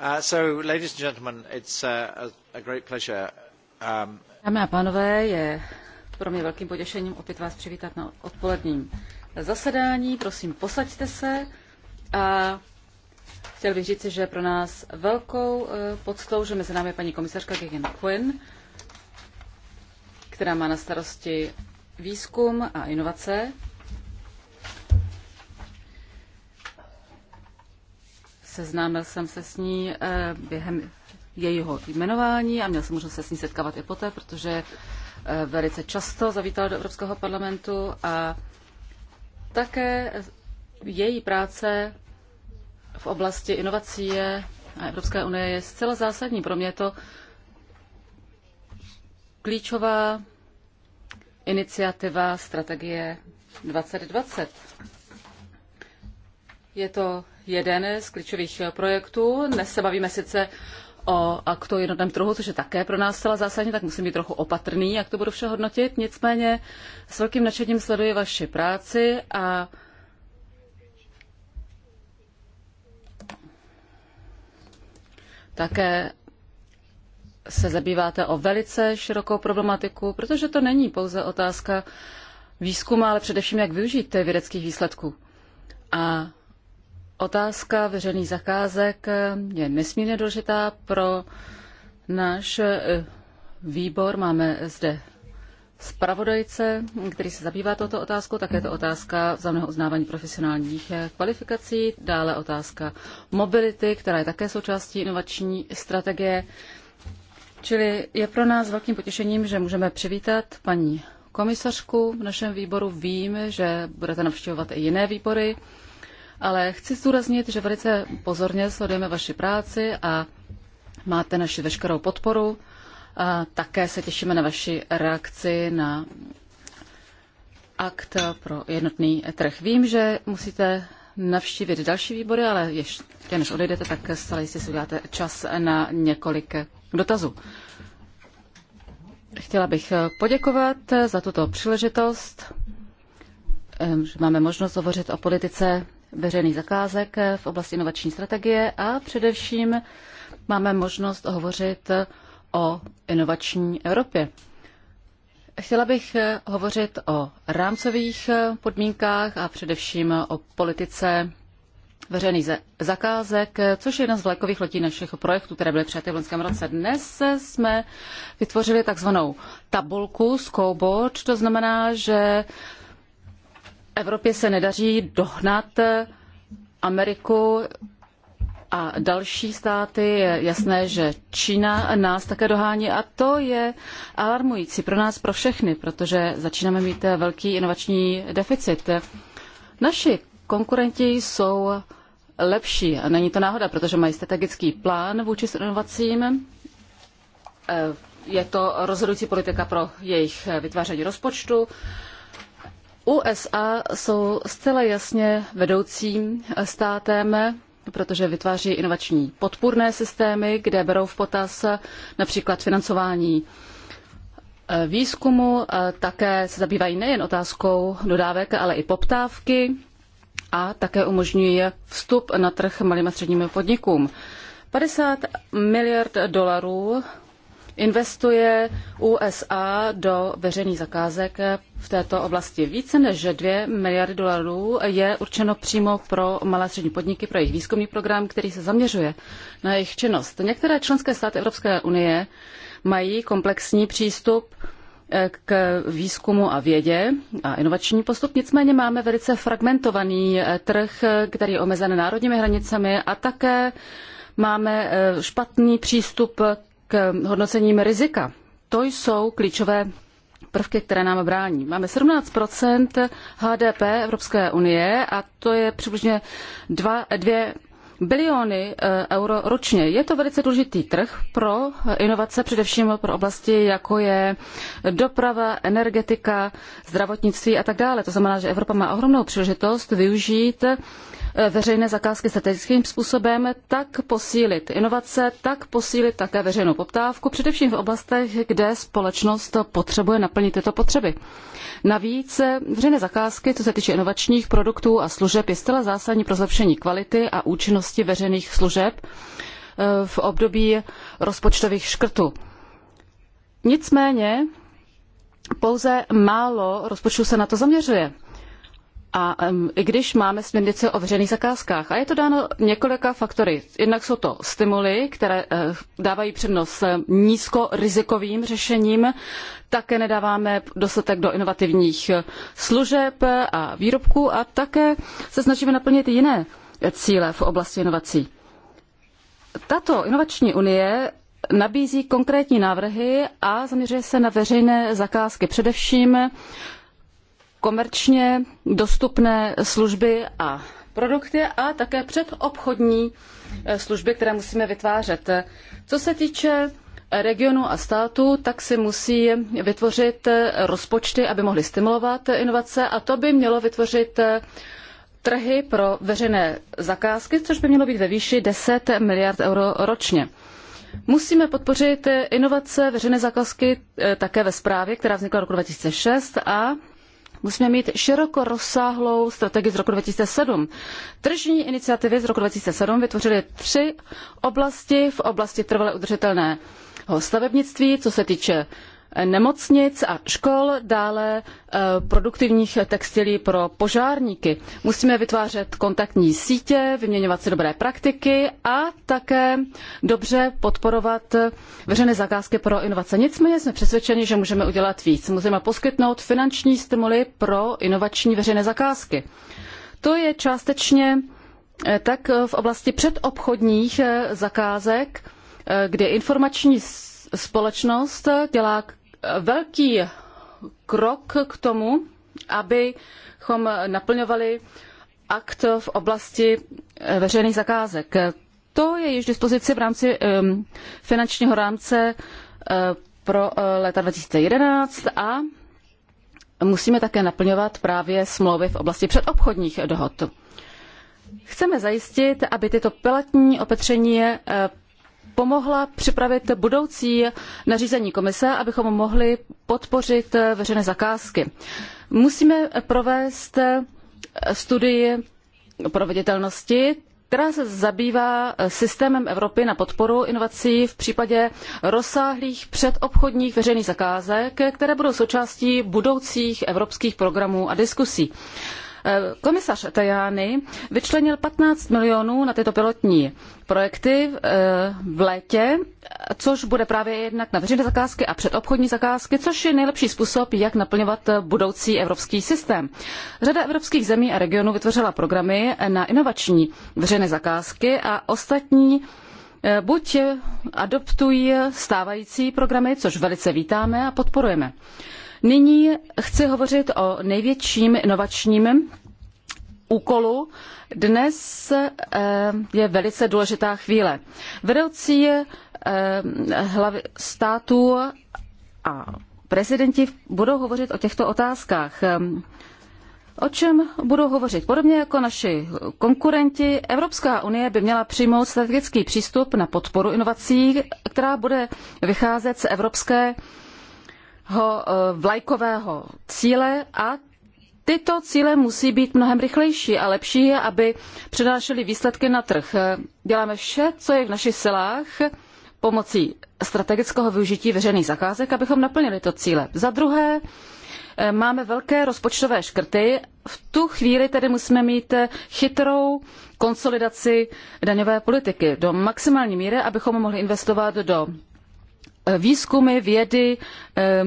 Uh, so, ladies and gentlemen, it's uh, a, a great pleasure. Um... Dámy a pánové, je pro mě velkým potěšením opět vás přivítat na odpoledním zasedání. Prosím, posaďte se a chtěl bych říci, že je pro nás velkou uh, poctou, že mezi námi je paní komisařka Gegen Quinn, která má na starosti výzkum a inovace Seznámil jsem se s ní eh, během jejího jmenování a měl jsem možnost se s ní setkávat i poté, protože eh, velice často zavítala do Evropského parlamentu a také její práce v oblasti inovací a Evropské unie je zcela zásadní. Pro mě je to klíčová iniciativa strategie 2020. Je to jeden z klíčových eh, projektů. Dnes se bavíme sice o aktu o jednotném trhu, což je také pro nás zcela zásadní, tak musím být trochu opatrný, jak to budu vše hodnotit. Nicméně s velkým nadšením sleduji vaši práci a také se zabýváte o velice širokou problematiku, protože to není pouze otázka výzkumu, ale především jak využít vědeckých výsledků. A Otázka veřejných zakázek je nesmírně důležitá pro náš eh, výbor. Máme zde zpravodajce, který se zabývá touto otázkou, také to otázka vzájemného uznávání profesionálních eh, kvalifikací, dále otázka mobility, která je také součástí inovační strategie. Čili je pro nás velkým potěšením, že můžeme přivítat paní komisařku v našem výboru. Vím, že budete navštěvovat i jiné výbory ale chci zdůraznit, že velice pozorně sledujeme vaši práci a máte naši veškerou podporu. A také se těšíme na vaši reakci na akt pro jednotný trh. Vím, že musíte navštívit další výbory, ale ještě než odejdete, tak stále jistě si uděláte čas na několik dotazů. Chtěla bych poděkovat za tuto příležitost, že máme možnost hovořit o politice veřejných zakázek v oblasti inovační strategie a především máme možnost hovořit o inovační Evropě. Chtěla bych hovořit o rámcových podmínkách a především o politice veřejných zakázek, což je jedna z vlajkových lodí našich projektů, které byly přijaty v loňském roce. Dnes jsme vytvořili takzvanou tabulku scoreboard, to znamená, že Evropě se nedaří dohnat Ameriku a další státy. Je jasné, že Čína nás také dohání a to je alarmující pro nás, pro všechny, protože začínáme mít velký inovační deficit. Naši konkurenti jsou lepší. A není to náhoda, protože mají strategický plán vůči inovacím. Eh, je to rozhodující politika pro jejich vytváření rozpočtu USA jsou zcela jasně vedoucím státem, protože vytváří inovační podpůrné systémy, kde berou v potaz například financování eh, výzkumu, eh, také se zabývají nejen otázkou dodávek, ale i poptávky a také umožňují vstup na trh malým a středním podnikům. 50 miliard dolarů investuje USA do veřejných zakázek v této oblasti. Více než 2 miliardy dolarů je určeno přímo pro malé a střední podniky, pro jejich výzkumný program, který se zaměřuje na jejich činnost. Některé členské státy Evropské unie mají komplexní přístup eh, k výzkumu a vědě a inovační postup. Nicméně máme velice fragmentovaný eh, trh, eh, který je omezen národními hranicemi a také máme špatný přístup k hodnocením rizika. To jsou klíčové prvky, které nám brání. Máme 17 HDP Evropské unie a to je přibližně 2 biliony eh, euro ročně. Je to velice důležitý trh pro inovace, především pro oblasti, jako je doprava, energetika, zdravotnictví a tak dále. To znamená, že Evropa má ohromnou příležitost využít Eh, veřejné zakázky strategickým způsobem, tak posílit inovace, tak posílit také veřejnou poptávku, především v oblastech, kde společnost potřebuje naplnit tyto potřeby. Navíc eh, veřejné zakázky, co se týče inovačních produktů a služeb, je zcela zásadní pro zlepšení kvality a účinnosti veřejných služeb eh, v období rozpočtových škrtů. Nicméně pouze málo rozpočtu se na to zaměřuje a i když máme směrnice o veřejných zakázkách. A je to dáno několika faktory. Jednak jsou to stimuly, které eh, dávají přednost nízkorizikovým řešením, také nedáváme dostatek do inovativních služeb a výrobků a také se snažíme naplnit jiné cíle v oblasti inovací. Tato inovační unie nabízí konkrétní návrhy a zaměřuje se na veřejné zakázky, především komerčně dostupné služby a produkty a také předobchodní eh, služby, které musíme vytvářet. Co se týče regionu a státu, tak si musí vytvořit eh, rozpočty, aby mohli stimulovat inovace a to by mělo vytvořit eh, trhy pro veřejné zakázky, což by mělo být ve výši 10 miliard euro ročně. Musíme podpořit inovace veřejné zakázky také ve zprávě, která vznikla roku 2006 a Musíme mít široko rozsáhlou strategii z roku 2007. Tržní iniciativy z roku 2007 vytvořily tři oblasti v oblasti trvale udržitelného stavebnictví, co se týče nemocnic a škol, dále eh, produktivních textilí pro požárníky. Musíme vytvářet kontaktní sítě, vyměňovat si dobré praktiky a také dobře podporovat veřejné zakázky pro inovace. Nicméně jsme přesvědčeni, že můžeme udělat víc. Musíme poskytnout finanční stimuly pro inovační veřejné zakázky. To je částečně eh, tak v oblasti předobchodních eh, zakázek, kde informační společnost dělá velký krok k tomu, abychom naplňovali akt v oblasti eh, veřejných zakázek. To je již dispozici v rámci finančního rámce eh, pro eh, léta 2011 a musíme také naplňovat právě smlouvy v oblasti předobchodních dohod. Chceme zajistit, aby tyto pilotní opatření pomohla připravit budoucí nařízení komise, abychom mohli podpořit veřejné zakázky. Musíme provést studii proveditelnosti, která se zabývá systémem Evropy na podporu inovací v případě rozsáhlých předobchodních veřejných zakázek, které budou součástí budoucích evropských programů a diskusí. Eh, komisař Tajany vyčlenil 15 milionů na tyto pilotní projekty eh, v létě, což bude právě jednak na veřejné zakázky a předobchodní zakázky, což je nejlepší způsob, jak naplňovat budoucí evropský systém. Řada evropských zemí a regionů vytvořila programy na inovační veřejné zakázky a ostatní eh, buď adoptují stávající programy, což velice vítáme a podporujeme. Nyní chci hovořit o největším inovačním úkolu. Dnes eh, je velice důležitá chvíle. Vedoucí eh, hlavy států a prezidenti budou hovořit o těchto otázkách. O čem budou hovořit? Podobně jako naši konkurenti, Evropská unie by měla přijmout strategický přístup na podporu inovací, která bude vycházet z evropské Eh, vlajkového cíle a tyto cíle musí být mnohem rychlejší a lepší je, aby přinášely výsledky na trh. Děláme vše, co je v našich silách pomocí strategického využití veřejných zakázek, abychom naplnili to cíle. Za druhé, eh, máme velké rozpočtové škrty. V tu chvíli tedy musíme mít chytrou konsolidaci daňové politiky do maximální míry, abychom mohli investovat do výzkumy, vědy,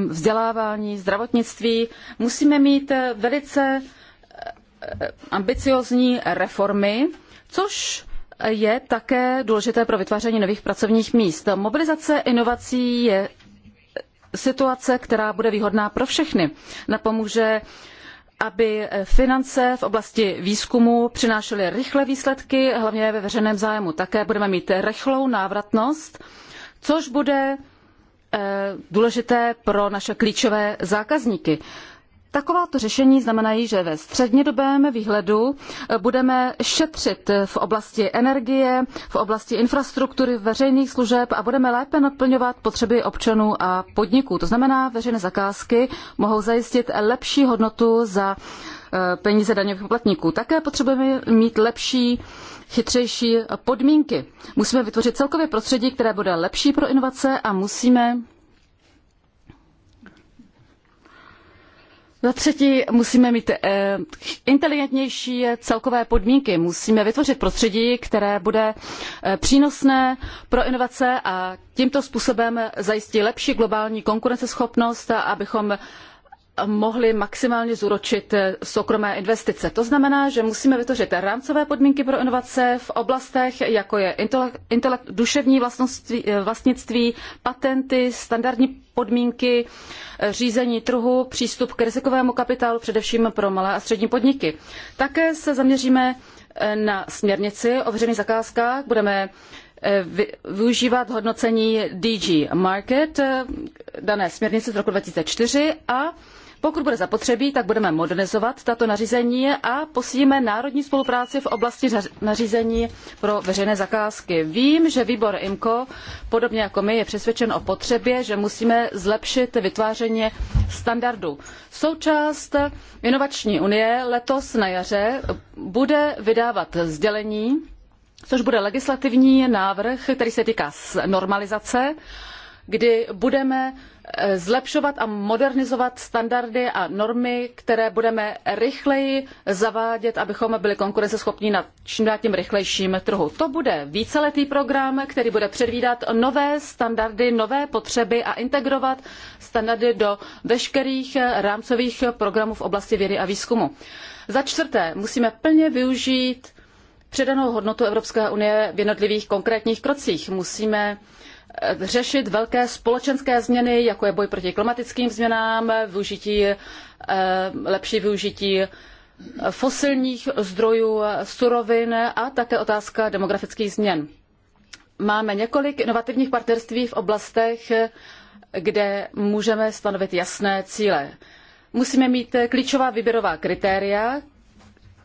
vzdělávání, zdravotnictví. Musíme mít eh, velice eh, ambiciozní reformy, což je také důležité pro vytváření nových pracovních míst. Mobilizace inovací je eh, situace, která bude výhodná pro všechny. Napomůže aby finance v oblasti výzkumu přinášely rychlé výsledky, hlavně ve veřejném zájmu. Také budeme mít rychlou návratnost, což bude Eh, důležité pro naše klíčové zákazníky. Takováto řešení znamenají, že ve střednědobém výhledu eh, budeme šetřit v oblasti energie, v oblasti infrastruktury, veřejných služeb a budeme lépe naplňovat potřeby občanů a podniků. To znamená, veřejné zakázky mohou zajistit lepší hodnotu za Eh, peníze daňových poplatníků. Také potřebujeme mít lepší, chytřejší podmínky. Musíme vytvořit celkové prostředí, které bude lepší pro inovace a musíme Za třetí musíme mít eh, inteligentnější celkové podmínky. Musíme vytvořit prostředí, které bude eh, přínosné pro inovace a tímto způsobem zajistí lepší globální konkurenceschopnost, abychom mohli maximálně zúročit eh, soukromé investice. To znamená, že musíme vytvořit rámcové podmínky pro inovace v oblastech, jako je intelekt, duševní eh, vlastnictví, patenty, standardní podmínky, eh, řízení trhu, přístup k rizikovému kapitálu, především pro malé a střední podniky. Také se zaměříme na směrnici o veřejných zakázkách. Budeme využívat hodnocení DG Market, dané směrnice z roku 2004 a pokud bude zapotřebí, tak budeme modernizovat tato nařízení a posílíme národní spolupráci v oblasti nařízení pro veřejné zakázky. Vím, že výbor IMCO, podobně jako my, je přesvědčen o potřebě, že musíme zlepšit vytváření standardů. Součást inovační unie letos na jaře bude vydávat sdělení, což bude legislativní návrh, který se týká normalizace, kdy budeme Eh, zlepšovat a modernizovat standardy a normy, které budeme rychleji zavádět, abychom byli konkurenceschopní na čím dál tím rychlejším trhu. To bude víceletý program, který bude předvídat nové standardy, nové potřeby a integrovat standardy do veškerých eh, rámcových programů v oblasti vědy a výzkumu. Za čtvrté, musíme plně využít přidanou hodnotu Evropské unie v jednotlivých konkrétních krocích. Musíme řešit velké společenské změny, jako je boj proti klimatickým změnám, využití, eh, lepší využití fosilních zdrojů, surovin a také otázka demografických změn. Máme několik inovativních partnerství v oblastech, kde můžeme stanovit jasné cíle. Musíme mít klíčová výběrová kritéria,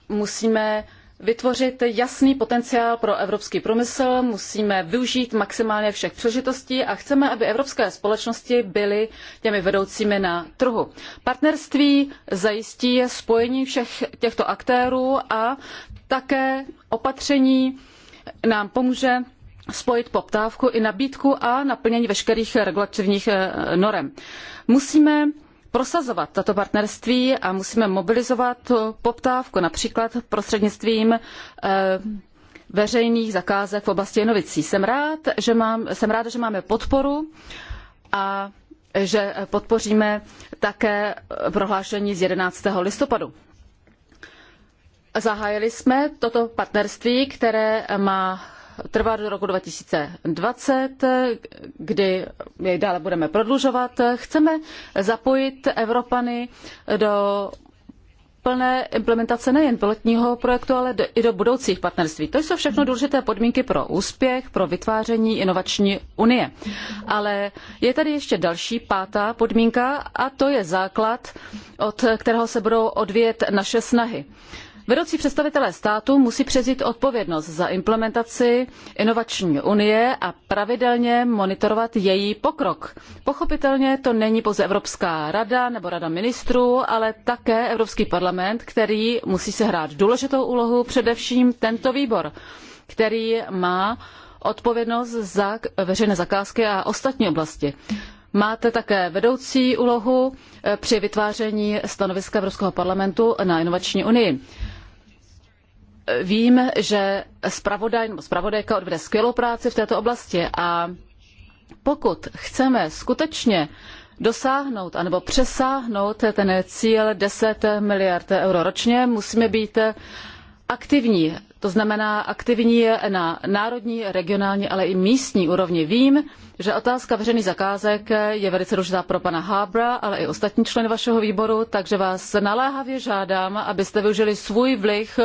musíme vytvořit jasný potenciál pro evropský průmysl, musíme využít maximálně všech přežitostí a chceme, aby evropské společnosti byly těmi vedoucími na trhu. Partnerství zajistí spojení všech těchto aktérů a také opatření nám pomůže spojit poptávku i nabídku a naplnění veškerých regulativních eh, norem. Musíme prosazovat tato partnerství a musíme mobilizovat poptávku, například prostřednictvím eh, veřejných zakázek v oblasti inovací. Jsem, rád, že mám, jsem ráda, že máme podporu a že podpoříme také prohlášení z 11. listopadu. Zahájili jsme toto partnerství, které má trvá do roku 2020, kdy jej dále budeme prodlužovat. Chceme zapojit Evropany do plné implementace nejen pilotního projektu, ale do, i do budoucích partnerství. To jsou všechno důležité podmínky pro úspěch, pro vytváření inovační unie. Ale je tady ještě další pátá podmínka a to je základ, od kterého se budou odvíjet naše snahy. Vedoucí představitelé státu musí přezít odpovědnost za implementaci inovační unie a pravidelně monitorovat její pokrok. Pochopitelně to není pouze Evropská rada nebo rada ministrů, ale také Evropský parlament, který musí se hrát důležitou úlohu, především tento výbor, který má odpovědnost za veřejné zakázky a ostatní oblasti. Máte také vedoucí úlohu eh, při vytváření stanoviska Evropského parlamentu na inovační unii vím, že zpravodaj nebo zpravodajka odvede skvělou práci v této oblasti a pokud chceme skutečně dosáhnout anebo přesáhnout ten cíl 10 miliard euro ročně, musíme být aktivní. To znamená aktivní na národní, regionální, ale i místní úrovni. Vím, že otázka veřejných zakázek je velice důležitá pro pana Hábra, ale i ostatní členy vašeho výboru, takže vás naléhavě žádám, abyste využili svůj vliv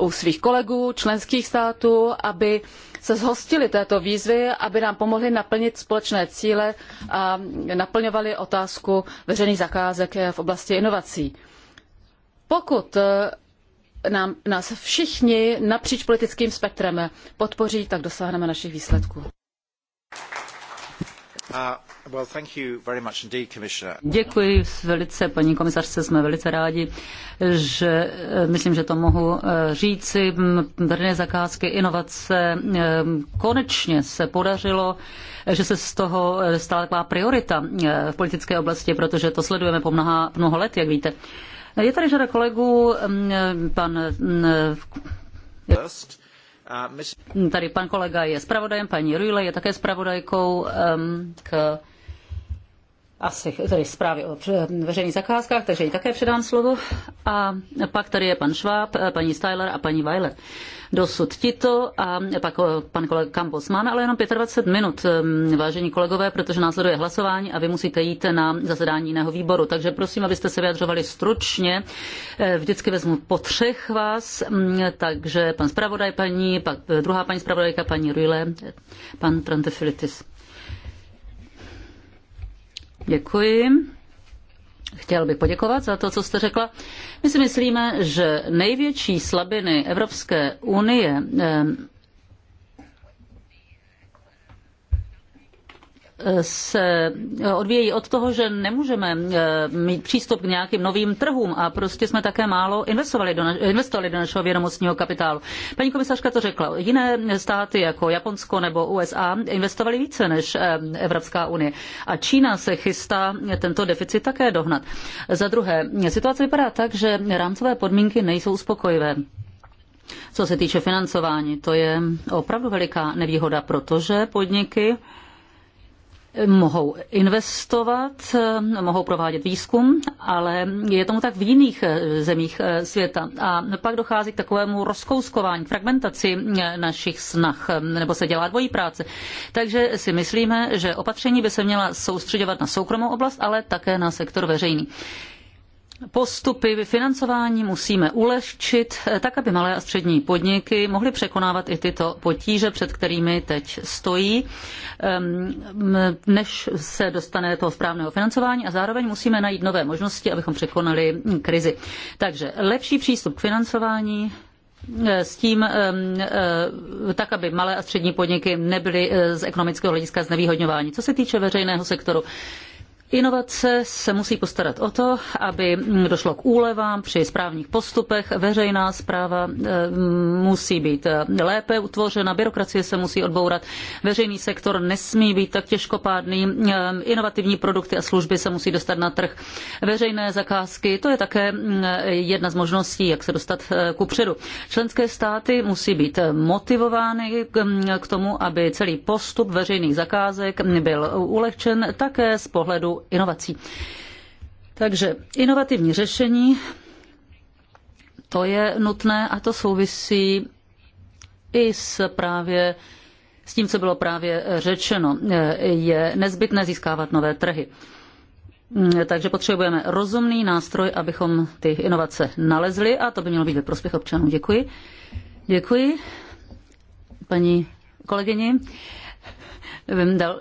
u svých kolegů, členských států, aby se zhostili této výzvy, aby nám pomohli naplnit společné cíle a naplňovali otázku veřejných zakázek v oblasti inovací. Pokud eh, nám, nás všichni napříč politickým spektrem podpoří, tak dosáhneme našich výsledků. A Děkuji velice, paní komisařce, jsme velice rádi, že eh, myslím, že to mohu eh, říci. Veřejné zakázky, inovace, eh, konečně se podařilo, že se z toho stala taková priorita v politické oblasti, protože to sledujeme po mnoha, mnoho let, jak víte. Je tady řada kolegů, mm, pan mm, uh, Tady pan kolega je zpravodajem, paní Rujle je také zpravodajkou ehm, k asi tedy zprávy o veřejných zakázkách, takže jí také předám slovo. A pak tady je pan Šváb, paní Styler a paní Weiler. Dosud tito a pak eh, pan kolega Campos. Máme ale jenom 25 minut, eh, vážení kolegové, protože následuje hlasování a vy musíte jít na zasedání jiného výboru. Takže prosím, abyste se vyjadřovali stručně. Eh, vždycky vezmu po třech vás, mm, takže pan zpravodaj paní, pak druhá paní zpravodajka paní Ruile, pan Trantefilitis. Děkuji. Chtěl bych poděkovat za to, co jste řekla. My si myslíme, že největší slabiny Evropské unie eh, se odvíjejí od toho, že nemůžeme eh, mít přístup k nějakým novým trhům a prostě jsme také málo investovali do, investovali do našeho vědomostního kapitálu. Paní komisařka to řekla. Jiné státy jako Japonsko nebo USA investovali více než eh, Evropská unie. A Čína se chystá tento deficit také dohnat. Za druhé, situace vypadá tak, že rámcové podmínky nejsou uspokojivé. Co se týče financování, to je opravdu veliká nevýhoda, protože podniky mohou investovat, mohou provádět výzkum, ale je tomu tak v jiných eh, zemích eh, světa. A pak dochází k takovému rozkouskování, fragmentaci eh, našich snah, nebo se dělá dvojí práce. Takže si myslíme, že opatření by se měla soustředovat na soukromou oblast, ale také na sektor veřejný postupy financování musíme ulehčit, eh, tak aby malé a střední podniky mohly překonávat i tyto potíže, před kterými teď stojí, ehm, než se dostane toho správného financování a zároveň musíme najít nové možnosti, abychom překonali hm, krizi. Takže lepší přístup k financování, eh, s tím ehm, eh, tak, aby malé a střední podniky nebyly z ekonomického hlediska znevýhodňovány. Co se týče veřejného sektoru, Inovace se musí postarat o to, aby došlo k úlevám při správních postupech, veřejná správa eh, musí být eh, lépe utvořena, byrokracie se musí odbourat, veřejný sektor nesmí být tak těžkopádný, eh, inovativní produkty a služby se musí dostat na trh, veřejné zakázky, to je také jedna z možností, jak se dostat ku předu. Členské státy musí být motivovány mm, k tomu, aby celý postup veřejných zakázek byl ulehčen také z pohledu inovací. Takže inovativní řešení, to je nutné a to souvisí i s právě s tím, co bylo právě řečeno. Je nezbytné získávat nové trhy. Takže potřebujeme rozumný nástroj, abychom ty inovace nalezli a to by mělo být ve prospěch občanů. Děkuji. Děkuji paní kolegyni.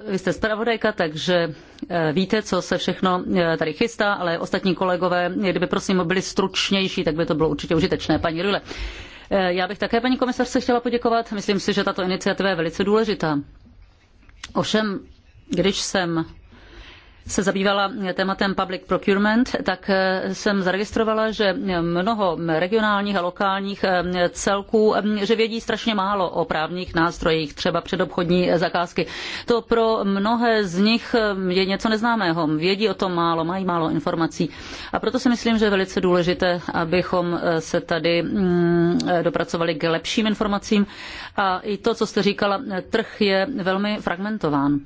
Vy jste zpravodajka, takže eh, víte, co se všechno eh, tady chystá, ale ostatní kolegové, kdyby prosím byli stručnější, tak by to bylo určitě užitečné. Paní Rule, eh, já bych také paní komisařce chtěla poděkovat. Myslím si, že tato iniciativa je velice důležitá. Ovšem, když jsem se zabývala tématem public procurement, tak eh, jsem zaregistrovala, že mnoho regionálních a lokálních eh, celků, eh, že vědí strašně málo o právních nástrojích, třeba předobchodní zakázky. To pro mnohé z nich je něco neznámého. Vědí o tom málo, mají málo informací. A proto si myslím, že je velice důležité, abychom se tady mm, dopracovali k lepším informacím. A i to, co jste říkala, trh je velmi fragmentován.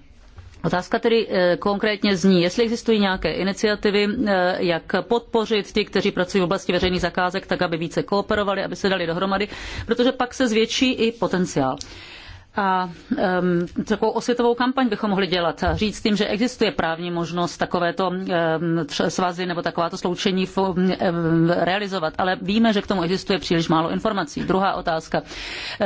Otázka tedy eh, konkrétně zní, jestli existují nějaké iniciativy, eh, jak podpořit ty, kteří pracují v oblasti veřejných zakázek, tak aby více kooperovali, aby se dali dohromady, protože pak se zvětší i potenciál. A um, takovou osvětovou kampaň bychom mohli dělat. Říct tím, že existuje právní možnost takovéto um, svazy nebo takováto sloučení um, realizovat, ale víme, že k tomu existuje příliš málo informací. Druhá otázka.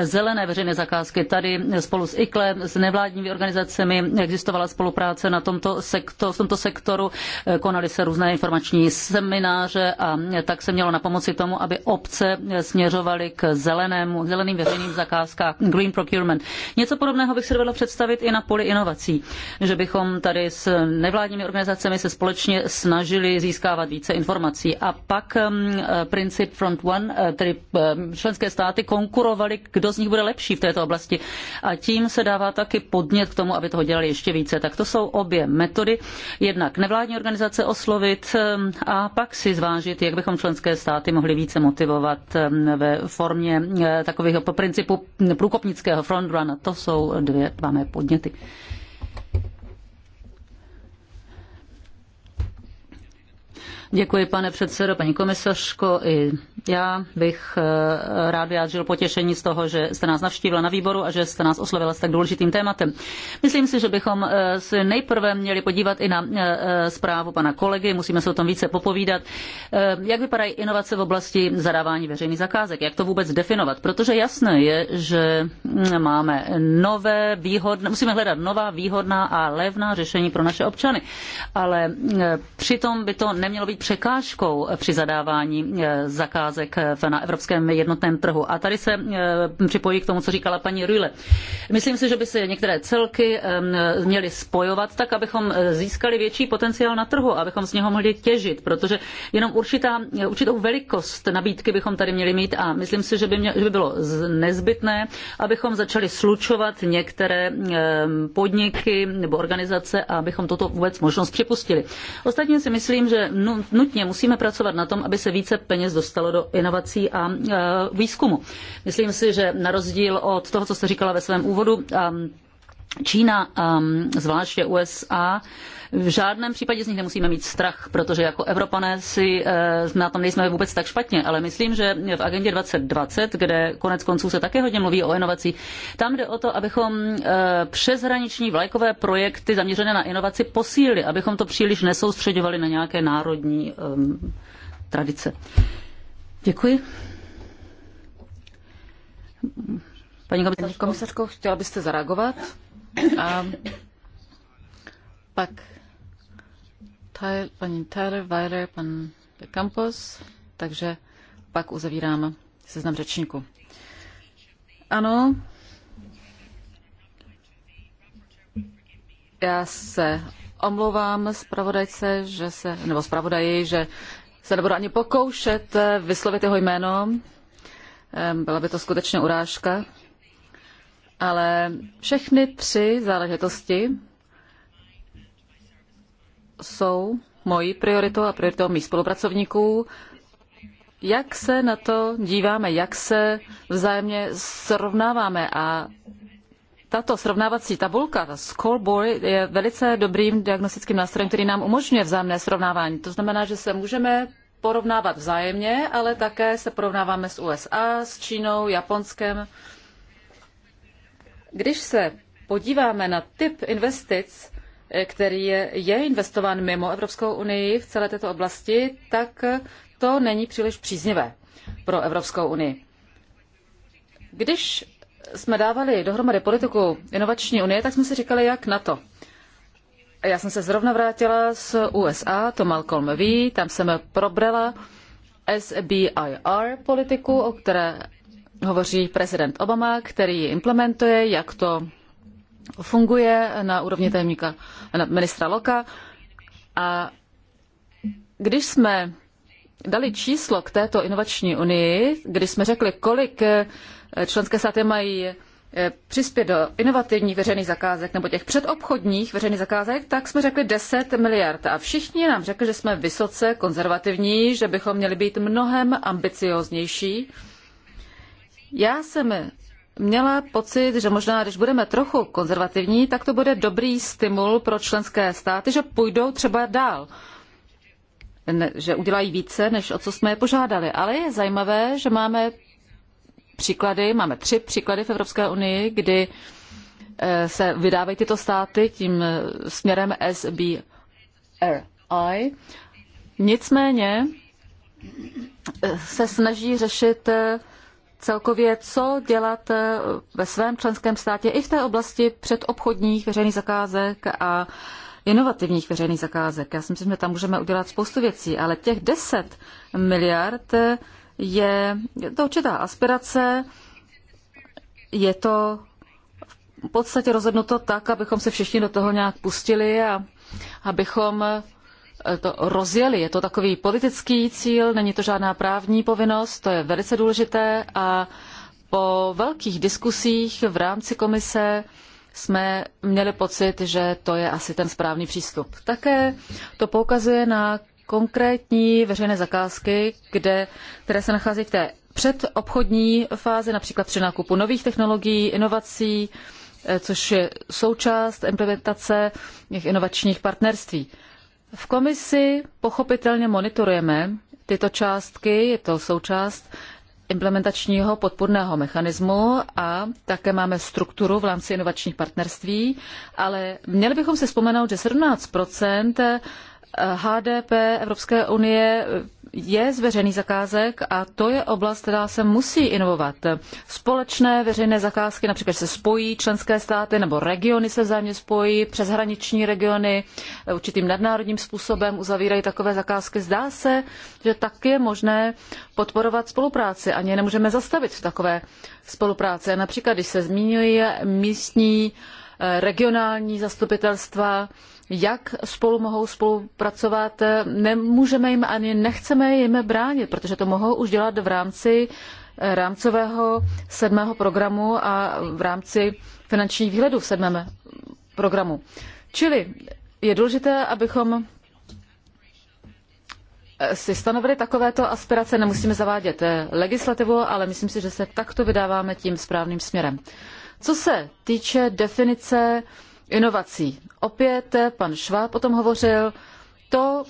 Zelené veřejné zakázky. Tady spolu s IKLE, s nevládními organizacemi existovala spolupráce na tomto sektor, v tomto sektoru. Konaly se různé informační semináře a tak se mělo na pomoci tomu, aby obce směřovaly k zelenému, zeleným veřejným zakázkám, green procurement. Něco podobného bych si dovedla představit i na poli inovací, že bychom tady s nevládními organizacemi se společně snažili získávat více informací. A pak um, eh, princip Front One, eh, tedy eh, členské státy konkurovaly, kdo z nich bude lepší v této oblasti. A tím se dává taky podnět k tomu, aby toho dělali ještě více. Tak to jsou obě metody. Jednak nevládní organizace oslovit a pak si zvážit, jak bychom členské státy mohli více motivovat ve formě takového principu průkopnického front stran. To jsou dvě dva mé podněty. Děkuji, pane předsedo, paní komisařko. I já bych eh, rád vyjádřil potěšení z toho, že jste nás navštívila na výboru a že jste nás oslovila s tak důležitým tématem. Myslím si, že bychom eh, si nejprve měli podívat i na eh, zprávu pana kolegy, musíme se o tom více popovídat. Jak vypadají inovace v oblasti zadávání veřejných zakázek? Jak to vůbec definovat? Protože jasné je, že hm, máme nové výhodné, musíme hledat nová výhodná a levná řešení pro naše občany. Ale hm, přitom by to nemělo být překážkou při zadávání eh, zakázek eh, na evropském jednotném trhu. A tady se eh, připojí k tomu, co říkala paní Rüle. Myslím si, že by se některé celky měly spojovat tak, abychom získali větší potenciál na trhu, abychom z něho mohli těžit, protože jenom určitá, určitou velikost nabídky bychom tady měli mít a myslím si, že by, mě, že by bylo nezbytné, abychom začali slučovat některé podniky nebo organizace a abychom toto vůbec možnost připustili. Ostatně si myslím, že nutně musíme pracovat na tom, aby se více peněz dostalo do inovací a e, výzkumu. Myslím si, že na rozdíl od toho, co jste říkala ve svém úvodu, Čína ehm, a zvláště USA, v žádném případě z nich nemusíme mít strach, protože jako Evropané si eh, na tom nejsme vůbec tak špatně, ale myslím, že v agendě 2020, kde konec konců se také hodně mluví o inovacích, tam jde o to, abychom eh, přeshraniční vlajkové projekty zaměřené na inovaci posílili, abychom to příliš nesoustředovali na nějaké národní um, tradice. Děkuji. Paní komisařko, chtěla byste zareagovat? A pak paní Tyler, Weider, pan De Campos, takže pak uzavírám seznam řečníků. Ano, já se omlouvám zpravodajce, že se, nebo zpravodaji, že se nebudu ani pokoušet vyslovit jeho jméno. Ehm, byla by to skutečně urážka. Ale všechny tři záležitosti jsou mojí prioritou a prioritou mých spolupracovníků. Jak se na to díváme, jak se vzájemně srovnáváme a tato srovnávací tabulka, ta scoreboard, je velice dobrým diagnostickým nástrojem, který nám umožňuje vzájemné srovnávání. To znamená, že se můžeme porovnávat vzájemně, ale také se porovnáváme s USA, s Čínou, Japonskem, když se podíváme na typ investic, eh, který je investován mimo Evropskou unii v celé této oblasti, tak to není příliš příznivé pro Evropskou unii. Když jsme dávali dohromady politiku inovační unie, tak jsme si říkali, jak na to. Já jsem se zrovna vrátila z USA, to Malcolm ví, tam jsem probrala SBIR politiku, o které hovoří prezident Obama, který ji implementuje, jak to funguje na úrovni tajemníka na ministra Loka. A když jsme dali číslo k této inovační unii, když jsme řekli, kolik eh, členské státy mají eh, přispět do inovativních veřejných zakázek nebo těch předobchodních veřejných zakázek, tak jsme řekli 10 miliard. A všichni nám řekli, že jsme vysoce konzervativní, že bychom měli být mnohem ambicioznější já jsem měla pocit, že možná, když budeme trochu konzervativní, tak to bude dobrý stimul pro členské státy, že půjdou třeba dál, ne, že udělají více, než o co jsme je požádali. Ale je zajímavé, že máme příklady, máme tři příklady v Evropské unii, kdy eh, se vydávají tyto státy tím eh, směrem SBRI. Nicméně eh, se snaží řešit celkově, co dělat eh, ve svém členském státě i v té oblasti předobchodních veřejných zakázek a inovativních veřejných zakázek. Já si myslím, že tam můžeme udělat spoustu věcí, ale těch 10 miliard je, je to určitá aspirace, je to v podstatě rozhodnuto tak, abychom se všichni do toho nějak pustili a abychom Eh, to rozjeli. Je to takový politický cíl, není to žádná právní povinnost, to je velice důležité a po velkých diskusích v rámci komise jsme měli pocit, že to je asi ten správný přístup. Také to poukazuje na konkrétní veřejné zakázky, kde, které se nacházejí v té předobchodní fázi, například při nákupu nových technologií, inovací, eh, což je součást implementace inovačních partnerství. V komisi pochopitelně monitorujeme tyto částky, je to součást implementačního podpůrného mechanismu a také máme strukturu v rámci inovačních partnerství, ale měli bychom si vzpomenout, že 17 HDP Evropské unie je z veřejných zakázek a to je oblast, která se musí inovovat. Společné veřejné zakázky například se spojí členské státy nebo regiony se vzájemně spojí, přeshraniční regiony určitým nadnárodním způsobem uzavírají takové zakázky. Zdá se, že tak je možné podporovat spolupráci. Ani nemůžeme zastavit v takové spolupráci. Například, když se zmiňuje místní eh, regionální zastupitelstva, jak spolu mohou spolupracovat. Nemůžeme jim ani nechceme jim bránit, protože to mohou už dělat v rámci eh, rámcového sedmého programu a v rámci finančních výhledů v sedmém programu. Čili je důležité, abychom eh, si stanovili takovéto aspirace, nemusíme zavádět eh, legislativu, ale myslím si, že se takto vydáváme tím správným směrem. Co se týče definice inovací. Opět pan Šváb o tom hovořil. To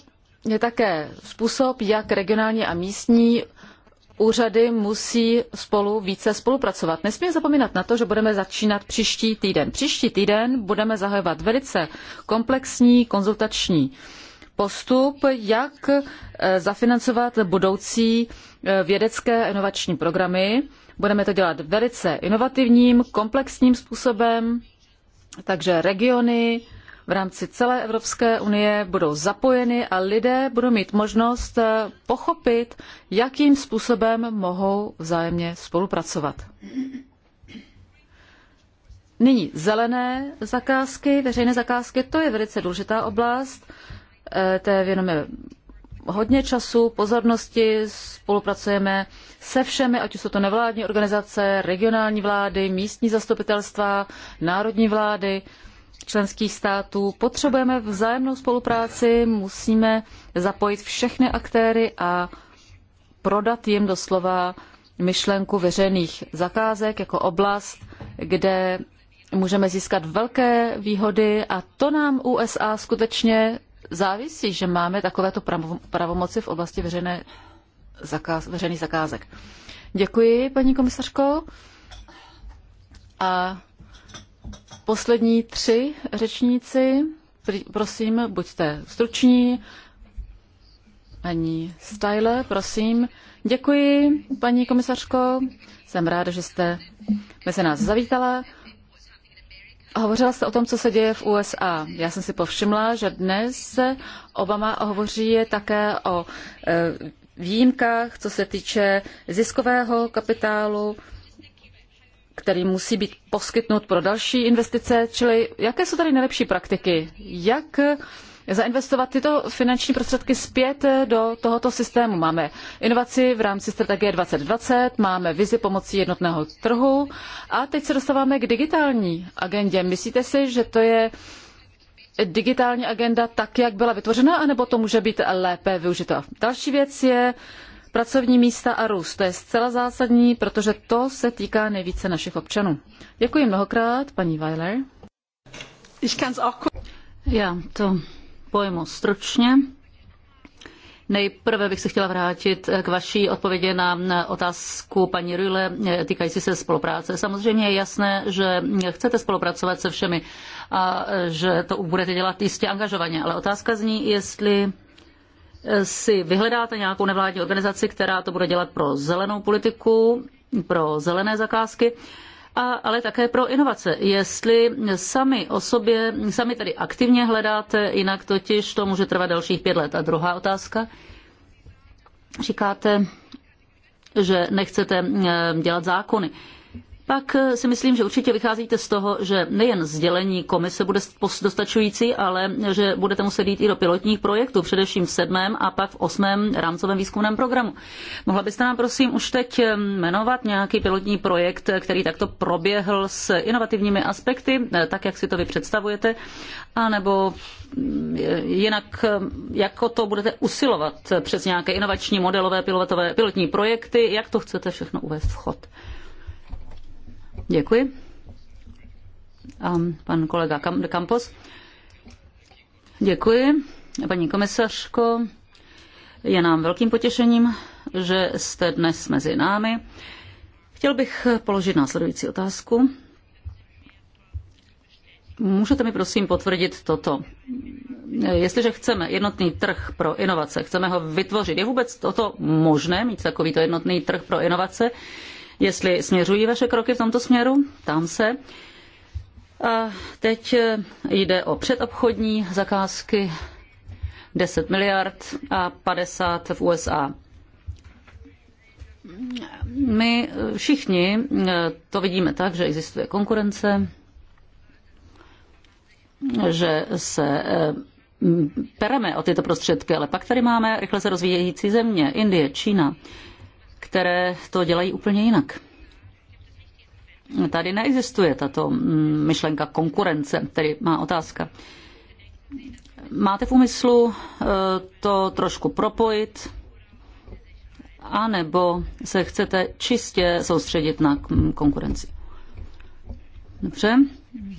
je také způsob, jak regionální a místní úřady musí spolu více spolupracovat. Nesmíme zapomínat na to, že budeme začínat příští týden. Příští týden budeme zahajovat velice komplexní konzultační postup, jak eh, zafinancovat budoucí eh, vědecké a inovační programy. Budeme to dělat velice inovativním, komplexním způsobem, takže regiony v rámci celé Evropské unie budou zapojeny a lidé budou mít možnost eh, pochopit, jakým způsobem mohou vzájemně spolupracovat. Nyní zelené zakázky, veřejné zakázky, to je velice důležitá oblast. Eh, té věnujeme hodně času, pozornosti, spolupracujeme se všemi, ať už jsou to nevládní organizace, regionální vlády, místní zastupitelstva, národní vlády členských států. Potřebujeme vzájemnou spolupráci, musíme zapojit všechny aktéry a prodat jim doslova myšlenku veřejných zakázek jako oblast, kde můžeme získat velké výhody a to nám USA skutečně závisí, že máme takovéto pravomoci v oblasti veřejné zakáz, veřejných zakázek. Děkuji, paní komisařko. A poslední tři řečníci, prosím, buďte struční. Paní Style, prosím. Děkuji, paní komisařko. Jsem ráda, že jste mezi nás zavítala. Hovořila jste o tom, co se děje v USA. Já jsem si povšimla, že dnes Obama hovoří také o e, výjimkách, co se týče ziskového kapitálu, který musí být poskytnut pro další investice. Čili jaké jsou tady nejlepší praktiky? Jak zainvestovat tyto finanční prostředky zpět eh, do tohoto systému. Máme inovaci v rámci strategie 2020, máme vizi pomocí jednotného trhu a teď se dostáváme k digitální agendě. Myslíte si, že to je digitální agenda tak, jak byla vytvořena, anebo to může být lépe využito? Další věc je pracovní místa a růst. To je zcela zásadní, protože to se týká nejvíce našich občanů. Děkuji mnohokrát, paní Weiler. Já to pojmu stručně. Nejprve bych se chtěla vrátit k vaší odpovědi na otázku paní Rüle týkající se spolupráce. Samozřejmě je jasné, že chcete spolupracovat se všemi a že to budete dělat jistě angažovaně, ale otázka zní, jestli si vyhledáte nějakou nevládní organizaci, která to bude dělat pro zelenou politiku, pro zelené zakázky a, ale také pro inovace. Jestli sami o sobě, sami tedy aktivně hledáte, jinak totiž to může trvat dalších pět let. A druhá otázka. Říkáte, že nechcete eh, dělat zákony pak eh, si myslím, že určitě vycházíte z toho, že nejen sdělení komise bude dostačující, ale že budete muset jít i do pilotních projektů, především v sedmém a pak v osmém rámcovém výzkumném programu. Mohla byste nám prosím už teď eh, jmenovat nějaký pilotní projekt, eh, který takto proběhl s inovativními aspekty, tak jak si to vy představujete, anebo mm, jinak, jako to budete usilovat přes nějaké inovační modelové pilotové, pilotní projekty, jak to chcete všechno uvést v chod? Děkuji. A pan kolega Campos. Děkuji. Paní komisařko, je nám velkým potěšením, že jste dnes mezi námi. Chtěl bych položit následující otázku. Můžete mi prosím potvrdit toto? Jestliže chceme jednotný trh pro inovace, chceme ho vytvořit, je vůbec toto možné mít takovýto jednotný trh pro inovace? jestli směřují vaše kroky v tomto směru, tam se. A teď eh, jde o předobchodní zakázky 10 miliard a 50 v USA. My všichni eh, to vidíme tak, že existuje konkurence, že se eh, pereme o tyto prostředky, ale pak tady máme rychle se rozvíjející země, Indie, Čína které to dělají úplně jinak. Tady neexistuje tato mm, myšlenka konkurence, tedy má otázka. Máte v úmyslu e, to trošku propojit, anebo se chcete čistě soustředit na mm, konkurenci? Dobře,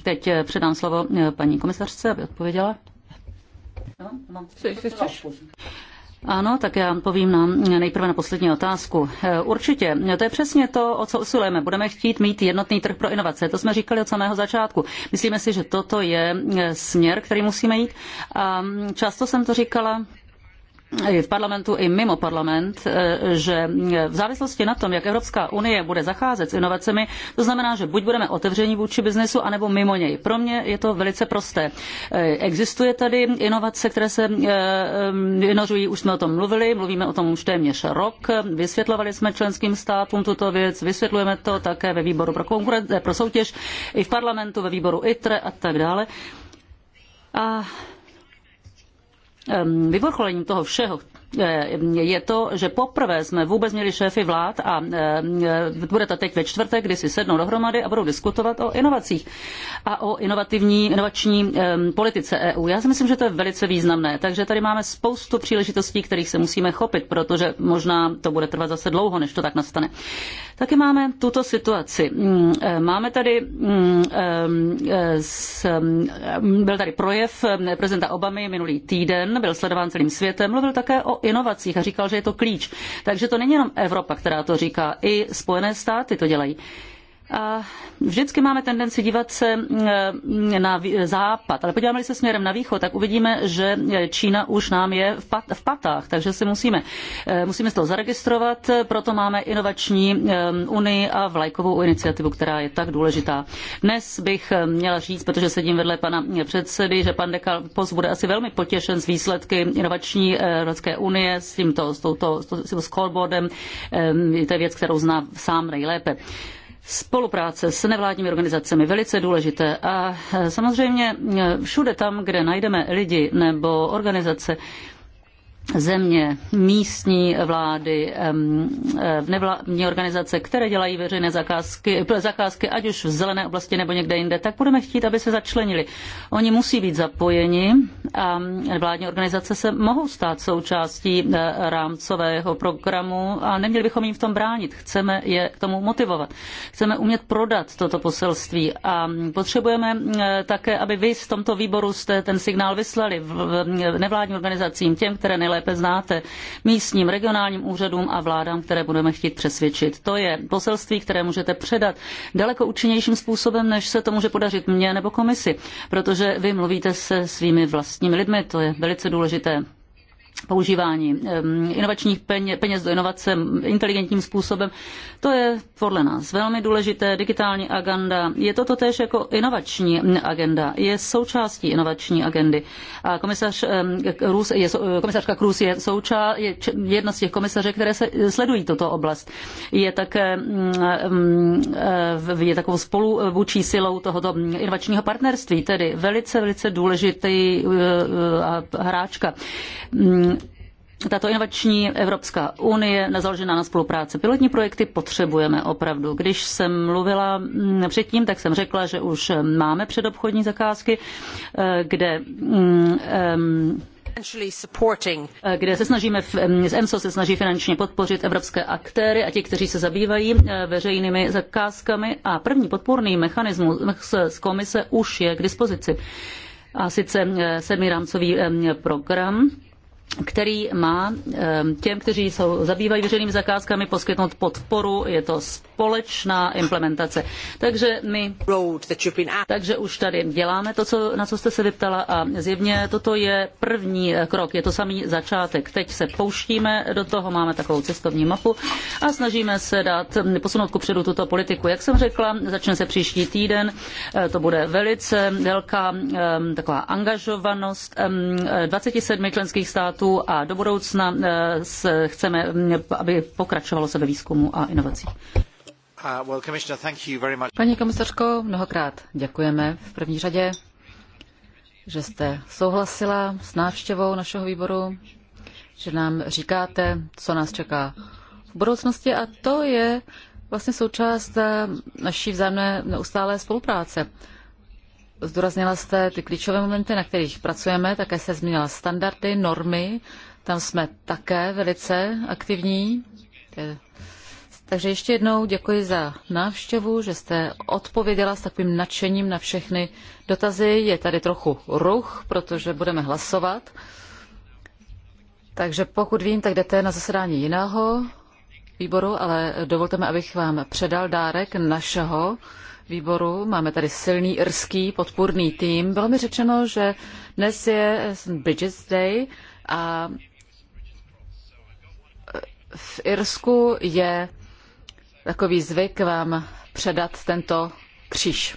teď e, předám slovo e, paní komisařce, aby odpověděla. No, mám. Co, chceš? Ano, tak já povím na, nejprve na poslední otázku. Eh, určitě, to je přesně to, o co usilujeme. Budeme chtít mít jednotný trh pro inovace. To jsme říkali od samého začátku. Myslíme si, že toto je eh, směr, který musíme jít. A mm, často jsem to říkala, v parlamentu i mimo parlament, e, že v závislosti na tom, jak Evropská unie bude zacházet s inovacemi, to znamená, že buď budeme otevření vůči biznesu, anebo mimo něj. Pro mě je to velice prosté. E, existuje tady inovace, které se vynořují, e, už jsme o tom mluvili, mluvíme o tom už téměř rok, vysvětlovali jsme členským státům tuto věc, vysvětlujeme to také ve výboru pro, konkuren- pro soutěž, i v parlamentu, ve výboru ITRE a tak dále. A Ehm, vyvrcholením toho všeho, Eh, je to, že poprvé jsme vůbec měli šéfy vlád a eh, bude to teď ve čtvrtek, kdy si sednou dohromady a budou diskutovat o inovacích a o inovativní, inovační politice EU. Já si myslím, že to je velice významné, takže tady máme spoustu příležitostí, kterých se musíme chopit, protože možná to bude trvat zase dlouho, než to tak nastane. Taky máme tuto situaci. Mm, eh, máme tady, mm, mm, byl tady projev prezidenta Obamy minulý týden, byl sledován celým světem, mluvil také o inovacích a říkal, že je to klíč. Takže to není jenom Evropa, která to říká, i Spojené státy to dělají. A vždycky máme tendenci dívat se eh, na západ, ale podíváme se směrem na východ, tak uvidíme, že Čína už nám je v, pat, v patách, takže si musíme, eh, musíme z toho zaregistrovat, proto máme inovační eh, unii a vlajkovou iniciativu, která je tak důležitá. Dnes bych měla říct, protože sedím vedle pana předsedy, že pan Dekal Pos bude asi velmi potěšen z výsledky inovační Evropské unie s tímto, s touto, s tím scoreboardem, to je věc, kterou zná sám nejlépe. Spolupráce s nevládními organizacemi velice důležité a e, samozřejmě e, všude tam, kde najdeme lidi nebo organizace, země, místní vlády, nevládní organizace, které dělají veřejné zakázky, zakázky, ať už v zelené oblasti nebo někde jinde, tak budeme chtít, aby se začlenili. Oni musí být zapojeni a vládní organizace se mohou stát součástí eh, rámcového programu a neměli bychom jim v tom bránit. Chceme je k tomu motivovat. Chceme umět prodat toto poselství a potřebujeme eh, také, aby vy v tomto výboru jste ten signál vyslali nevládním organizacím, těm, které nejlépe lépe znáte, místním, regionálním úřadům a vládám, které budeme chtít přesvědčit. To je poselství, které můžete předat daleko účinnějším způsobem, než se to může podařit mně nebo komisi, protože vy mluvíte se svými vlastními lidmi, to je velice důležité používání inovačních peněz, do inovace inteligentním způsobem. To je podle nás velmi důležité. Digitální agenda je toto též jako inovační agenda, je součástí inovační agendy. A komisař, Krus je, komisařka Krus je, souča, je jedna z těch komisařek, které se sledují toto oblast. Je také je takovou spolu eh, vůči silou tohoto inovačního partnerství, tedy velice, velice důležitý eh, eh, hráčka Mm, tato inovační Evropská unie založená na spolupráci. Pilotní projekty potřebujeme opravdu. Když jsem mluvila mm, předtím, tak jsem řekla, že už máme předobchodní zakázky, eh, kde mm, eh, kde se snažíme, z EMSO se snaží finančně podpořit evropské aktéry a ti, kteří se zabývají eh, veřejnými zakázkami a první podpůrný mechanismus z komise už je k dispozici. A sice sedmi rámcový program který má těm, kteří jsou, zabývají veřejnými zakázkami, poskytnout podporu. Je to společná implementace. Takže my, takže už tady děláme to, co, na co jste se vyptala a zjevně toto je první krok, je to samý začátek. Teď se pouštíme do toho, máme takovou cestovní mapu a snažíme se dát, posunout ku předu tuto politiku. Jak jsem řekla, začne se příští týden, e, to bude velice velká taková angažovanost 27 členských států států a do budoucna eh, chceme, mm, aby pokračovalo se ve výzkumu a inovacích. Uh, Paní komisařko, mnohokrát děkujeme v první řadě, že jste souhlasila s návštěvou našeho výboru, že nám říkáte, co nás čeká v budoucnosti a to je vlastně součást eh, naší vzájemné neustálé spolupráce. Zdůraznila jste ty klíčové momenty, na kterých pracujeme, také se zmínila standardy, normy, tam jsme také velice aktivní. Takže ještě jednou děkuji za návštěvu, že jste odpověděla s takovým nadšením na všechny dotazy. Je tady trochu ruch, protože budeme hlasovat. Takže pokud vím, tak jdete na zasedání jiného výboru, ale dovolte mi, abych vám předal dárek našeho výboru. Máme tady silný irský podpůrný tým. Bylo mi řečeno, že dnes je Bridges Day a e, v Irsku je takový zvyk vám předat tento kříž.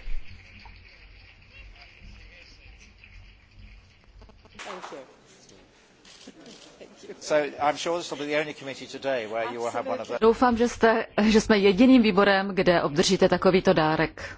Doufám, že, jsme jediným výborem, kde obdržíte takovýto dárek.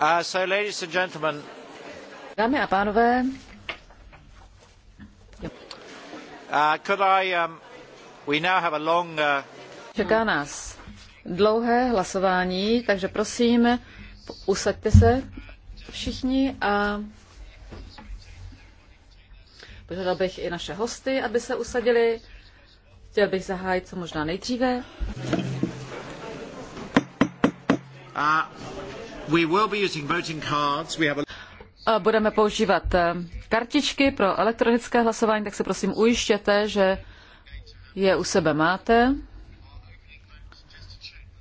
Uh, ladies and gentlemen. Dámy a pánové, uh, could I, um, we now have a long, uh, Čeká nás dlouhé hlasování, takže prosím, usaďte se všichni a požádal bych i naše hosty, aby se usadili. Chtěl bych zahájit co možná nejdříve. A Budeme používat eh, kartičky pro elektronické hlasování, tak se prosím ujištěte, že je u sebe máte.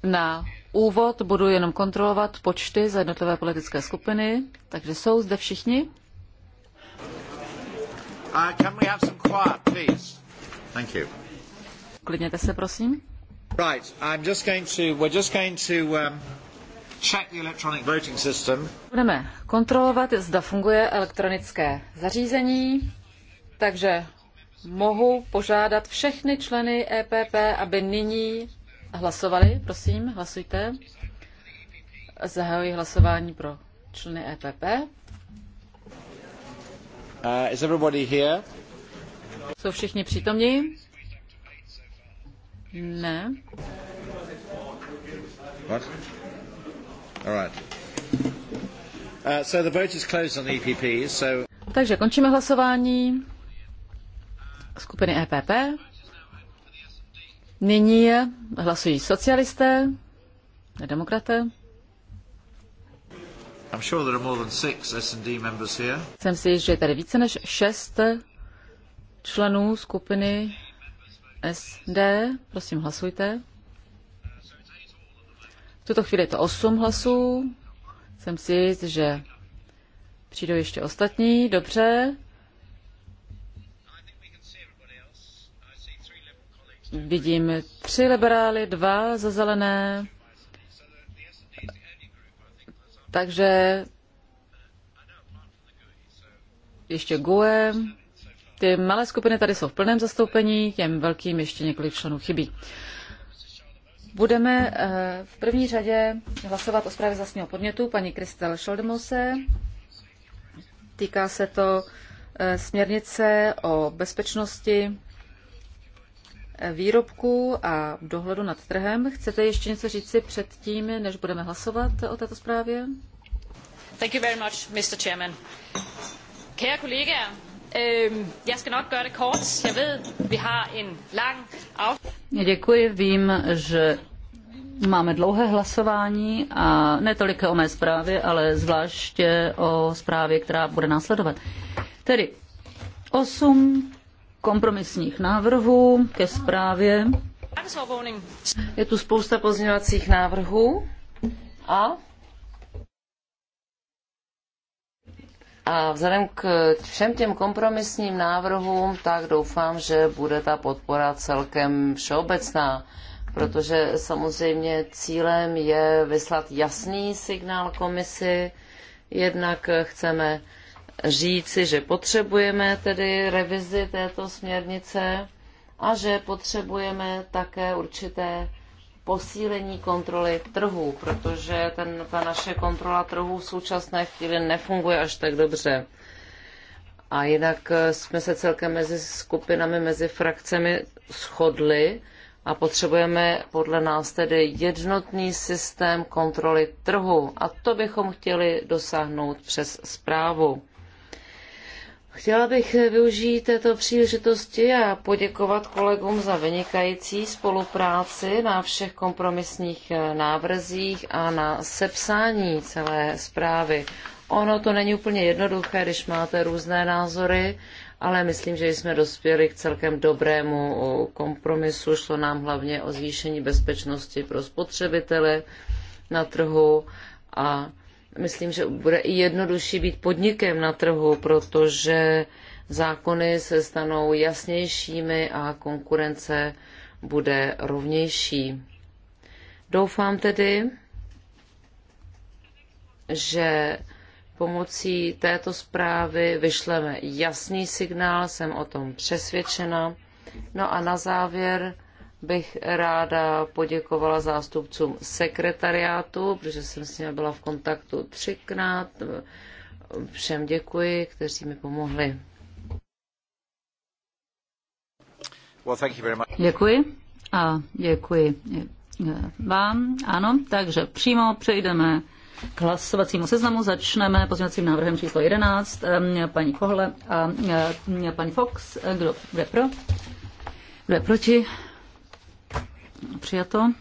Na úvod budu jenom kontrolovat počty za jednotlivé politické skupiny, takže jsou zde všichni. Uh, Klidněte se, prosím. Right, I'm just going to, we're just going to, um check the electronic voting system. Budeme kontrolovat, zda funguje elektronické zařízení, takže mohu požádat všechny členy EPP, aby nyní hlasovali. Prosím, hlasujte. Zahajuji hlasování pro členy EPP. Uh, is everybody here? Jsou všichni přítomní? Ne. What? right. Uh, so the vote is closed on EPP, e so... Takže končíme hlasování skupiny EPP. Nyní hlasují socialisté, demokraté. I'm sure there are more than six S&D members here. Jsem si jistý, že je tady více než šest členů skupiny SD. Prosím, hlasujte. V tuto chvíli je to 8 hlasů. Jsem si jist, že přijdou ještě ostatní. Dobře. Vidím tři liberály, dva za zelené. Takže ještě GUE. Ty malé skupiny tady jsou v plném zastoupení, těm velkým ještě několik členů chybí. Budeme eh, v první řadě hlasovat o zprávě z vlastního podnětu paní Kristel Šoldemose. Týká se to eh, směrnice o bezpečnosti eh, výrobků a dohledu nad trhem. Chcete ještě něco říci před tím, než budeme hlasovat o této zprávě? Thank you very much, Mr. Chairman. Kære Jeg skal nok gøre det kort. Jeg ved, vi har en lang af... Děkuji, vím, že Máme dlouhé hlasování a ne tolik o mé zprávě, ale zvláště o zprávě, která bude následovat. Tedy osm kompromisních návrhů ke zprávě. Je tu spousta pozměňovacích návrhů a A vzhledem k všem těm kompromisním návrhům, tak doufám, že bude ta podpora celkem všeobecná, protože samozřejmě cílem je vyslat jasný signál komisi, jednak chceme říci, že potřebujeme tedy revizi této směrnice a že potřebujeme také určité posílení kontroly trhu, protože ten, ta naše kontrola trhu v současné chvíli nefunguje až tak dobře. A jinak eh, jsme se celkem mezi skupinami, mezi frakcemi shodli a potřebujeme podle nás tedy jednotný systém kontroly trhu. A to bychom chtěli dosáhnout přes zprávu. Chtěla bych využít této příležitosti a poděkovat kolegům za vynikající spolupráci na všech kompromisních eh, návrzích a na sepsání celé zprávy. Ono to není úplně jednoduché, když máte různé názory, ale myslím, že jsme dospěli k celkem dobrému eh, kompromisu. Šlo nám hlavně o zvýšení bezpečnosti pro spotřebitele na trhu a myslím, že bude i jednodušší být podnikem na trhu, protože zákony se stanou jasnějšími a konkurence bude rovnější. Doufám tedy, že pomocí této zprávy vyšleme jasný signál, jsem o tom přesvědčena. No a na závěr bych ráda poděkovala zástupcům sekretariátu, protože jsem s nimi byla v kontaktu třikrát. Všem děkuji, kteří mi pomohli. Děkuji a děkuji vám. Ano, takže přímo přejdeme k hlasovacímu seznamu. Začneme pozměňovacím návrhem číslo 11, paní Kohle a paní Fox. Kdo bude pro? Kdo je proti? Přijato.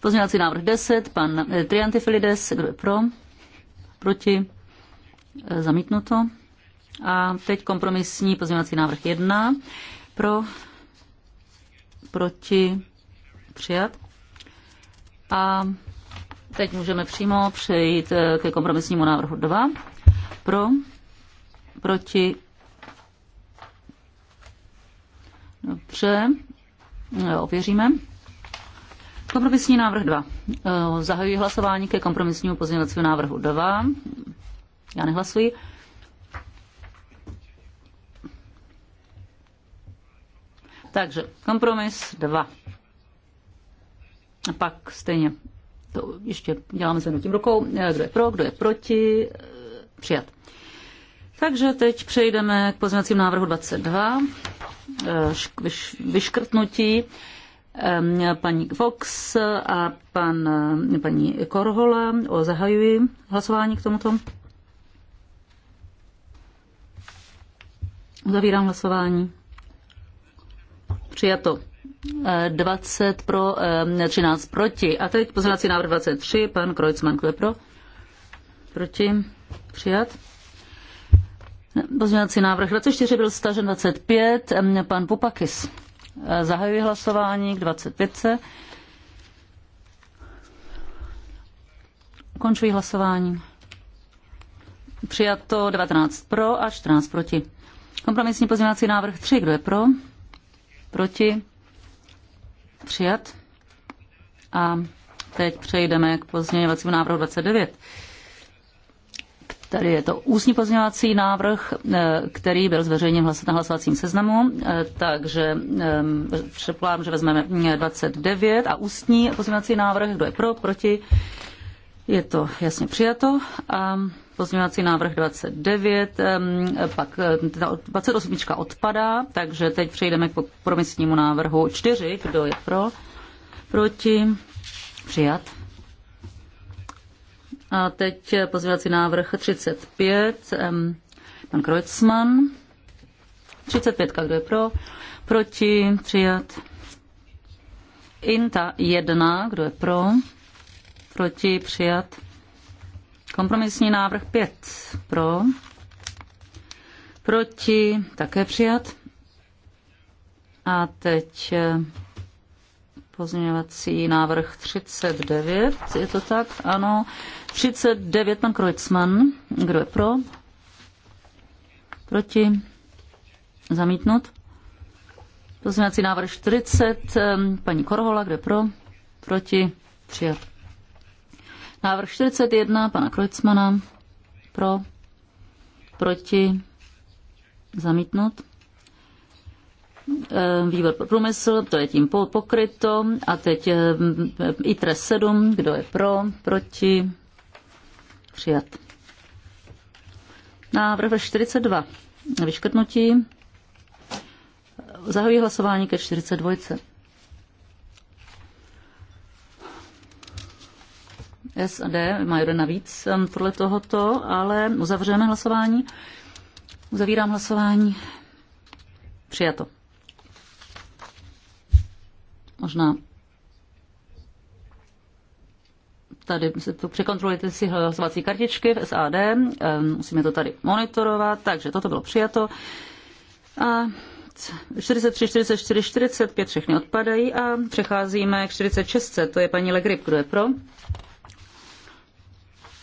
Pozměňovací návrh 10, pan eh, Triantifilides, kdo je pro? Proti? Eh, zamítnuto. A teď kompromisní pozměňovací návrh 1. Pro? Proti? Přijat. A teď můžeme přímo přejít eh, ke kompromisnímu návrhu 2. Pro? Proti? Dobře. Jo, ověříme. Kompromisní návrh 2. Eh, zahajuji hlasování ke kompromisnímu pozměňovacímu návrhu 2. Já nehlasuji. Takže kompromis 2. A pak stejně to ještě děláme se tím rukou, eh, kdo je pro, kdo je proti, eh, přijat. Takže teď přejdeme k pozměňovacím návrhu 22, vyškrtnutí paní Vox a pan, paní Korhola. O, zahajuji hlasování k tomuto. Zavírám hlasování. Přijato. 20 e, pro, 13 e, proti. A teď pozměňovací návrh 23, pan Krojcman, kdo je pro? Proti? Přijat. E, pozměňovací návrh 24 byl stažen 25, pan Pupakis. Zahajuji hlasování k 25. Končuji hlasování. Přijato 19 pro a 14 proti. Kompromisní pozměňovací návrh 3. Kdo je pro? Proti? Přijat. A teď přejdeme k pozměňovacímu návrhu 29. Tady je to ústní pozměňovací návrh, eh, který byl zveřejněn na hlasovacím seznamu, eh, takže eh, předpokládám, že vezmeme 29 mm, a ústní pozměňovací návrh, kdo je pro, proti, je to jasně přijato. A pozměňovací návrh 29, pak 28 odpadá, takže teď přejdeme k kompromisnímu návrhu 4, kdo je pro, proti, přijat. A teď pozvědací návrh 35, pan Kreutzmann. 35, kdo je pro? Proti, přijat. Inta 1, kdo je pro? Proti, přijat. Kompromisní návrh 5, pro. Proti, také přijat. A teď eh, pozměňovací návrh 39, je to tak? Ano. 39, pan Kreutzmann. Kdo je pro? Proti? Zamítnut. Pozměňovací návrh 40, ehm, paní Korhola, kde pro? Proti? Přijat. Návrh 41, pana Kreutzmana, pro? Proti? Zamítnut. Ehm, výbor pro průmysl, to je tím pokryto. A teď ehm, e, ITRE 7, kdo je pro, proti, Přijat. Návrh 42. Vyškrtnutí. Zahojí hlasování ke 42. S a D má jeden navíc um, podle tohoto, ale uzavřeme hlasování. Uzavírám hlasování. Přijato. Možná tady překontrolujete si hlasovací kartičky v SAD, musíme to tady monitorovat, takže toto bylo přijato. A 43, 44, 45 všechny odpadají a přecházíme k 46, to je paní Legrip, kdo je pro?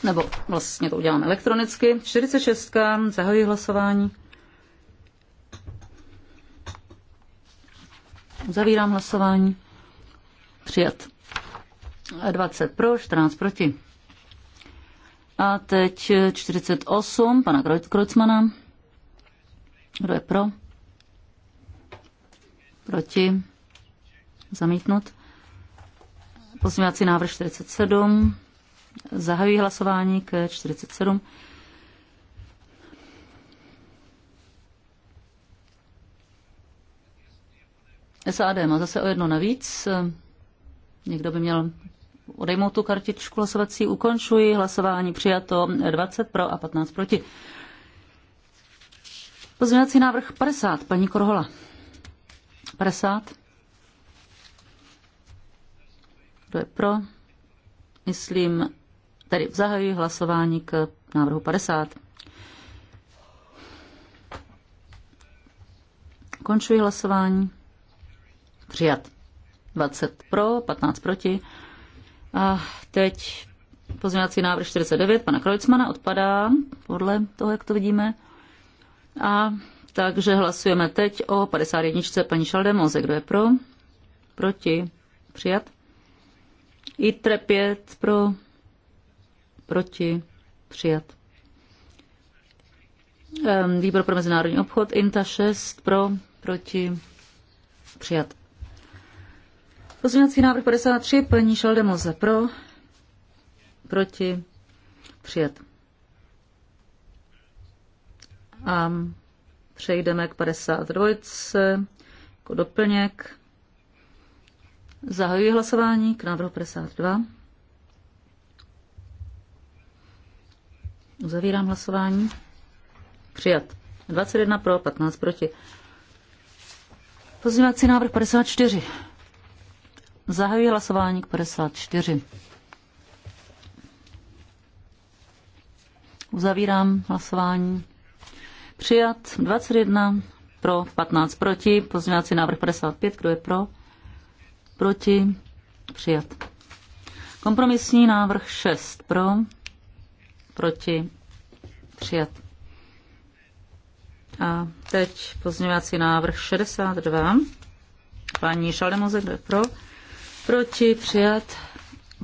Nebo vlastně to uděláme elektronicky. 46, zahojí hlasování. Zavírám hlasování. Přijat. 20 pro, 14 proti. A teď 48 pana Kreutzmana. Kdo je pro? Proti? Zamítnut. Pozměňovací návrh 47. Zahajuji hlasování k 47. SAD má zase o jedno navíc. Někdo by měl odejmout tu kartičku hlasovací, ukončuji hlasování, přijato 20 pro a 15 proti. Pozměňovací návrh 50, paní Korhola. 50. Kdo je pro? Myslím, tedy zahajuji hlasování k návrhu 50. Končuji hlasování. Přijat. 20 pro, 15 proti. A teď pozměňovací návrh 49 pana Krojcmana odpadá, podle toho, jak to vidíme. A takže hlasujeme teď o 51. paní Šaldemoze. Kdo je pro? Proti? Přijat? I 5 pro? Proti? Přijat? Ehm, výbor pro mezinárodní obchod INTA 6 pro? Proti? Přijat? Pozměňovací návrh 53, paní Šaldemoze pro, proti, přijat. A přejdeme k 52, jako doplněk. Zahajuji hlasování k návrhu 52. Uzavírám hlasování. Přijat. 21 pro, 15 proti. Pozměňovací návrh 54. Zahajuji hlasování k 54. Uzavírám hlasování. Přijat 21 pro, 15 proti. Pozměňovací návrh 55. Kdo je pro? Proti. Přijat. Kompromisní návrh 6 pro, proti. Přijat. A teď pozměňovací návrh 62. Paní Šalemozek, kdo je pro? proti, přijat.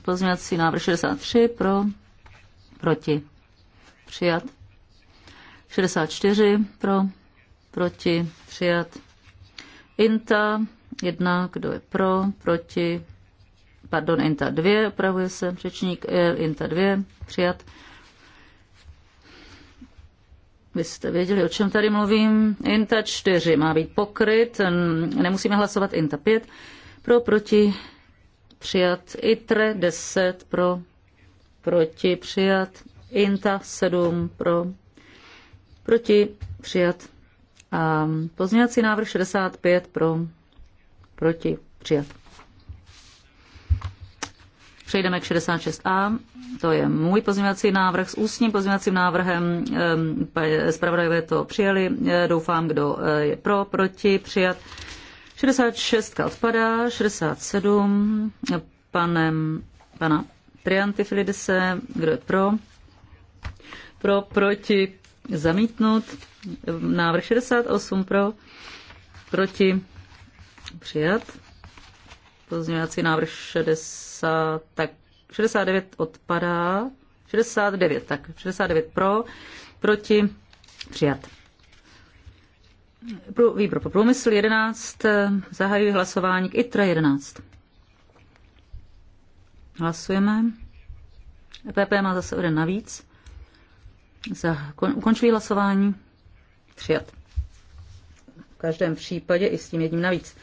Pozměňovací návrh 63 pro, proti, přijat. 64 pro, proti, přijat. Inta 1, kdo je pro, proti, pardon, Inta 2, opravuje se řečník, eh, Inta 2, přijat. Vy jste věděli, o čem tady mluvím. Inta 4 má být pokryt, nemusíme hlasovat Inta 5. Pro, proti, přijat. ITRE 10 pro, proti přijat. INTA 7 pro, proti přijat. A pozměňovací návrh 65 pro, proti přijat. Přejdeme k 66a. To je můj pozměňovací návrh s ústním pozměňovacím návrhem. Ehm, zpravodajové to přijali. E, doufám, kdo e, je pro, proti, přijat. 66 odpadá, 67 panem, pana Trianty Filidise, kdo je pro? Pro, proti, zamítnout. Návrh 68 pro, proti, přijat. Pozměňovací návrh 60, tak 69 odpadá, 69, tak 69 pro, proti, přijat. Výbor pro průmysl 11. Zahajuji hlasování k ITRA 11. Hlasujeme. EPP má zase jeden navíc. Za, ukončuji hlasování. Přijat. V každém případě i s tím jedním navíc.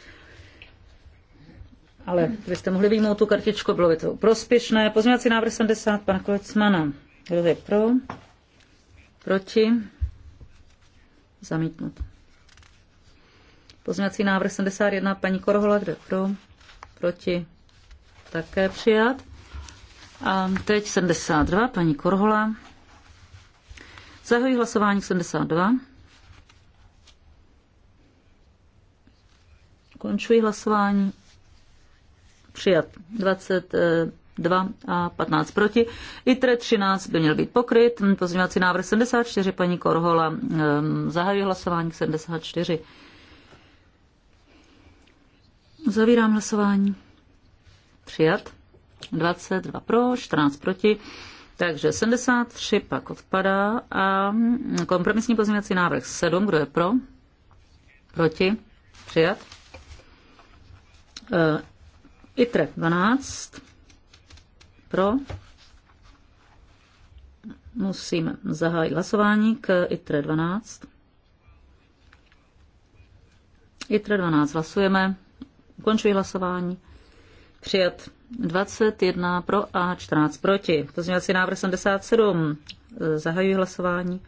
Ale byste mohli vyjmout tu kartičku, bylo by to prospěšné. Pozměňovací návrh 70 pana Kolecmana. Kdo je pro? Proti? Zamítnut. Pozměňovací návrh 71, paní Korhola, kde pro, proti, také přijat. A teď 72, paní Korhola. Zahojí hlasování 72. Končuji hlasování. Přijat 22 a 15 proti. ITRE 13 by měl být pokryt. Pozměňovací návrh 74, paní Korhola. Ehm, zahajuji hlasování 74. Uzavírám hlasování. Přijat. 22 pro, 14 proti. Takže 73 pak odpadá a kompromisní pozměňovací návrh 7, kdo je pro? Proti? Přijat. Uh, ITRE 12 pro. Musíme zahájit hlasování k ITRE 12. ITRE 12 hlasujeme. Ukončuji hlasování. Přijat 21 pro a 14 proti. Pozměňovací návrh 77. Zahajuji hlasování.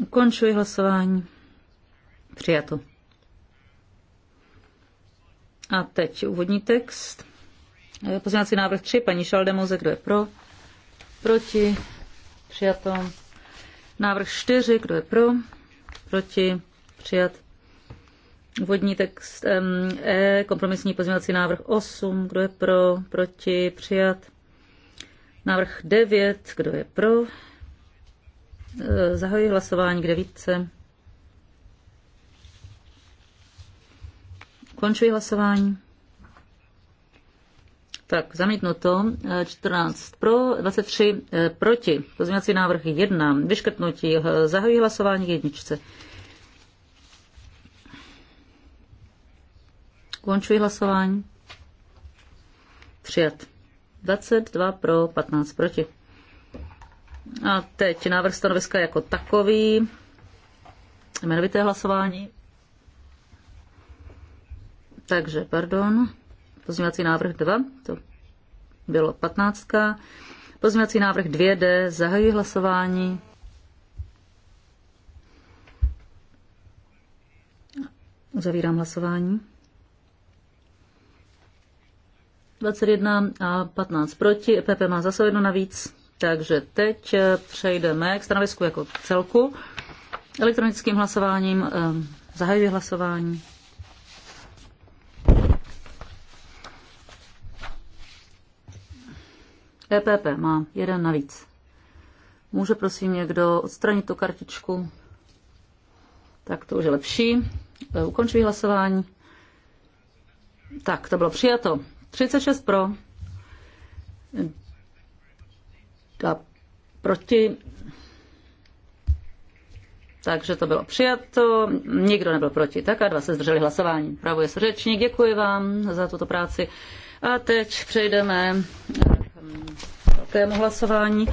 Ukončuji hlasování. Přijato. A teď úvodní text. Pozměňovací návrh 3, paní Šaldemoze, kdo je pro? Proti? Přijato. Návrh 4, kdo je pro? Proti? Přijat. Vodní text E, kompromisní pozměňovací návrh 8, kdo je pro, proti, přijat. Návrh 9, kdo je pro. E, zahajuji hlasování k devítce. Končuji hlasování. Tak, zamítnuto. 14 e, pro, 23 e, proti. Pozměňovací návrh 1. Vyškrtnutí. Zahajuji hlasování k jedničce. Končuji hlasování. Přijat. 22 pro, 15 proti. A teď návrh stanoviska jako takový. Jmenovité hlasování. Takže, pardon, pozměňovací návrh 2, to bylo 15. Pozměňovací návrh 2D, zahajuji hlasování. Uzavírám hlasování. 21 a 15 proti. PP e má zase jedno navíc. Takže teď eh, přejdeme k stanovisku jako celku. Elektronickým hlasováním eh, zahajuji hlasování. EPP má jeden navíc. Může prosím někdo odstranit tu kartičku? Tak to už je lepší. Eh, ukončuji hlasování. Tak, to bylo přijato. 36 pro, A proti, takže to bylo přijato, nikdo nebyl proti, tak a dva se zdrželi hlasování. Pravuje se řečník, děkuji vám za tuto práci. A teď přejdeme eh, k velkému hlasování.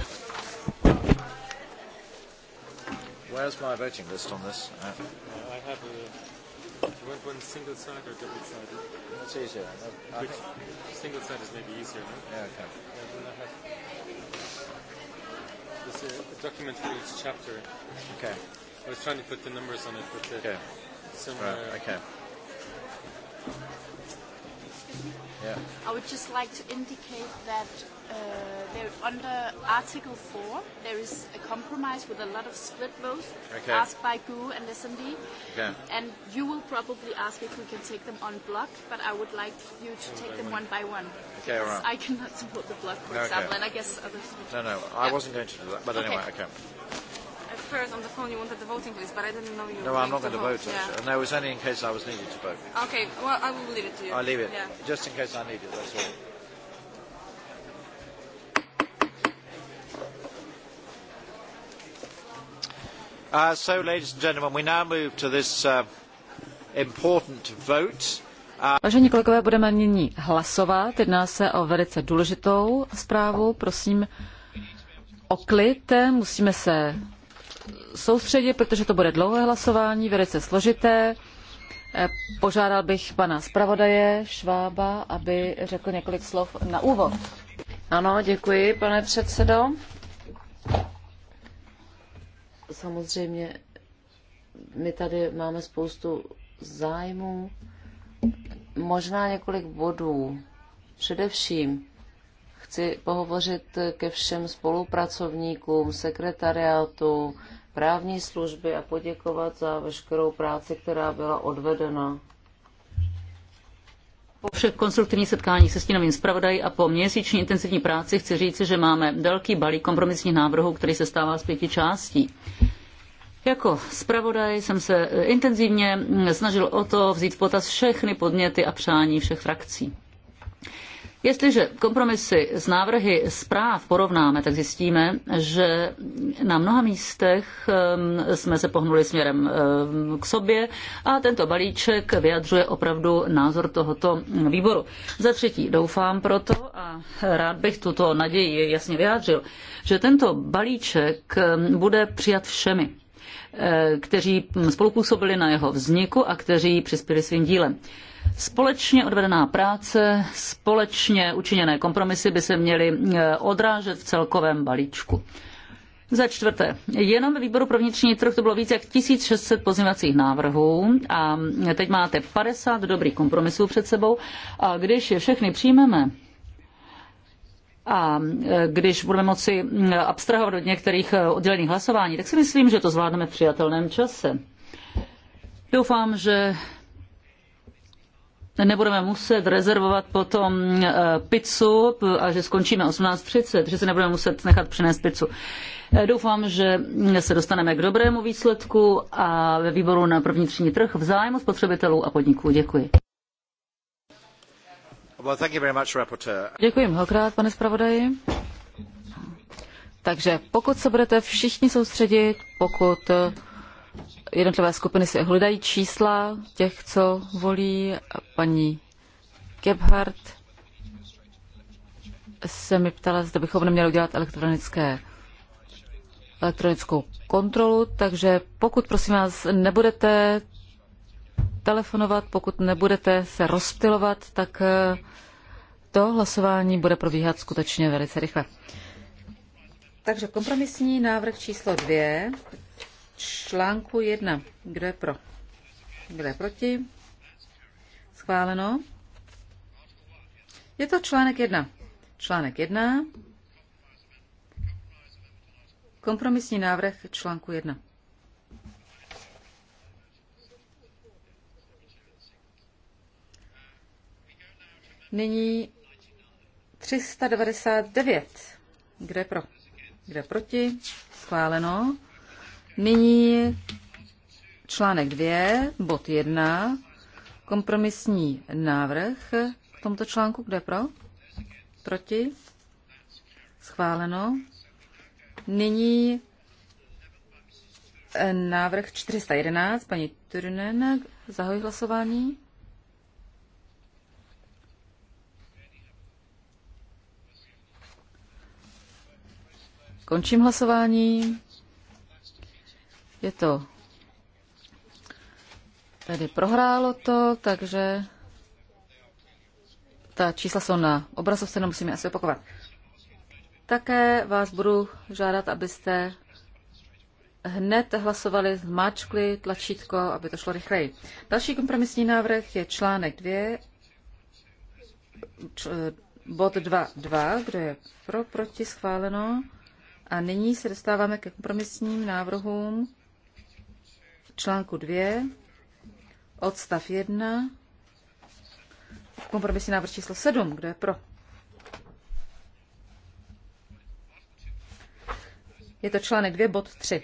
Where's my It's easier. I, single set is maybe easier, no? Yeah, okay. Yeah, this is a document for each chapter. Okay. I was trying to put the numbers on it, but the okay. similar. Right, okay. Yeah. I would just like to indicate that uh, there, under Article 4, there is a compromise with a lot of split votes okay. asked by GU and SMD. Okay. And you will probably ask if we can take them on block, but I would like you to take them one by one. Okay, all right. I cannot support the block, for okay. example, and I guess others. No, no, I yeah. wasn't going to do that, but anyway, okay. At first, on the phone, you wanted the voting list, but I didn't know you. No, were I'm not going to vote. vote yeah. No, it was only in case I was needed to vote. Okay, well, I will leave it to you. I leave it, yeah. just in case I need it. That's all. Uh, so, ladies and gentlemen, we now move to this uh, important vote. Uh, Vážení kolegové, budeme nyní hlasovat. Jedná se o velice důležitou zprávu. Prosím o klid. Musíme se soustředit, protože to bude dlouhé hlasování, velice složité. Eh, požádal bych pana zpravodaje Švába, aby řekl několik slov na úvod. Ano, děkuji, pane předsedo. Samozřejmě my tady máme spoustu zájmů, možná několik bodů. Především chci pohovořit ke všem spolupracovníkům, sekretariátu, právní služby a poděkovat za veškerou práci, která byla odvedena po všech konstruktivních setkáních se stínovým zpravodají a po měsíční intenzivní práci chci říci, že máme velký balík kompromisních návrhů, který se stává z pěti částí. Jako zpravodaj jsem se intenzivně snažil o to vzít v potaz všechny podněty a přání všech frakcí. Jestliže kompromisy s návrhy zpráv porovnáme, tak zjistíme, že na mnoha místech ehm, jsme se pohnuli směrem ehm, k sobě a tento balíček vyjadřuje opravdu názor tohoto výboru. Za třetí doufám proto a rád bych tuto naději jasně vyjádřil, že tento balíček ehm, bude přijat všemi eh, kteří spolupůsobili na jeho vzniku a kteří přispěli svým dílem. Společně odvedená práce, společně učiněné kompromisy by se měly eh, odrážet v celkovém balíčku. Za čtvrté, jenom ve výboru pro vnitřní trh to bylo více jak 1600 pozměvacích návrhů a teď máte 50 dobrých kompromisů před sebou a když je všechny přijmeme, a eh, když budeme moci eh, abstrahovat od některých oddělených hlasování, tak si myslím, že to zvládneme v přijatelném čase. Doufám, že nebudeme muset rezervovat potom eh, pizzu a že skončíme 18.30, že se nebudeme muset nechat přinést pizzu. Eh, doufám, že se dostaneme k dobrému výsledku a ve výboru na první vnitřní trh v zájmu spotřebitelů a podniků. Děkuji. Well, thank you very much, Děkuji mnohokrát, pane zpravodaji. Takže pokud se budete všichni soustředit, pokud jednotlivé skupiny si hledají čísla těch, co volí. Paní Gebhardt se mi ptala, zda bychom neměli udělat elektronické elektronickou kontrolu, takže pokud prosím vás nebudete telefonovat, pokud nebudete se rozptilovat, tak eh, to hlasování bude probíhat skutečně velice rychle. Takže kompromisní návrh číslo dvě, článku 1. Kdo je pro? Kdo je proti? Schváleno. Je to článek 1. Článek 1. Kompromisní návrh článku 1. Nyní 399. Kdo je pro? Kdo je proti? Schváleno. Nyní článek 2, bod 1, kompromisní návrh k tomto článku. Kde pro? Proti? Schváleno. Nyní eh, návrh 411, paní Turunen, zahoj hlasování. Končím hlasování. Je to tedy prohrálo to, takže ta čísla jsou na obrazovce, nemusíme no asi opakovat. Také vás budu žádat, abyste hned hlasovali, zmáčkli tlačítko, aby to šlo rychleji. Další kompromisní návrh je článek 2, bod 2.2, kdo je pro, proti, schváleno. A nyní se dostáváme ke kompromisním návrhům článku 2, odstav 1, kompromisní návrh číslo 7, kdo je pro? Je to článek 2, bod 3.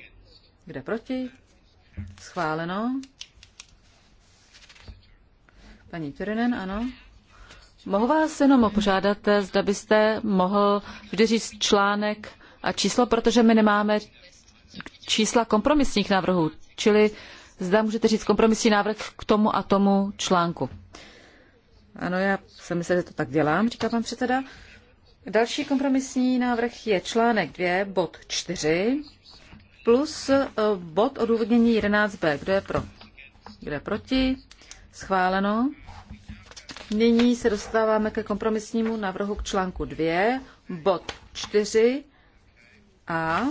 Kde proti? Schváleno. Paní Turinen, ano. Mohu vás jenom požádat, zda byste mohl vždy říct článek a číslo, protože my nemáme čísla kompromisních návrhů. Čili zda můžete říct kompromisní návrh k tomu a tomu článku. Ano, já jsem myslel, že to tak dělám, říká pan předseda. Další kompromisní návrh je článek 2, bod 4, plus eh, bod odůvodnění 11b. Kdo je pro? Kdo je proti? Schváleno. Nyní se dostáváme ke kompromisnímu návrhu k článku 2, bod 4 a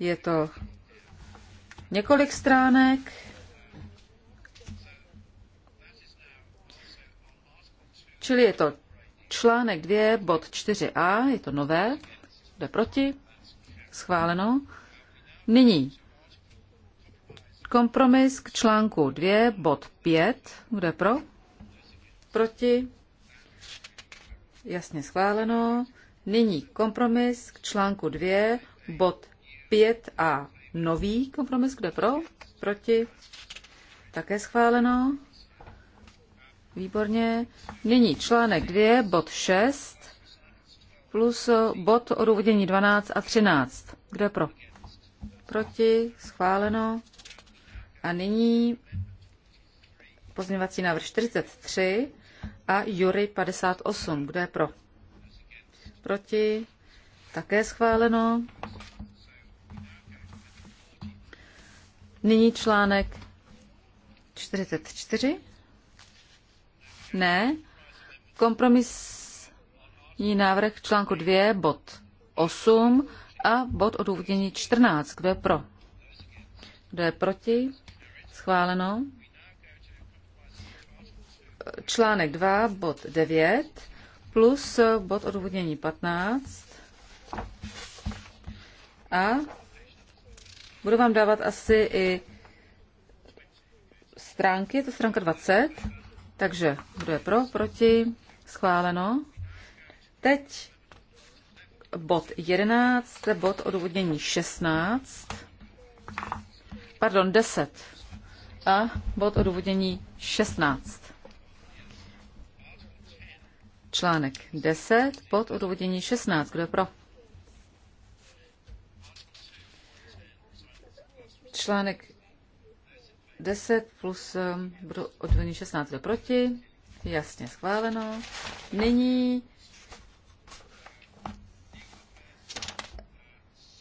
Je to několik stránek. Čili je to článek 2, bod 4a, je to nové, jde proti, schváleno. Nyní kompromis k článku 2, bod 5, bude pro, proti, jasně schváleno. Nyní kompromis k článku 2, bod 5a nový kompromis, kdo pro, proti, také schváleno. Výborně. Nyní článek 2, bod 6 plus bod odůvodnění 12 a 13. Kdo je pro? Proti, schváleno. A nyní pozměvací návrh 43 a Jury 58. Kdo je pro? Proti, také schváleno. Nyní článek 44. Ne. Kompromisní návrh článku 2, bod 8 a bod odůvodnění 14. Kdo je pro? Kdo je proti? Schváleno. Článek 2, bod 9 plus bod odůvodnění 15 a Budu vám dávat asi i stránky, je to stránka 20. Takže kdo je pro, proti, schváleno. Teď bod 11, bod odůvodnění 16, pardon, 10 a bod odůvodnění 16. Článek 10, bod odůvodnění 16. Kdo je pro? Článek 10 plus um, budu odvodní 16 proti. Jasně schváleno. Nyní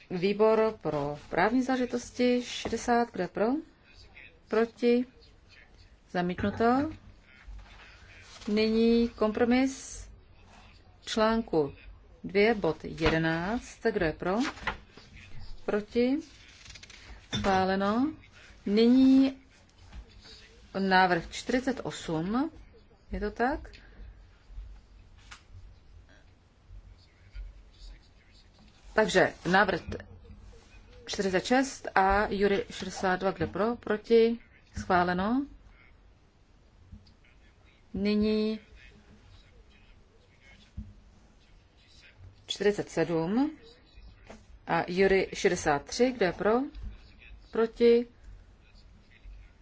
výbor pro právní zážitosti 60, bude pro? Proti. Zamítnuto. Nyní kompromis článku 2 bod 11, kdo je pro? Proti. Schváleno. Nyní návrh 48. Je to tak? Takže návrh 46 a Jury 62, kde pro, proti, schváleno. Nyní 47 a Jury 63, kde pro, proti,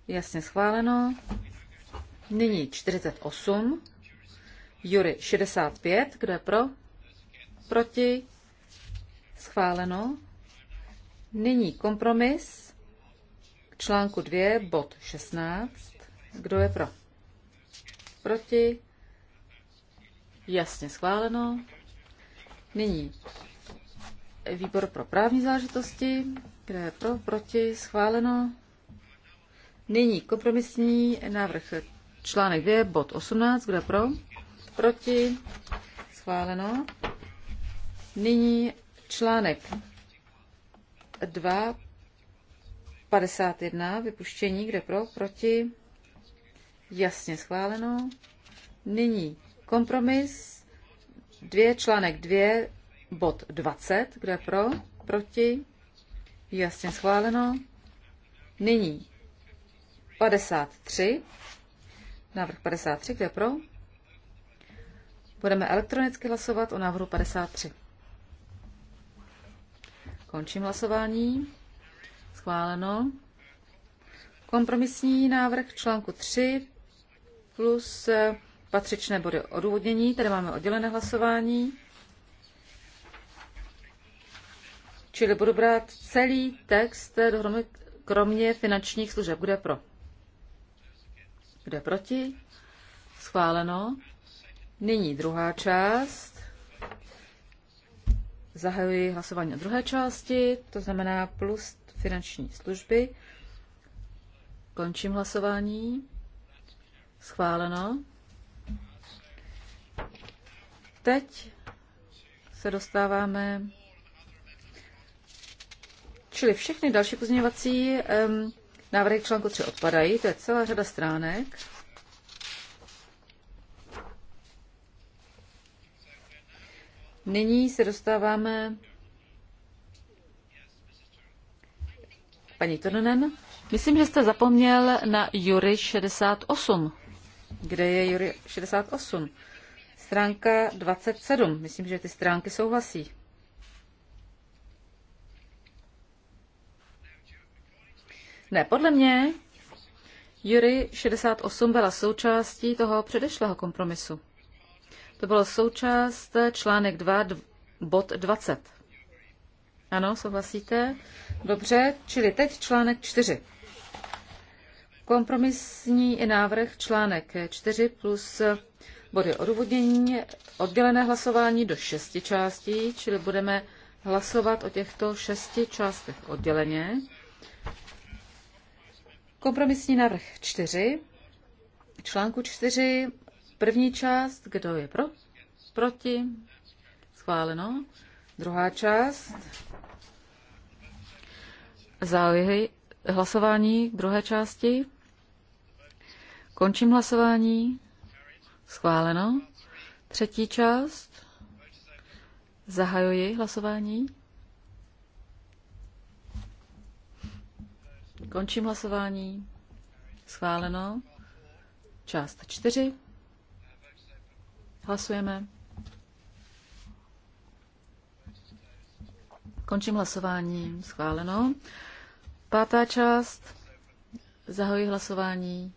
jasně schváleno. Nyní 48, Jury 65, kdo je pro, proti, schváleno. Nyní kompromis k článku 2, bod 16, kdo je pro, proti, jasně schváleno. Nyní výbor pro právní záležitosti, kde je pro, proti, schváleno. Nyní kompromisní návrh článek 2, bod 18, kde je pro, proti, schváleno. Nyní článek 2, 51, vypuštění, kde je pro, proti, jasně schváleno. Nyní kompromis 2, článek 2, Bod 20, kdo je pro, proti, jasně schváleno. Nyní 53, návrh 53, kdo je pro. Budeme elektronicky hlasovat o návrhu 53. Končím hlasování. Schváleno. Kompromisní návrh článku 3 plus patřičné body odůvodnění. Tady máme oddělené hlasování. Čili budu brát celý text dohromady, kromě finančních služeb. Kde pro? Kde proti? Schváleno. Nyní druhá část. Zahajuji hlasování o druhé části, to znamená plus finanční služby. Končím hlasování. Schváleno. Teď se dostáváme Čili všechny další pozměňovací um, návrhy k článku 3 odpadají, to je celá řada stránek. Nyní se dostáváme paní Tononen. Myslím, že jste zapomněl na Jury 68. Kde je Jury 68? Stránka 27. Myslím, že ty stránky souhlasí. Ne, podle mě Jury 68 byla součástí toho předešlého kompromisu. To bylo součást eh, článek 2, bod 20. Ano, souhlasíte? Dobře, čili teď článek 4. Kompromisní i návrh článek 4 plus body odůvodnění, oddělené hlasování do šesti částí, čili budeme hlasovat o těchto šesti částech odděleně. Kompromisní návrh 4, článku 4, první část, kdo je pro? Proti? Schváleno. Druhá část. Zálehy hlasování k druhé části. Končím hlasování. Schváleno. Třetí část. Zahajuji hlasování. Končím hlasování. Schváleno. Část 4. Hlasujeme. Končím hlasování. Schváleno. Pátá část. Zahoji hlasování.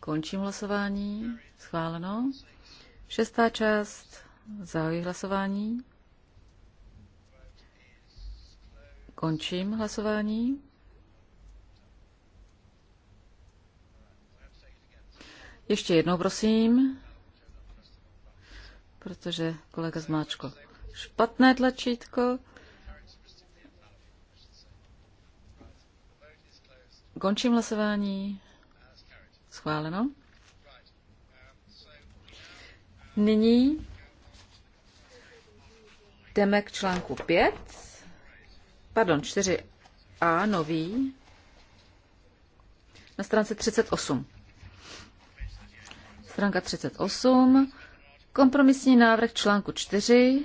Končím hlasování. Schváleno. Šestá část. Zahoji hlasování. Končím hlasování. Ještě jednou, prosím, protože kolega zmáčko špatné tlačítko. Končím hlasování. Schváleno. Nyní jdeme k článku 5 pardon, 4a nový na stránce 38. Stránka 38. Kompromisní návrh článku 4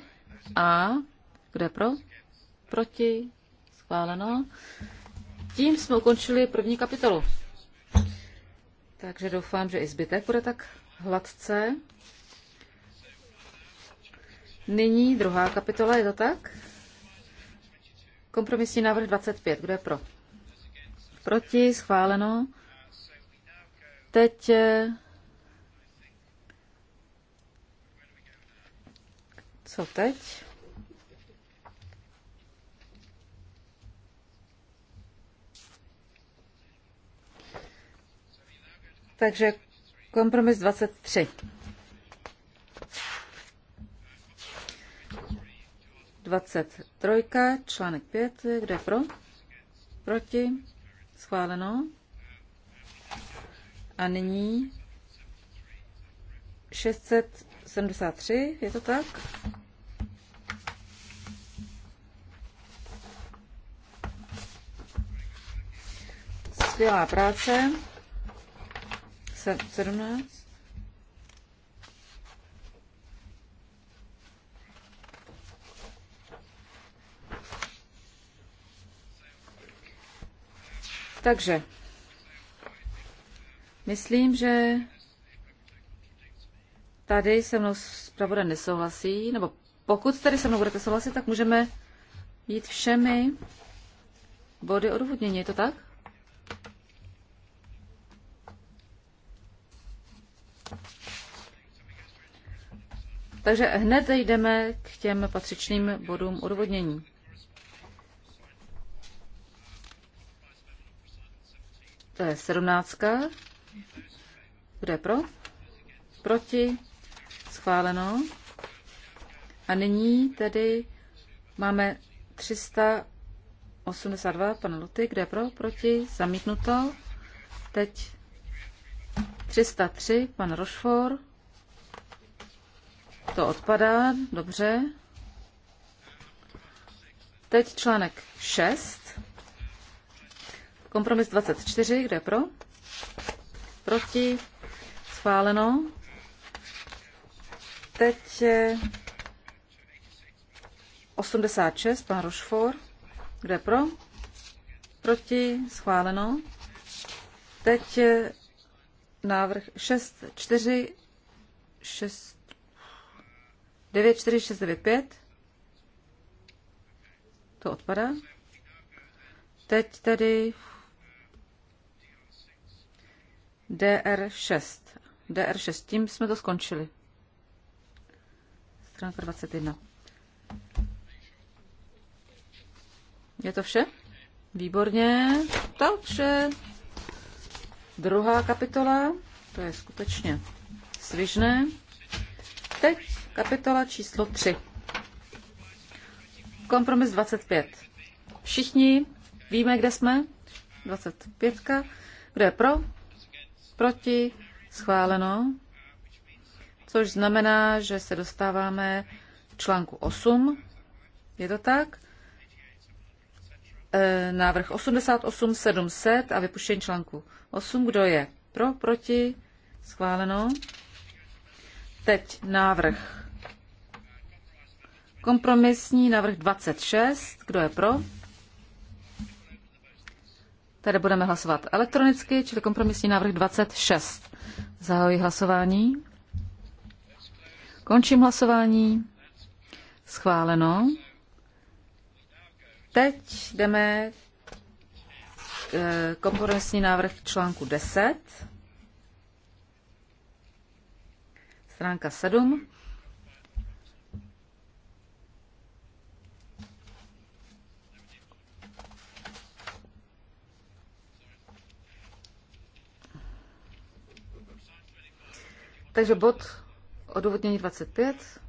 a kdo je pro? Proti? Schváleno. Tím jsme ukončili první kapitolu. Takže doufám, že i zbytek bude tak hladce. Nyní druhá kapitola, je to tak? Kompromisní návrh 25. Kdo je pro? Proti? Schváleno. Teď eh, Co teď? Takže kompromis 23. 23, článek 5, kde pro? Proti? Schváleno. A nyní 673, je to tak? Skvělá práce. 17. Takže myslím, že tady se mnou zpravodaj nesouhlasí, nebo pokud tady se mnou budete souhlasit, tak můžeme jít všemi body odvodnění. je to tak? Takže hned jdeme k těm patřičným bodům odvodnění. To je sedmnáctka. Kdo je pro? Proti? Schváleno. A nyní tedy máme 382, pan Luty, kde je pro? Proti? Zamítnuto. Teď 303, pan Rošfor. To odpadá, dobře. Teď článek 6. Kompromis 24, kdo je pro? Proti? Schváleno. Teď 86, pan Rošfor. kdo je pro? Proti? Schváleno. Teď návrh 6, 4, 6, 9, 4, 6, 9, 5. To odpadá. Teď tedy DR6. DR6, tím jsme to skončili. Stránka 21. Je to vše? Výborně. Takže druhá kapitola, to je skutečně svižné. Teď kapitola číslo 3. Kompromis 25. Všichni víme, kde jsme? 25. Kdo je pro? proti, schváleno, což znamená, že se dostáváme k článku 8. Je to tak? E, návrh 88, 700 a vypuštění článku 8. Kdo je pro, proti, schváleno. Teď návrh kompromisní, návrh 26. Kdo je pro? Tady budeme hlasovat elektronicky, čili kompromisní návrh 26. Zahajuji hlasování. Končím hlasování. Schváleno. Teď jdeme eh, kompromisní návrh článku 10. Stránka 7. Takže bod odůvodnění 25.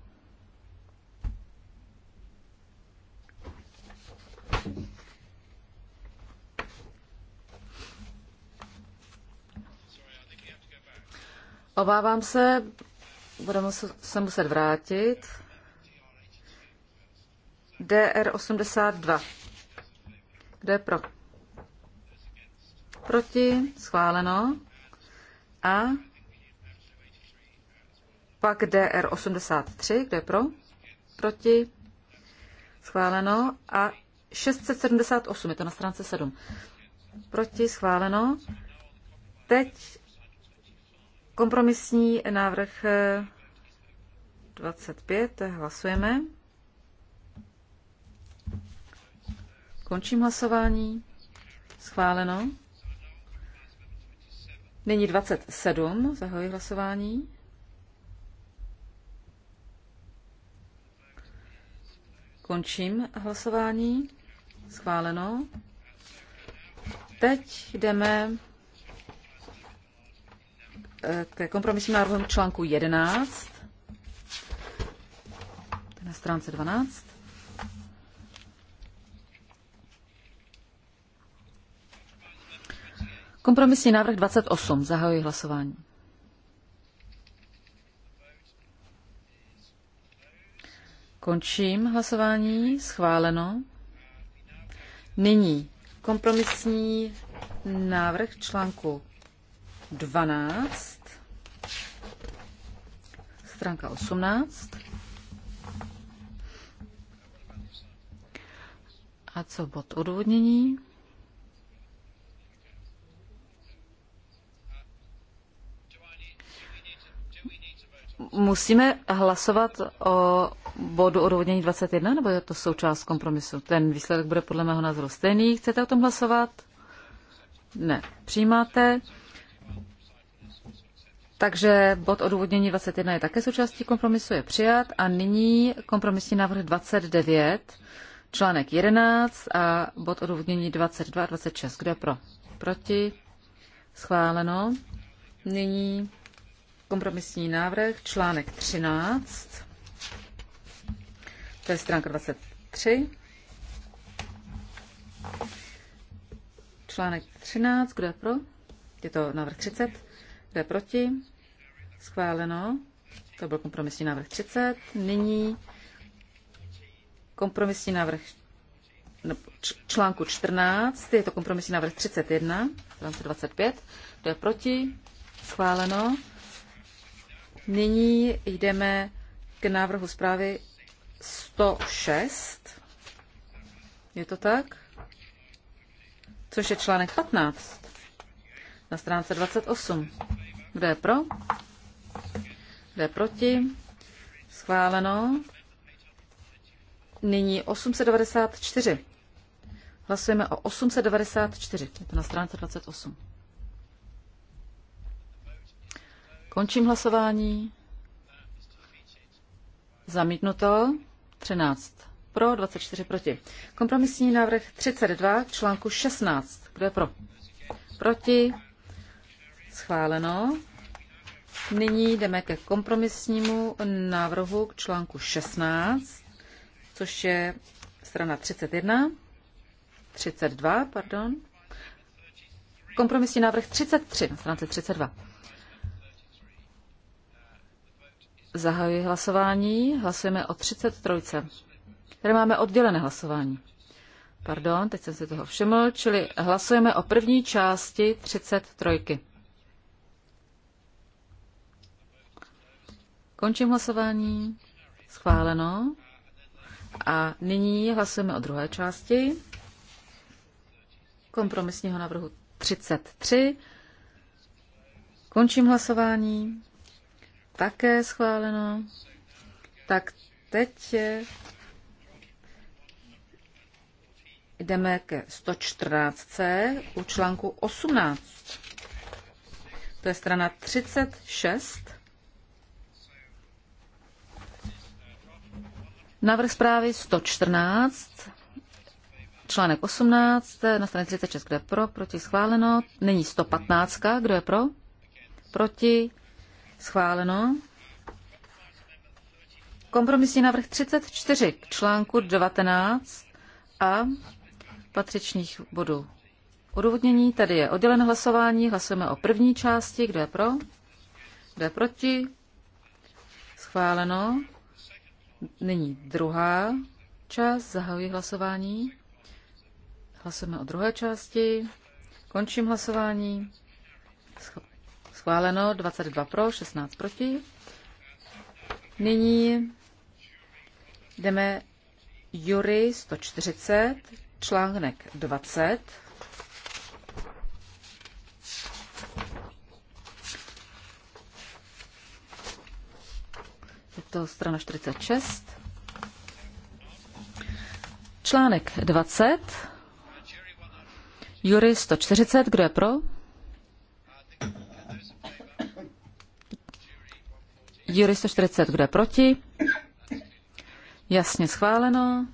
Obávám se, budeme se muset vrátit. DR82. Kdo je pro? Proti, schváleno. A pak DR83, kdo je pro? Proti? Schváleno. A 678, je to na stránce 7. Proti? Schváleno. Teď kompromisní návrh 25, hlasujeme. Končím hlasování. Schváleno. Nyní 27, zahoji hlasování. Končím hlasování. Schváleno. Teď jdeme eh, ke kompromisním návrhům článku 11. Na stránce 12. Kompromisní návrh 28. Zahajuji hlasování. Končím hlasování. Schváleno. Nyní kompromisní návrh článku 12, stránka 18. A co bod odvodnění? Musíme hlasovat o bodu odvodnění 21, nebo je to součást kompromisu? Ten výsledek bude podle mého názoru stejný. Chcete o tom hlasovat? Ne. Přijímáte? Takže bod odůvodnění 21 je také součástí kompromisu, je přijat. A nyní kompromisní návrh 29, článek 11 a bod odůvodnění 22 a 26. Kdo je pro? Proti? Schváleno. Nyní Kompromisní návrh, článek 13, to je stránka 23. Článek 13, kdo je pro? Je to návrh 30. Kdo je proti? Schváleno. To byl kompromisní návrh 30. Nyní kompromisní návrh no, článku 14, je to kompromisní návrh 31, 25. Kdo je proti? Schváleno. Nyní jdeme k návrhu zprávy 106. Je to tak? Což je článek 15 na stránce 28. Kdo je pro? Kdo je proti? Schváleno. Nyní 894. Hlasujeme o 894. Je to na stránce 28. Končím hlasování. Zamítnuto. 13 pro, 24 proti. Kompromisní návrh 32 článku 16. Kdo je pro? Proti. Schváleno. Nyní jdeme ke kompromisnímu návrhu k článku 16, což je strana 31, 32, pardon. Kompromisní návrh 33, na straně 32. Zahajuji hlasování. Hlasujeme o 33. Tady máme oddělené hlasování. Pardon, teď jsem si toho všiml, čili hlasujeme o první části 33. Končím hlasování. Schváleno. A nyní hlasujeme o druhé části kompromisního návrhu 33. Končím hlasování také schváleno. Tak teď jdeme ke 114. u článku 18. To je strana 36. Návrh zprávy 114, článek 18, na straně 36, kde pro, proti schváleno. Není 115, kdo je pro? Proti Schváleno. Kompromisní návrh 34 k článku 19 a patřičních bodů. Odůvodnění tady je oddělené hlasování. Hlasujeme o první části. Kdo je pro? Kdo je proti? Schváleno. Nyní druhá část. Zahajuji hlasování. Hlasujeme o druhé části. Končím hlasování. Schváleno 22 pro, 16 proti. Nyní jdeme Jury 140, článek 20. Je to strana 46. Článek 20. Jury 140, kdo je pro? Jury 140, kdo je proti? Jasně schváleno.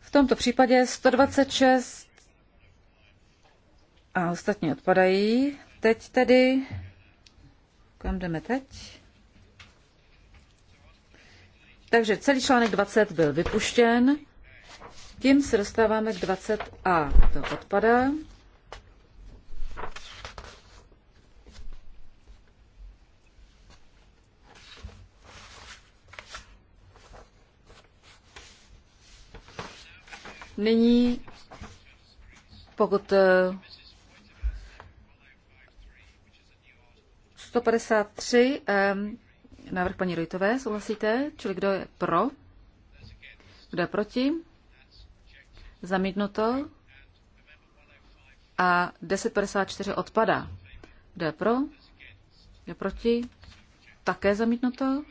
V tomto případě 126 a ostatní odpadají. Teď tedy, kam jdeme teď? Takže celý článek 20 byl vypuštěn. Tím se dostáváme k 20a. To odpadá. Nyní, pokud 153, eh, ehm, návrh paní Rojtové, souhlasíte? Čili kdo je pro? Kdo je proti? Zamítnuto. A 1054 odpadá. Kdo je pro? Kdo je proti? Také zamítnuto.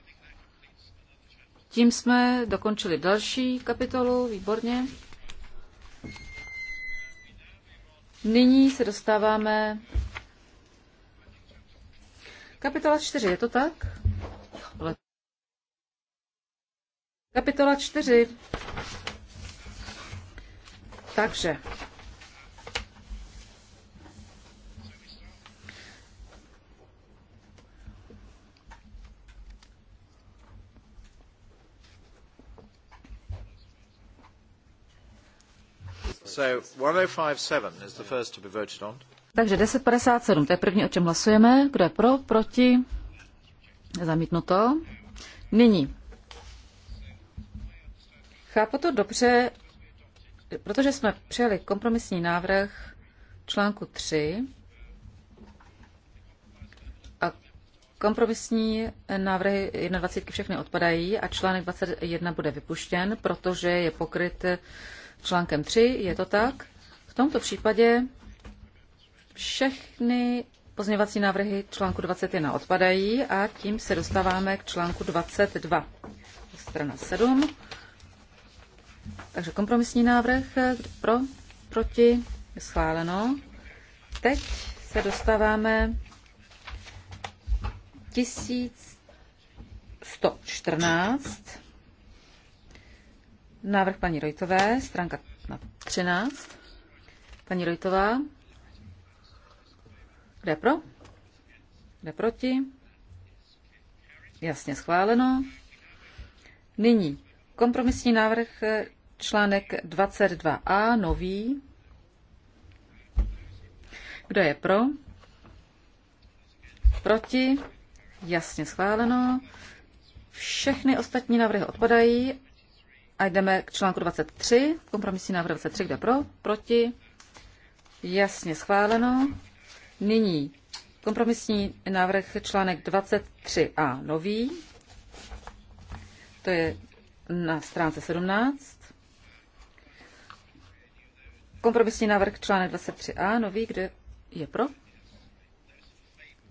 Tím jsme dokončili další kapitolu. Výborně. Nyní se dostáváme kapitola 4, je to tak? Kapitola 4. Takže Oh Takže 1057, to je první, o čem hlasujeme. Kdo je pro, proti? Zamítnuto. Nyní. Chápu to dobře, protože jsme přijali kompromisní návrh článku 3 a kompromisní návrhy 21 všechny odpadají a článek 21 bude vypuštěn, protože je pokryt článkem 3, je to tak? V tomto případě všechny pozměvací návrhy článku 21 odpadají a tím se dostáváme k článku 22. Strana 7. Takže kompromisní návrh pro, proti je schváleno. Teď se dostáváme 1114 Návrh paní Rojtové, stránka 13. Paní Rojtová. Kde pro? Kde proti? Jasně schváleno. Nyní kompromisní návrh článek 22a, nový. Kdo je pro? Proti? Jasně schváleno. Všechny ostatní návrhy odpadají a jdeme k článku 23, kompromisní návrh 23, kde pro, proti, jasně schváleno. Nyní kompromisní návrh článek 23a nový, to je na stránce 17. Kompromisní návrh článek 23a nový, kde je pro?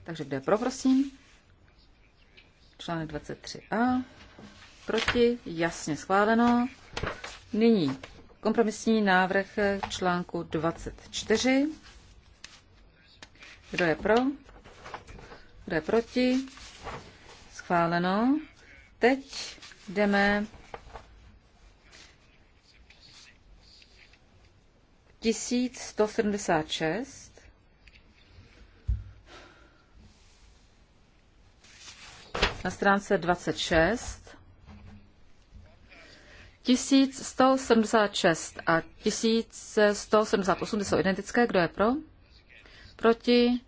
Takže kde je pro, prosím? Článek 23a proti, jasně schváleno. Nyní kompromisní návrh článku 24. Kdo je pro? Kdo je proti? Schváleno. Teď jdeme tisíc šest Na stránce 26. 1176 a 1178 jsou identické. Kdo je pro? Proti?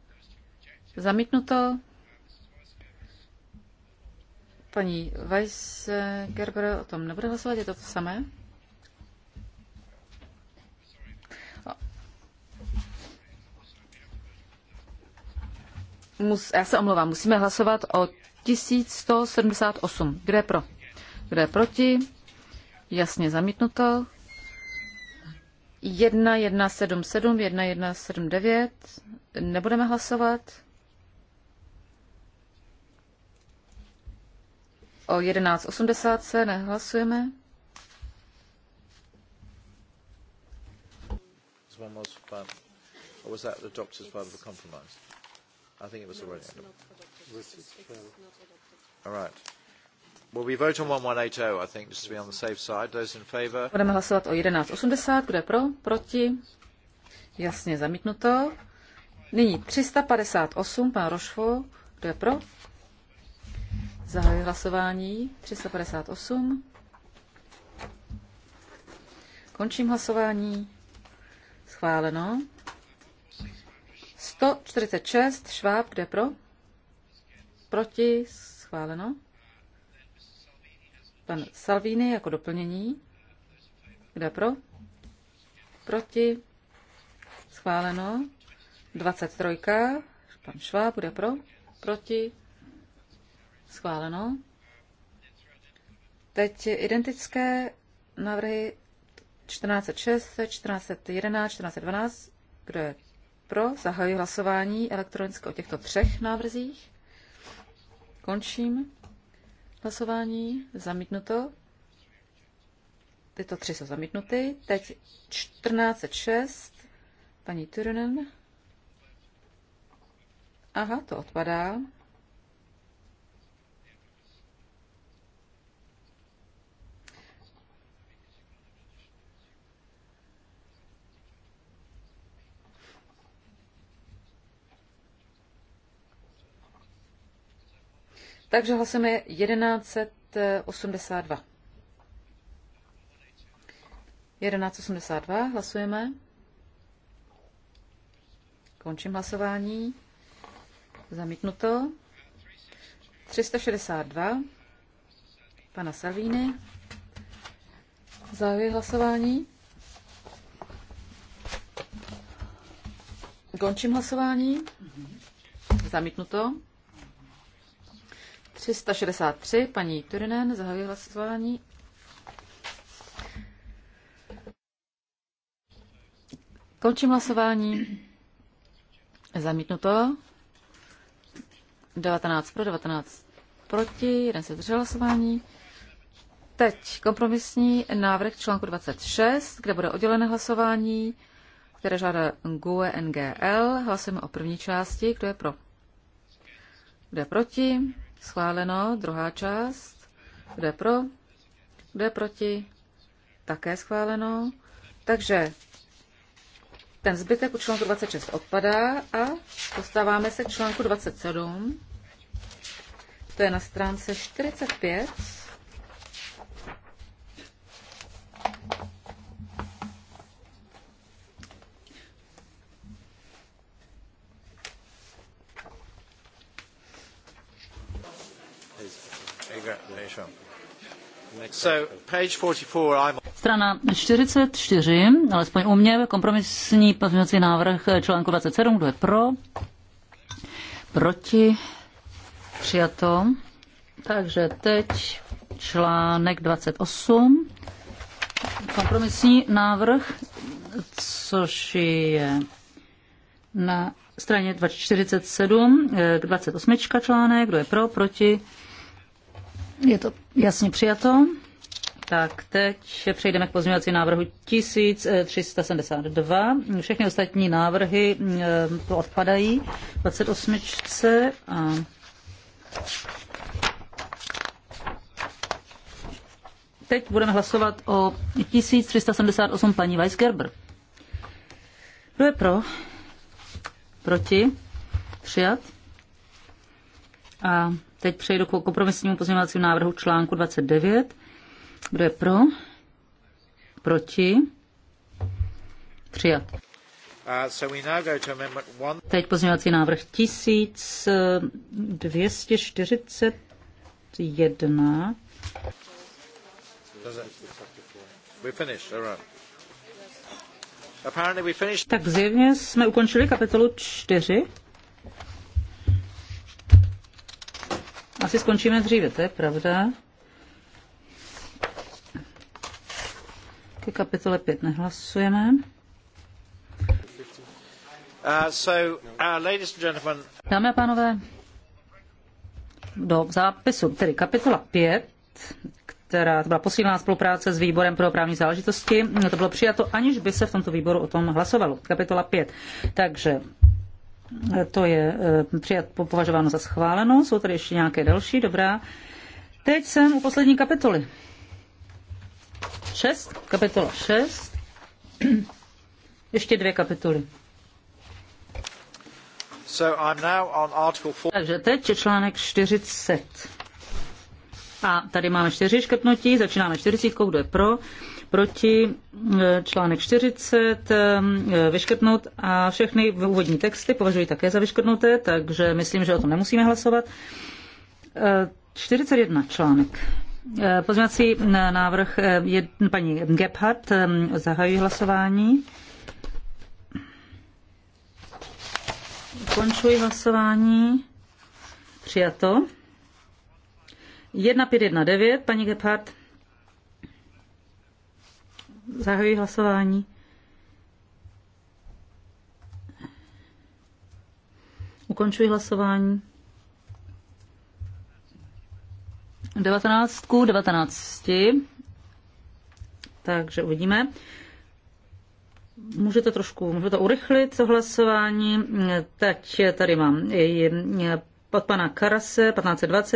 Zamítnuto? Paní Weisgerber o tom nebude hlasovat, je to to samé? Mus, já se omlouvám, musíme hlasovat o 1178. Kdo je pro? Kdo je proti? Jasně zamítnuto. 1177, 1179. Nebudeme hlasovat. O 1180 se nehlasujeme. All right. Budeme hlasovat o 1180. Kdo je pro? Proti? Jasně zamítnuto. Nyní 358, pan Rošvo. Kdo je pro? Zahajuji hlasování. 358. Končím hlasování. Schváleno. 146, Šváb, kde pro? Proti, schváleno. Pan Salvini jako doplnění. Kde pro? Proti. Schváleno. 23. Pan Šváb bude pro. Proti. Schváleno. Teď identické návrhy 1406, 1411, 1412. Kdo je pro? Zahajuji hlasování elektronicky o těchto třech návrzích. Končím. Hlasování zamítnuto. Tyto tři jsou zamítnuty. Teď 1406. Paní Turunen. Aha, to odpadá. Takže hlasujeme 1182. 1182 hlasujeme. Končím hlasování. Zamítnuto. 362 pana Salvini. Zahajuji hlasování. Končím hlasování. Zamítnuto. 363, paní Turinen, zahajuje hlasování. Končím hlasování. Zamítnuto. 19 pro, 19 proti, jeden se zdržel hlasování. Teď kompromisní návrh článku 26, kde bude oddělené hlasování, které žádá GUE NGL. Hlasujeme o první části. Kdo je pro? Kdo je proti? Schváleno. Druhá část. Kdo je pro? Kdo je proti? Také schváleno. Takže ten zbytek u článku 26 odpadá a dostáváme se k článku 27. To je na stránce 45. Strana 44, alespoň u mě, kompromisní pozměňovací návrh článku 27, kdo je pro, proti, přijato. Takže teď článek 28, kompromisní návrh, což je na straně 47, 28 článek, kdo je pro, proti, je to jasně přijato. Tak teď přejdeme k pozměňovacímu návrhu 1372. Všechny ostatní návrhy eh, to odpadají. 28. A teď budeme hlasovat o 1378 paní Weisgerber. Kdo je pro? Proti? Přijat? A Teď přejdu k kompromisnímu pozměňovacímu návrhu článku 29. Kdo je pro? Proti? Přijat. Uh, Teď pozměňovací návrh 1241. Tak zjevně jsme ukončili kapitolu 4. Asi skončíme dříve, to je pravda. Ke kapitole 5 nehlasujeme. Uh, uh, Dámy a pánové, do zápisu, tedy kapitola 5, která to byla posílená spolupráce s výborem pro právní záležitosti. No to bylo přijato, aniž by se v tomto výboru o tom hlasovalo. Kapitola 5. Takže to je eh, přijat, považováno za schváleno. Jsou tady ještě nějaké další, dobrá. Teď jsem u poslední kapitoly. 6, kapitola 6. Ještě dvě kapitoly. So I'm now on article four. Takže teď je článek 40. A tady máme čtyři škrtnutí, začínáme čtyřicítkou, kdo je pro, proti, e, článek 40 e, vyškrtnout a všechny úvodní texty považuji také za vyškrtnuté, takže myslím, že o tom nemusíme hlasovat. 41 e, článek. Pozměňovací návrh je paní Gebhardt. Zahajuji hlasování. Končuji hlasování. Přijato. 1519, paní Gebhardt. Zahajuji hlasování. Ukončuji hlasování. 19 19. Takže uvidíme. Můžete trošku, můžete to urychlit, to hlasování. Teď tady mám pod pana Karase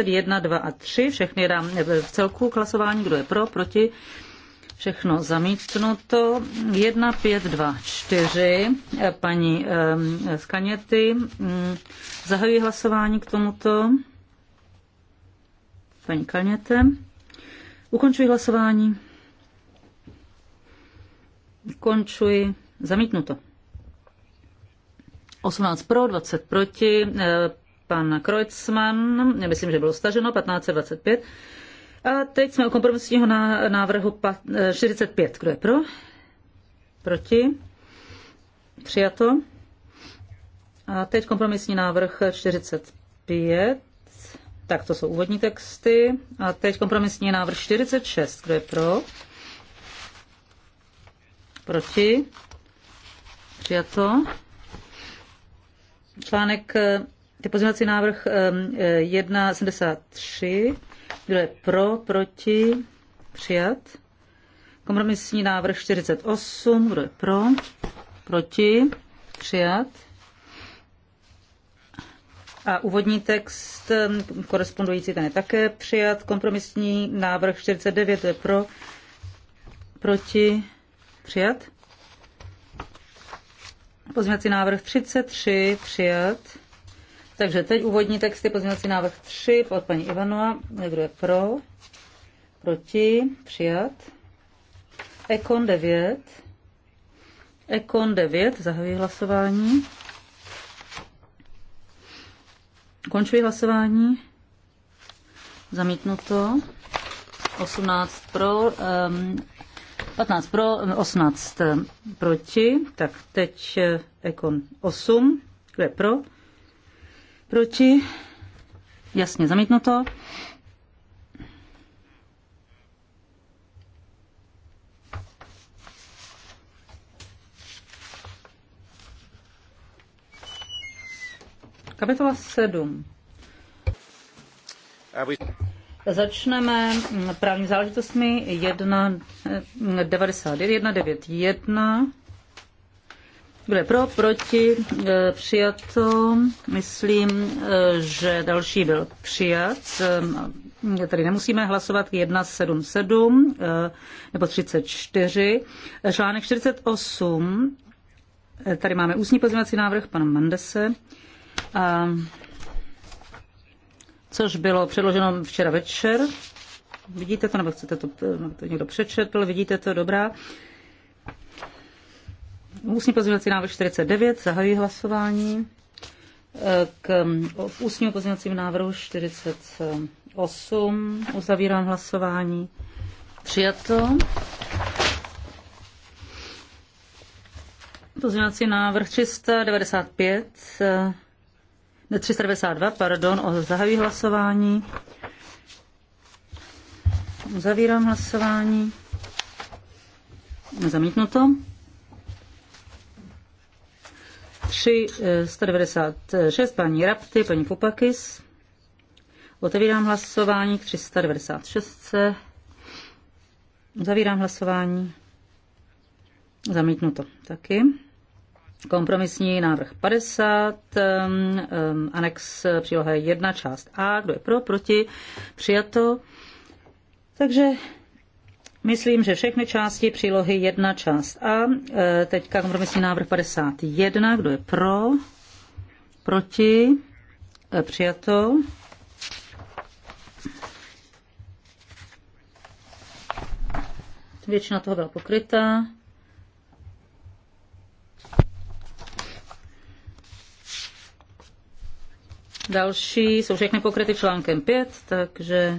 1, 2 a 3. Všechny dám v celku k hlasování, kdo je pro, proti všechno zamítnuto. 1, 5, 2, 4, paní eh, Skaněty, mm, zahajuji hlasování k tomuto. Paní Kaněte, ukončuji hlasování. Končuji. Zamítnuto. 18 pro, 20 proti. Eh, Pan Kreutzmann, myslím, že bylo staženo, 15, 25. A teď jsme u kompromisního návrhu 45. Eh, Kdo je pro? Proti? Přijato. A teď kompromisní návrh 45. Tak to jsou úvodní texty. A teď kompromisní návrh 46. Kdo je pro? Proti? Přijato. Článek, ty eh, pozměňovací návrh 1.73. Eh, kdo je pro, proti, přijat. Kompromisní návrh 48, kdo je pro, proti, přijat. A úvodní text mm, korespondující ten je také přijat. Kompromisní návrh 49, kdo je pro, proti, přijat. Pozměňovací návrh 33, přijat. Takže teď úvodní texty, pozměňovací návrh 3 od paní Ivanova. Kdo je pro? Proti? Přijat. Ekon 9. Ekon 9. Zahajuji hlasování. Končuji hlasování. Zamítnuto. 18 pro, um, ehm, 15 pro, 18 ehm, proti. Tak teď eh, Ekon 8. Kdo je pro? Proti? Jasně zamítnuto. Kapitola 7. Začneme právní záležitostmi 1.91.91. Bude pro, proti, e, přijato. Myslím, e, že další byl přijat. E, tady nemusíme hlasovat 177 nebo 34. Článek 48. Tady máme ústní pozměňovací návrh pana Mandese, což bylo předloženo včera večer. Vidíte to, nebo chcete to, to někdo přečetl, vidíte to, dobrá. Ústní pozměňovací návrh 49, zahajuji hlasování eh, k mm, ústním pozměňovacím návrhu 48. Uzavírám hlasování. Přijato. Pozměňovací návrh 395, eh, ne 392, pardon, o zahajuji hlasování. Uzavírám hlasování. Zamítnuto. to. 3, 196, eh, paní Rapty, paní Pupakis. Otevírám hlasování k 396. Zavírám hlasování. Zamítnuto taky. Kompromisní návrh 50, um, um, anex příloha 1, část A. Kdo je pro, proti, přijato. Takže Myslím, že všechny části přílohy jedna část A. E, teďka kompromisní návrh 51. Kdo je pro? Proti? E, přijato. Většina toho byla pokryta. Další jsou všechny pokryty článkem 5, takže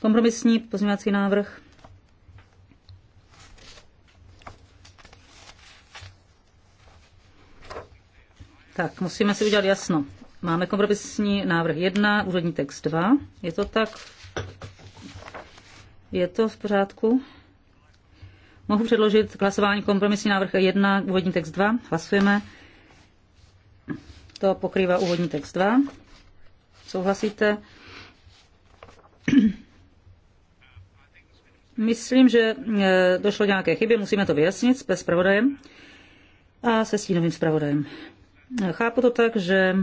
Kompromisní pozměňovací návrh. Tak, musíme si udělat jasno. Máme kompromisní návrh 1, úřední text 2. Je to tak? Je to v pořádku? Mohu předložit k hlasování kompromisní návrh 1, úvodní text 2. Hlasujeme. To pokrývá úvodní text 2. Souhlasíte? Myslím, že e, došlo nějaké chyby, musíme to vyjasnit s zpravodajem a se stínovým zpravodajem. Chápu to tak, že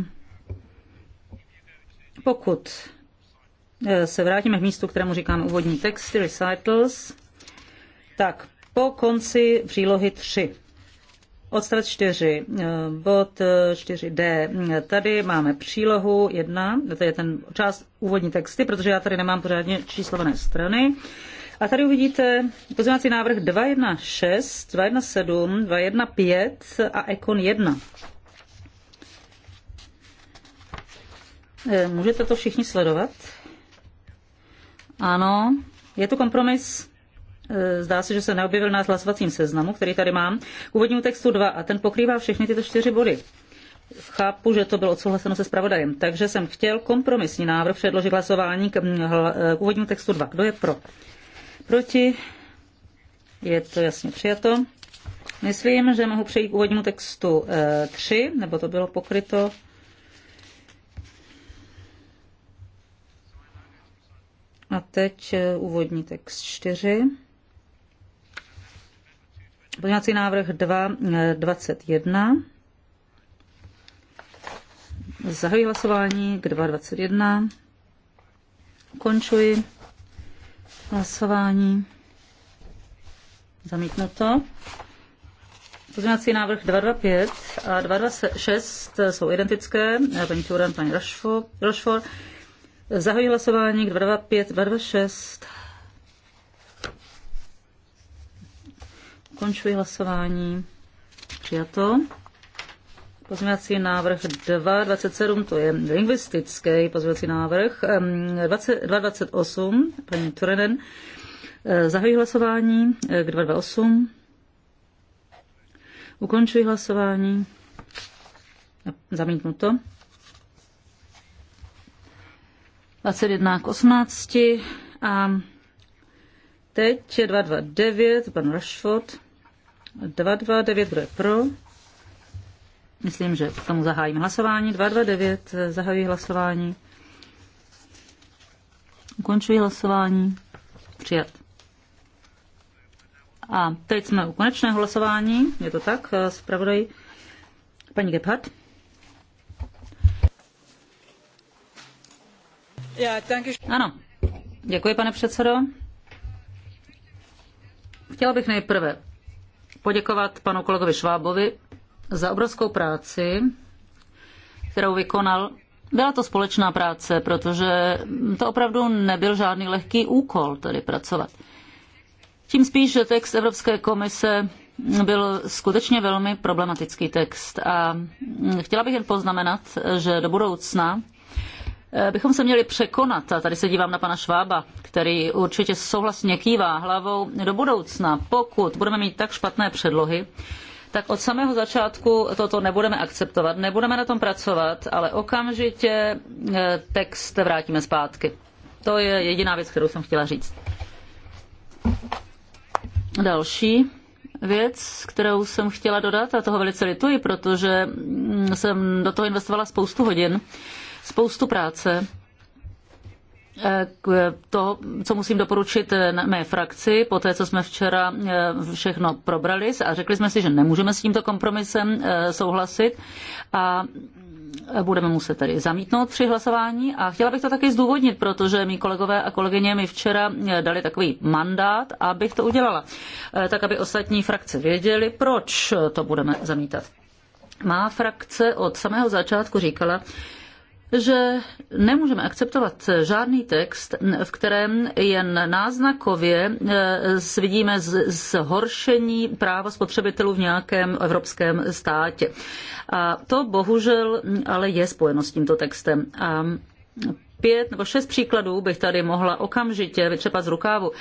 pokud e, se vrátíme k místu, kterému říkáme úvodní texty, recitals, tak po konci přílohy 3, odstavec 4, e, bod 4d, tady máme přílohu 1, to je ten část úvodní texty, protože já tady nemám pořádně číslované strany, a tady uvidíte pozměňovací návrh 216, 217, 215 a Econ 1. Eh, můžete to všichni sledovat? Ano, je to kompromis. Eh, zdá se, že se neobjevil na hlasovacím seznamu, který tady mám. K úvodnímu textu 2 a ten pokrývá všechny tyto čtyři body. Chápu, že to bylo odsouhlaseno se spravodajem, takže jsem chtěl kompromisní návrh předložit hlasování k, hm, eh, k úvodnímu textu 2. Kdo je pro? proti. Je to jasně přijato. Myslím, že mohu přejít k úvodnímu textu 3, eh, e, nebo to bylo pokryto. A teď eh, úvodní text 4. Pozměňovací návrh 2, 21. Eh, Zahajuji hlasování k 2.21. Končuji. Hlasování. Zamítnuto. Pozměňovací návrh 225 a 226 jsou identické. Paní Turan, paní Rošfor. Zahajuji hlasování k 225, 226. Končuji hlasování. Přijato. Pozměňovací návrh 227, to je lingvistický pozměňovací návrh. 228, paní Turenen, e, zahají hlasování e, k 228. Ukončuji hlasování. to. 21 k 18. A teď je 229, pan Rashford. 229, kdo je pro? Myslím, že k tomu zahájím hlasování. 229 zahajuji hlasování. Ukončuji hlasování. Přijat. A teď jsme u konečného hlasování. Je to tak, eh, zpravodaj paní Gebhardt. Ano, děkuji, pane předsedo. Chtěla bych nejprve poděkovat panu kolegovi Švábovi za obrovskou práci, kterou vykonal. Byla to společná práce, protože to opravdu nebyl žádný lehký úkol tady pracovat. Tím spíš, že text Evropské komise byl skutečně velmi problematický text a chtěla bych jen poznamenat, že do budoucna eh, bychom se měli překonat, a tady se dívám na pana Švába, který určitě souhlasně kývá hlavou do budoucna, pokud budeme mít tak špatné předlohy, tak od samého začátku toto nebudeme akceptovat, nebudeme na tom pracovat, ale okamžitě eh, text vrátíme zpátky. To je jediná věc, kterou jsem chtěla říct. Další věc, kterou jsem chtěla dodat, a toho velice lituji, protože mm, jsem do toho investovala spoustu hodin, spoustu práce to, co musím doporučit mé frakci, po té, co jsme včera eh, všechno probrali a řekli jsme si, že nemůžeme s tímto kompromisem eh, souhlasit a eh, budeme muset tedy zamítnout při hlasování a chtěla bych to taky zdůvodnit, protože mý kolegové a kolegyně mi včera dali takový mandát, abych to udělala, tak aby ostatní frakce věděli, proč to budeme zamítat. Má frakce od samého začátku říkala, že nemůžeme akceptovat žádný text, v kterém jen náznakově eh, vidíme zhoršení práva spotřebitelů v nějakém evropském státě. A to bohužel ale je spojeno s tímto textem. A pět nebo šest příkladů bych tady mohla okamžitě vyčepat z rukávu,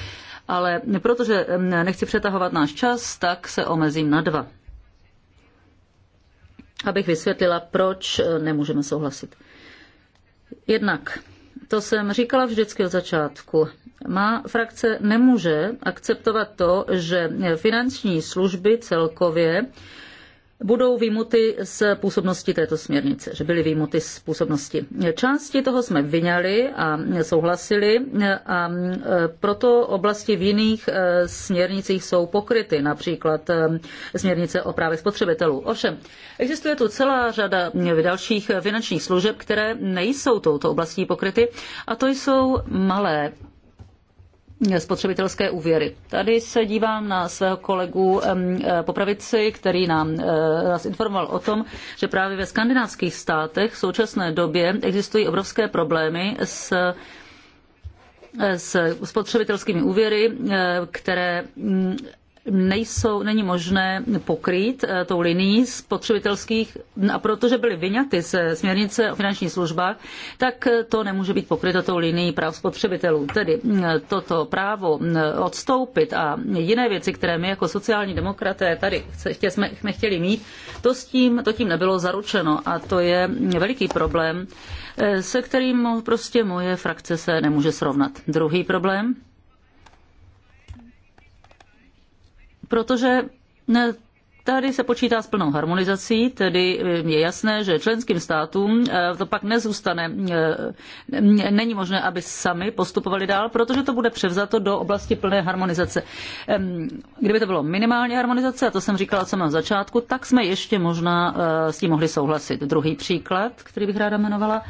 ale protože eh, nechci přetahovat náš čas, tak se omezím na dva abych vysvětlila, proč eh, nemůžeme souhlasit. Jednak, to jsem říkala vždycky od začátku, má frakce nemůže akceptovat to, že finanční služby celkově budou výmuty z působnosti této směrnice, že byly výmuty z působnosti. Části toho jsme vyňali a souhlasili a e, proto oblasti v jiných e, směrnicích jsou pokryty, například e, směrnice o právech spotřebitelů. Ovšem, existuje tu celá řada dalších finančních služeb, které nejsou touto oblastí pokryty a to jsou malé spotřebitelské úvěry. Tady se dívám na svého kolegu eh, Popravici, který nám, eh, nás informoval o tom, že právě ve skandinávských státech v současné době existují obrovské problémy s eh, s spotřebitelskými úvěry, které mm, nejsou, není možné pokrýt eh, tou linií spotřebitelských a protože byly vyňaty ze směrnice o finančních službách, tak eh, to nemůže být pokryto tou linií práv spotřebitelů. Tedy eh, toto právo odstoupit a jiné věci, které my jako sociální demokraté tady chce, jsme, jsme chtěli mít, to, s tím, to tím nebylo zaručeno a to je veliký problém, se kterým prostě moje frakce se nemůže srovnat. Druhý problém, protože Tady se počítá s plnou harmonizací, tedy eh, je jasné, že členským státům eh, to pak nezůstane, eh, není možné, aby sami postupovali dál, protože to bude převzato do oblasti plné harmonizace. Kdyby to bylo minimální harmonizace, a to jsem říkala od samého začátku, tak jsme ještě možná s tím mohli souhlasit. Druhý příklad, který bych ráda jmenovala,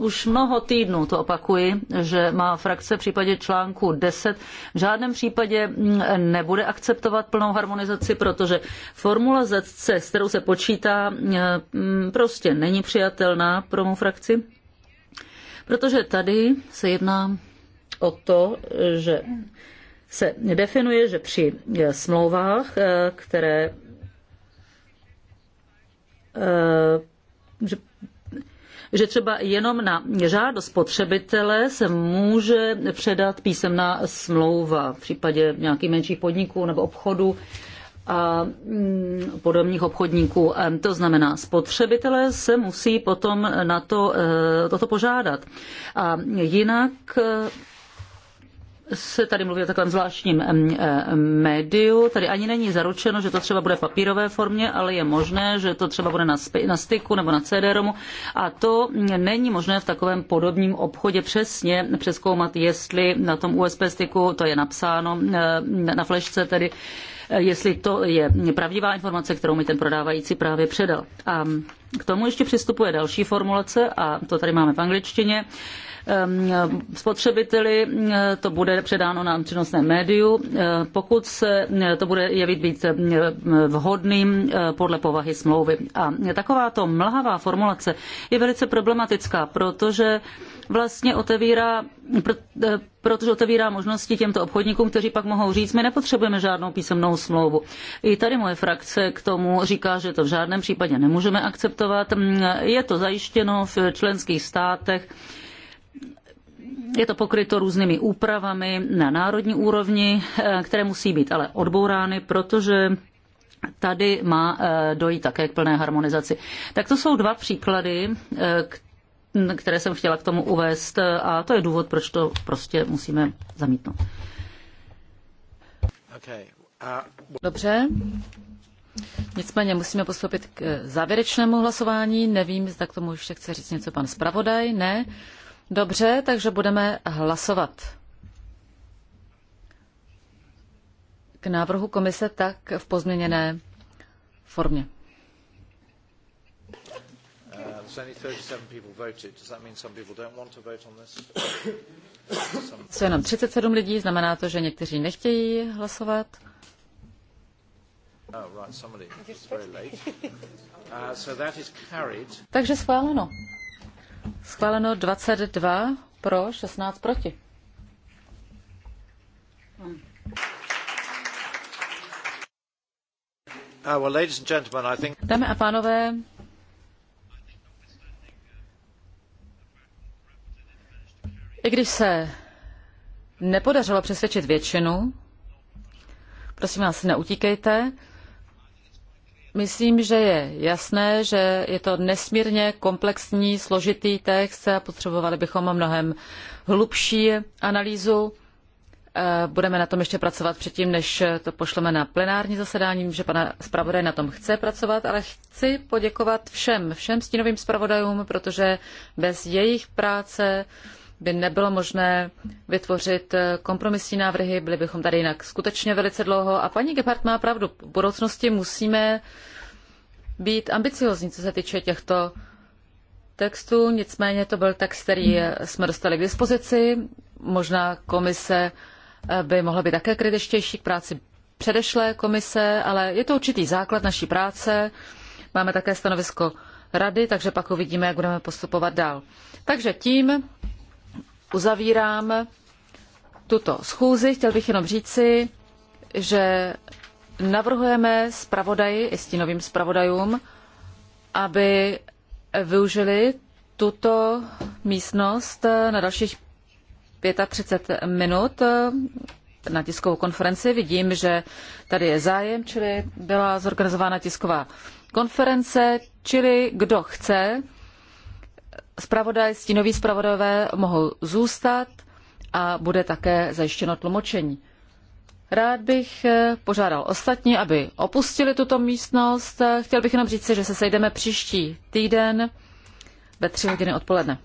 už mnoho týdnů to opakuji, že má frakce v případě článku 10 v žádném případě nebude akceptovat plnou harmonizaci, protože formula ZC, s kterou se počítá, eh, prostě není přijatelná pro mou frakci. Protože tady se jedná o to, že se definuje, že při eh, smlouvách, eh, které že že třeba jenom na žádost spotřebitele se může předat písemná smlouva v případě nějakých menších podniků nebo obchodů a mm, podobných obchodníků. To znamená, spotřebitelé se musí potom na to, eh, toto požádat. A jinak eh, se tady mluví o takovém zvláštním médiu, tady ani není zaručeno, že to třeba bude v papírové formě, ale je možné, že to třeba bude na, na styku nebo na CD-ROMu a to není možné v takovém podobním obchodě přesně přeskoumat, jestli na tom USB styku to je napsáno na flešce tedy, eh, jestli to je pravdivá informace, kterou mi ten prodávající právě předal. A k tomu ještě přistupuje další formulace a to tady máme v angličtině Ehm, spotřebiteli, eh, to bude předáno na přenosném médiu, eh, pokud se eh, to bude jevit být vhodným podle povahy smlouvy. A takováto mlhavá formulace je velice problematická, protože vlastně otevírá, protože otevírá možnosti těmto obchodníkům, kteří pak mohou říct, my nepotřebujeme žádnou písemnou smlouvu. I tady moje frakce k tomu říká, že to v žádném případě nemůžeme akceptovat. Mm, je to zajištěno v členských státech je to pokryto různými úpravami na národní úrovni, eh, které musí být ale odbourány, protože tady má eh, dojít také k plné harmonizaci. Tak to jsou dva příklady, eh, které jsem chtěla k tomu uvést a to je důvod, proč to prostě musíme zamítnout. Uh, Dobře. Nicméně musíme postoupit k závěrečnému hlasování. Nevím, zda k tomu ještě chce říct něco pan zpravodaj. Ne. Dobře, takže budeme hlasovat k návrhu komise tak v pozměněné formě. Co je 37 lidí, znamená to, že někteří nechtějí hlasovat. Oh, uh, takže schváleno. Schváleno 22 pro, 16 proti. Ah, Dámy a pánové, i když se nepodařilo přesvědčit většinu, prosím vás, neutíkejte. Myslím, že je jasné, že je to nesmírně komplexní, složitý text a potřebovali bychom mnohem hlubší analýzu. Eh, budeme na tom ještě pracovat předtím, než to pošleme na plenární zasedání, že pana zpravodaj na tom chce pracovat, ale chci poděkovat všem, všem stínovým zpravodajům, protože bez jejich práce by nebylo možné vytvořit eh, kompromisní návrhy, byli bychom tady jinak skutečně velice dlouho. A paní Gebhardt má pravdu, v budoucnosti musíme být ambiciozní, co se týče těchto textů, nicméně to byl text, který eh, jsme dostali k dispozici. Možná komise eh, by mohla být také kritičtější k práci předešlé komise, ale je to určitý základ naší práce. Máme také stanovisko rady, takže pak uvidíme, jak budeme postupovat dál. Takže tím uzavírám tuto schůzi. Chtěl bych jenom říci, že navrhujeme zpravodaji i stínovým zpravodajům, aby využili tuto místnost na dalších 35 minut na tiskovou konferenci. Vidím, že tady je zájem, čili byla zorganizována tisková konference, čili kdo chce, zpravodaj, stínoví zpravodajové mohou zůstat a bude také zajištěno tlumočení. Rád bych eh, požádal ostatní, aby opustili tuto místnost. Chtěl bych jenom říct, že se sejdeme příští týden ve tři hodiny odpoledne.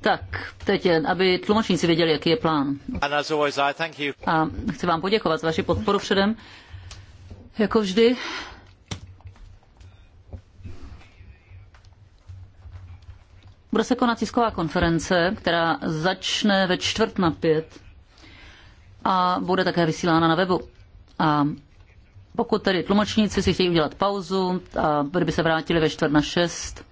Tak, teď jen, aby tlumočníci věděli, jaký je plán. A chci vám poděkovat za vaši podporu předem. Jako vždy. Bude se konat tisková konference, která začne ve čtvrt na pět a bude také vysílána na webu. A pokud tedy tlumočníci si chtějí udělat pauzu a by se vrátili ve čtvrt na šest,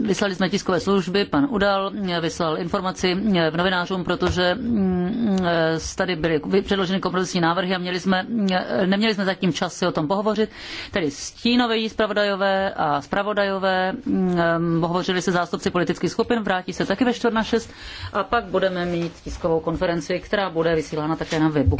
Vyslali jsme tiskové služby, pan Udal vyslal informaci eh, v novinářům, protože mm, eh, tady byly předloženy kompromisní návrhy a měli jsme, eh, neměli jsme zatím čas si o tom pohovořit. Tedy stínoví zpravodajové a zpravodajové, mm, hovořili se zástupci politických skupin, vrátí se taky ve čtvrt na šest a pak budeme mít tiskovou konferenci, která bude vysílána také na webu.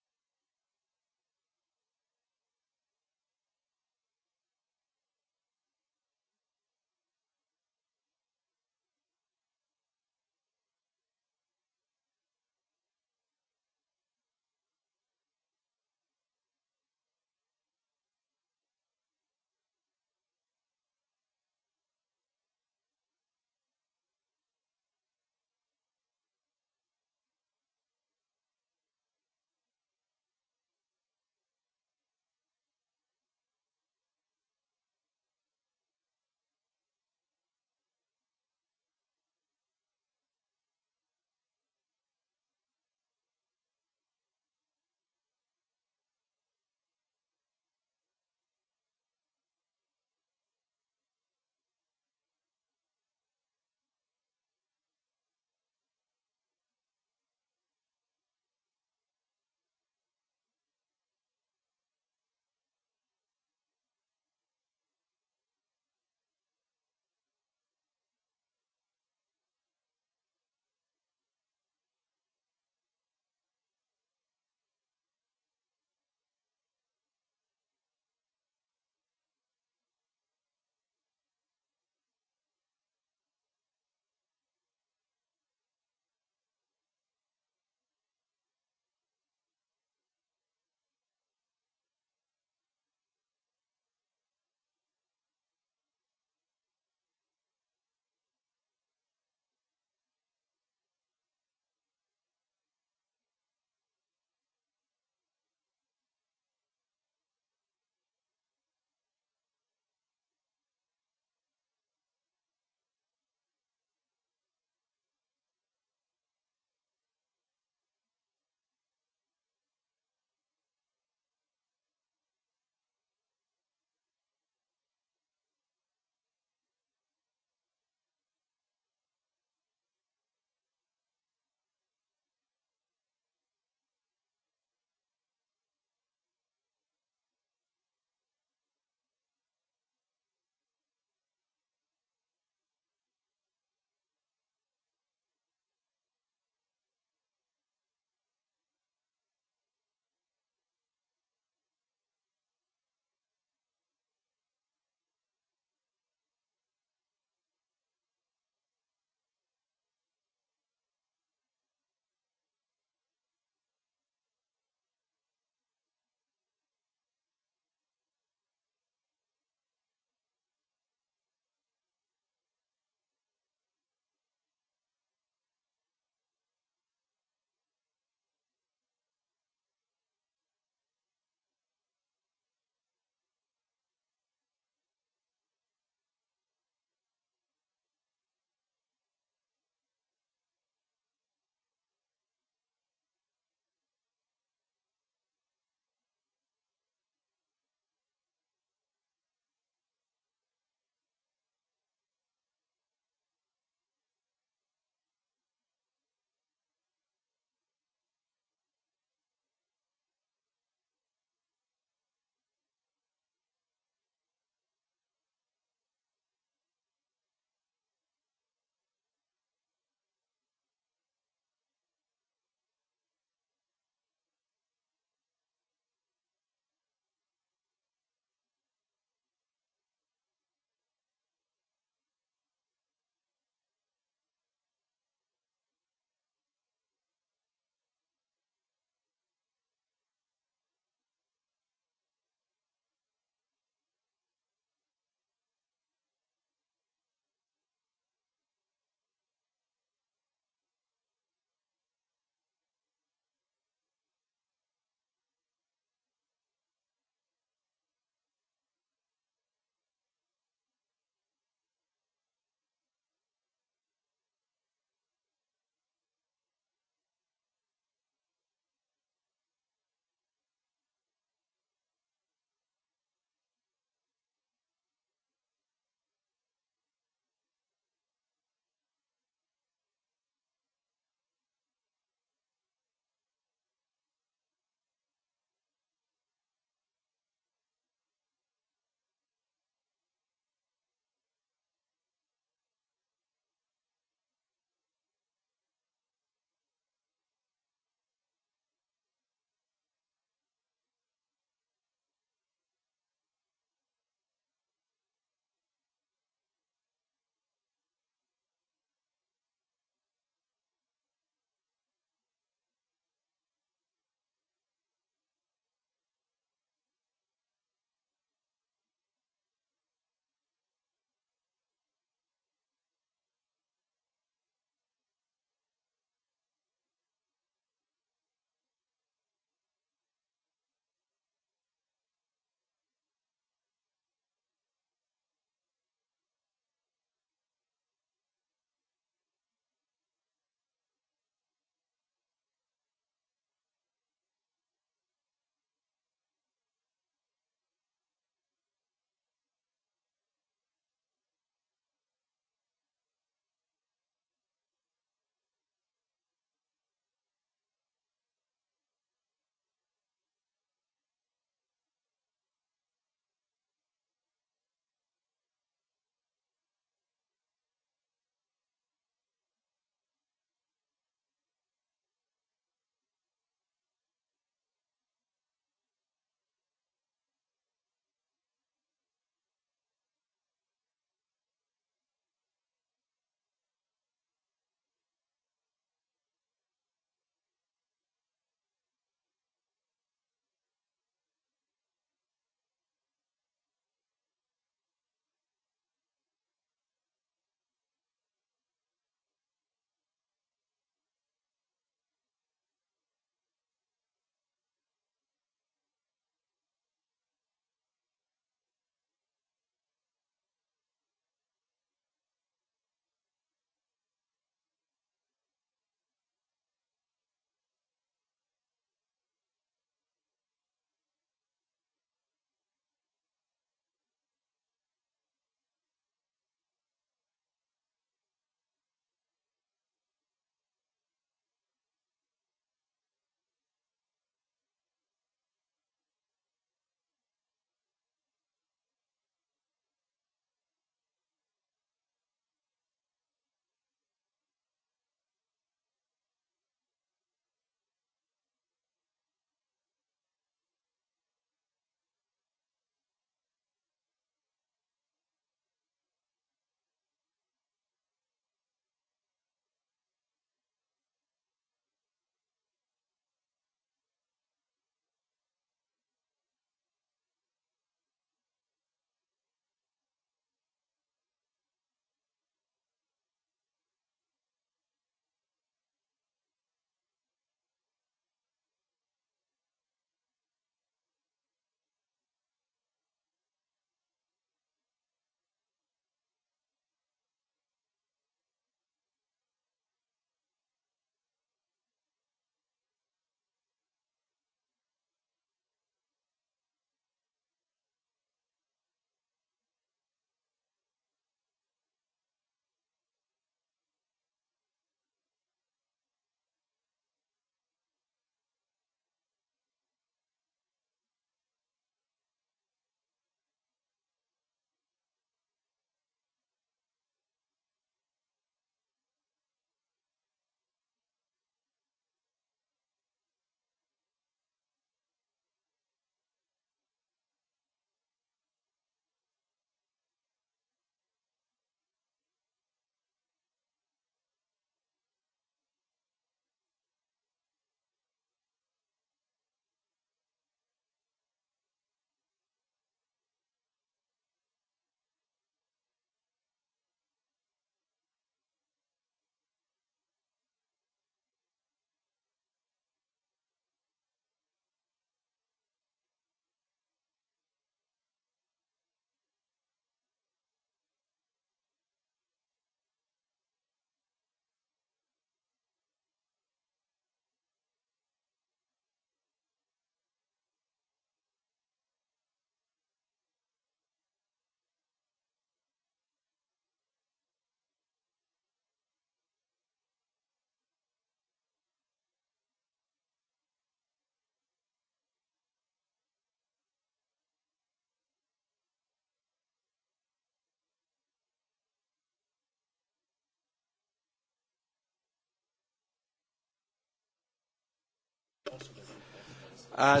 Uh,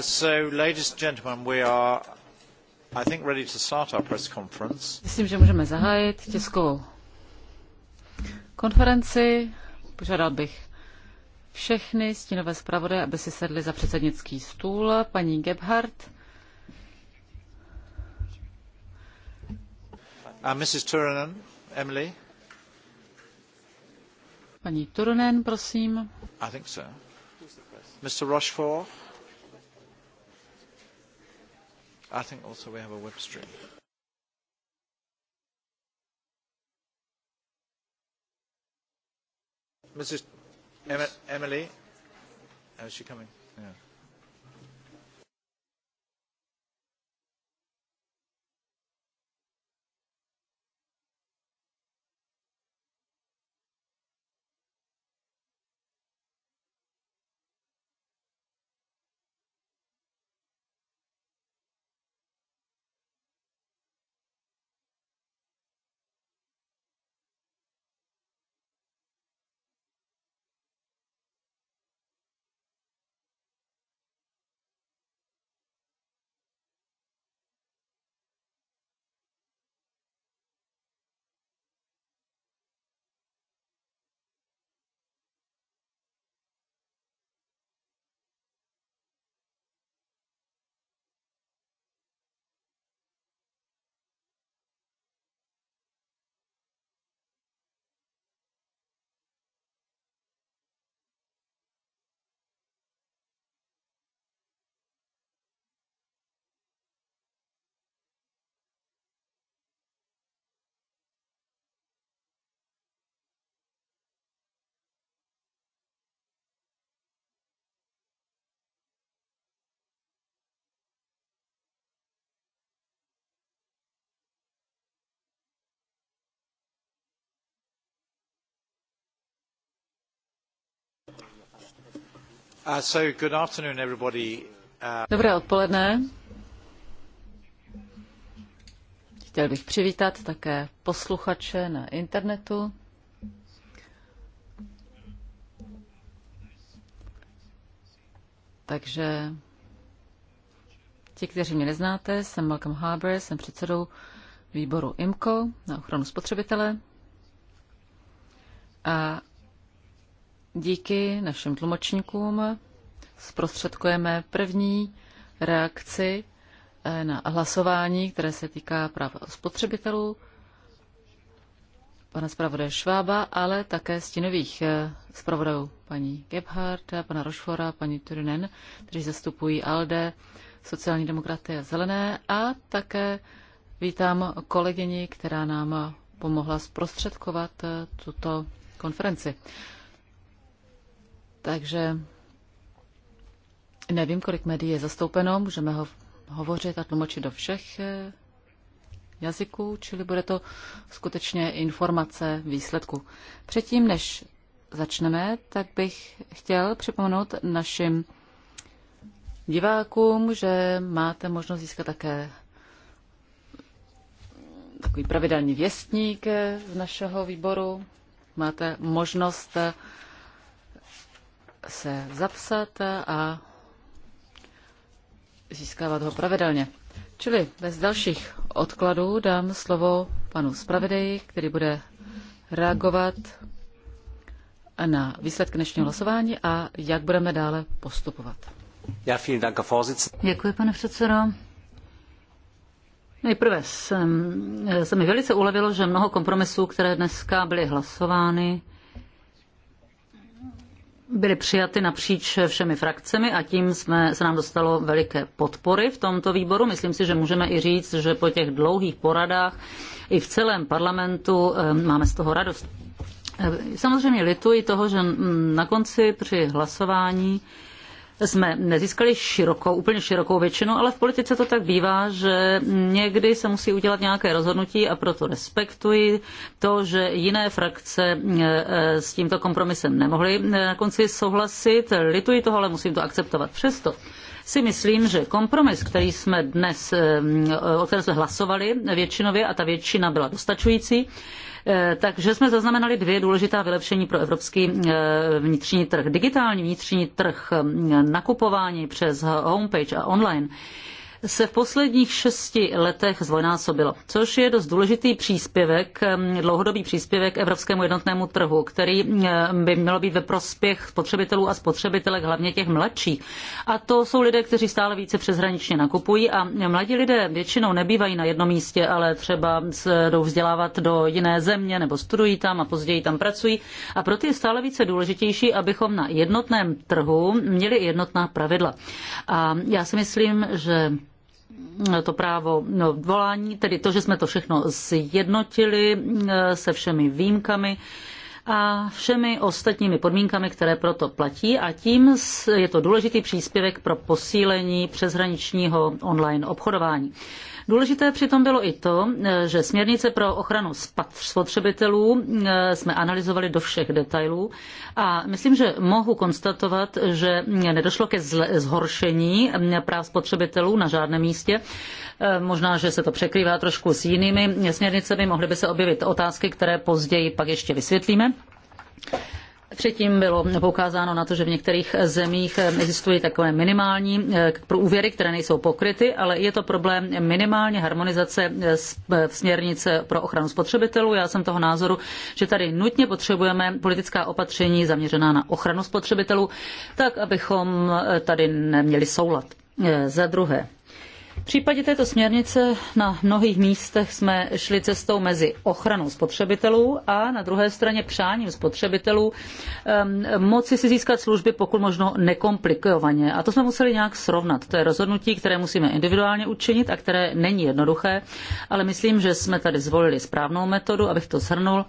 ladies and gentlemen, we are, I think, ready to start our press conference. Myslím, že můžeme zahájit tiskovou konferenci. Požádal bych všechny stínové zpravodaje, aby si sedli za předsednický stůl. Paní Gebhardt. A Mrs. Turunen, Emily. Paní Turunen, prosím. I think so. Mr. Rochefort. I think also we have a web stream. Mrs. Emily, oh, is she coming? Yeah. Uh, uh, Dobré odpoledne. Chtěl bych přivítat také posluchače na internetu. Takže ti, kteří mě neznáte, jsem Malcolm Harbour, jsem předsedou výboru IMCO na ochranu spotřebitele. A Díky našim tlumočníkům zprostředkujeme první reakci eh, na hlasování, které se týká práv spotřebitelů, pana zpravodaje Švába, ale také stinových eh, zpravodajů, paní Gebhardt, pana Rošfora, paní Turinen, kteří zastupují ALDE, sociální demokraty a zelené a také vítám kolegyni, která nám pomohla zprostředkovat eh, tuto konferenci. Takže nevím, kolik médií je zastoupeno, můžeme ho hovořit a tlumočit do všech eh, jazyků, čili bude to skutečně informace výsledku. Předtím, než začneme, tak bych chtěl připomenout našim divákům, že máte možnost získat také takový pravidelný věstník eh, z našeho výboru. Máte možnost eh, se zapsat a získávat ho pravidelně. Čili bez dalších odkladů dám slovo panu zpravedeji, který bude reagovat na výsledky dnešního hlasování a jak budeme dále postupovat. Děkuji, pane předsedo. Nejprve jsem, se mi velice ulevilo, že mnoho kompromisů, které dneska byly hlasovány, byly přijaty napříč všemi frakcemi a tím jsme, se nám dostalo veliké podpory v tomto výboru. Myslím si, že můžeme i říct, že po těch dlouhých poradách i v celém parlamentu eh, máme z toho radost. Eh, samozřejmě lituji toho, že mm, na konci při hlasování jsme nezískali širokou, úplně širokou většinu, ale v politice to tak bývá, že někdy se musí udělat nějaké rozhodnutí a proto respektuji to, že jiné frakce eh, eh, s tímto kompromisem nemohly eh, na konci souhlasit. Lituji toho, ale musím to akceptovat přesto si myslím, že kompromis, který jsme dnes, o kterém jsme hlasovali většinově a ta většina byla dostačující, Eh, takže jsme zaznamenali dvě důležitá vylepšení pro evropský eh, vnitřní trh. Digitální vnitřní trh, eh, nakupování přes homepage a online se v posledních šesti letech zdvojnásobilo, což je dost důležitý příspěvek, um, dlouhodobý příspěvek evropskému jednotnému trhu, který um, by mělo být ve prospěch spotřebitelů a spotřebitelek, hlavně těch mladších. A to jsou lidé, kteří stále více přeshraničně nakupují a mladí lidé většinou nebývají na jednom místě, ale třeba se jdou vzdělávat do jiné země nebo studují tam a později tam pracují. A proto je stále více důležitější, abychom na jednotném trhu měli jednotná pravidla. A já si myslím, že to právo no, volání, tedy to, že jsme to všechno sjednotili eh, se všemi výjimkami a všemi ostatními podmínkami, které proto platí a tím je to důležitý příspěvek pro posílení přeshraničního online obchodování. Důležité přitom bylo i to, eh, že směrnice pro ochranu spotřebitelů eh, jsme analyzovali do všech detailů a myslím, že mohu konstatovat, že nedošlo ke zhoršení eh, práv spotřebitelů na žádném místě. Možná, že se to překrývá trošku s jinými směrnicemi, mohly by se objevit otázky, které později pak ještě vysvětlíme. Předtím bylo poukázáno na to, že v některých zemích existují takové minimální eh, pro úvěry, které nejsou pokryty, ale je to problém minimálně harmonizace eh, eh, směrnice pro ochranu spotřebitelů. Já jsem toho názoru, že tady nutně potřebujeme politická opatření zaměřená na ochranu spotřebitelů, tak abychom tady neměli soulad. Za druhé, v případě této směrnice na mnohých místech jsme šli cestou mezi ochranou spotřebitelů a na druhé straně přáním spotřebitelů moci si získat služby pokud možno nekomplikovaně. A to jsme museli nějak srovnat. To je rozhodnutí, které musíme individuálně učinit a které není jednoduché, ale myslím, že jsme tady zvolili správnou metodu, abych to shrnul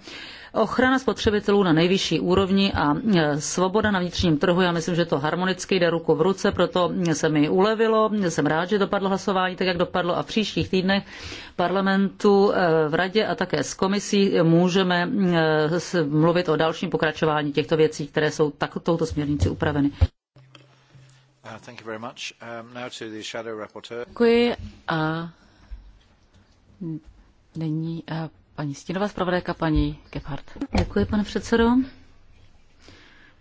Ochrana spotřebitelů na nejvyšší úrovni a e, svoboda na vnitřním trhu, já myslím, že to harmonicky jde ruku v ruce, proto se mi ulevilo. Jsem rád, že dopadlo hlasování tak, jak dopadlo a v příštích týdnech parlamentu e, v radě a také s komisí můžeme e, mluvit o dalším pokračování těchto věcí, které jsou tak, touto směrnici upraveny. Uh, um, Děkuji a nyní uh, paní Stínová zpravodajka, paní Gebhardt. Děkuji, pane předsedo.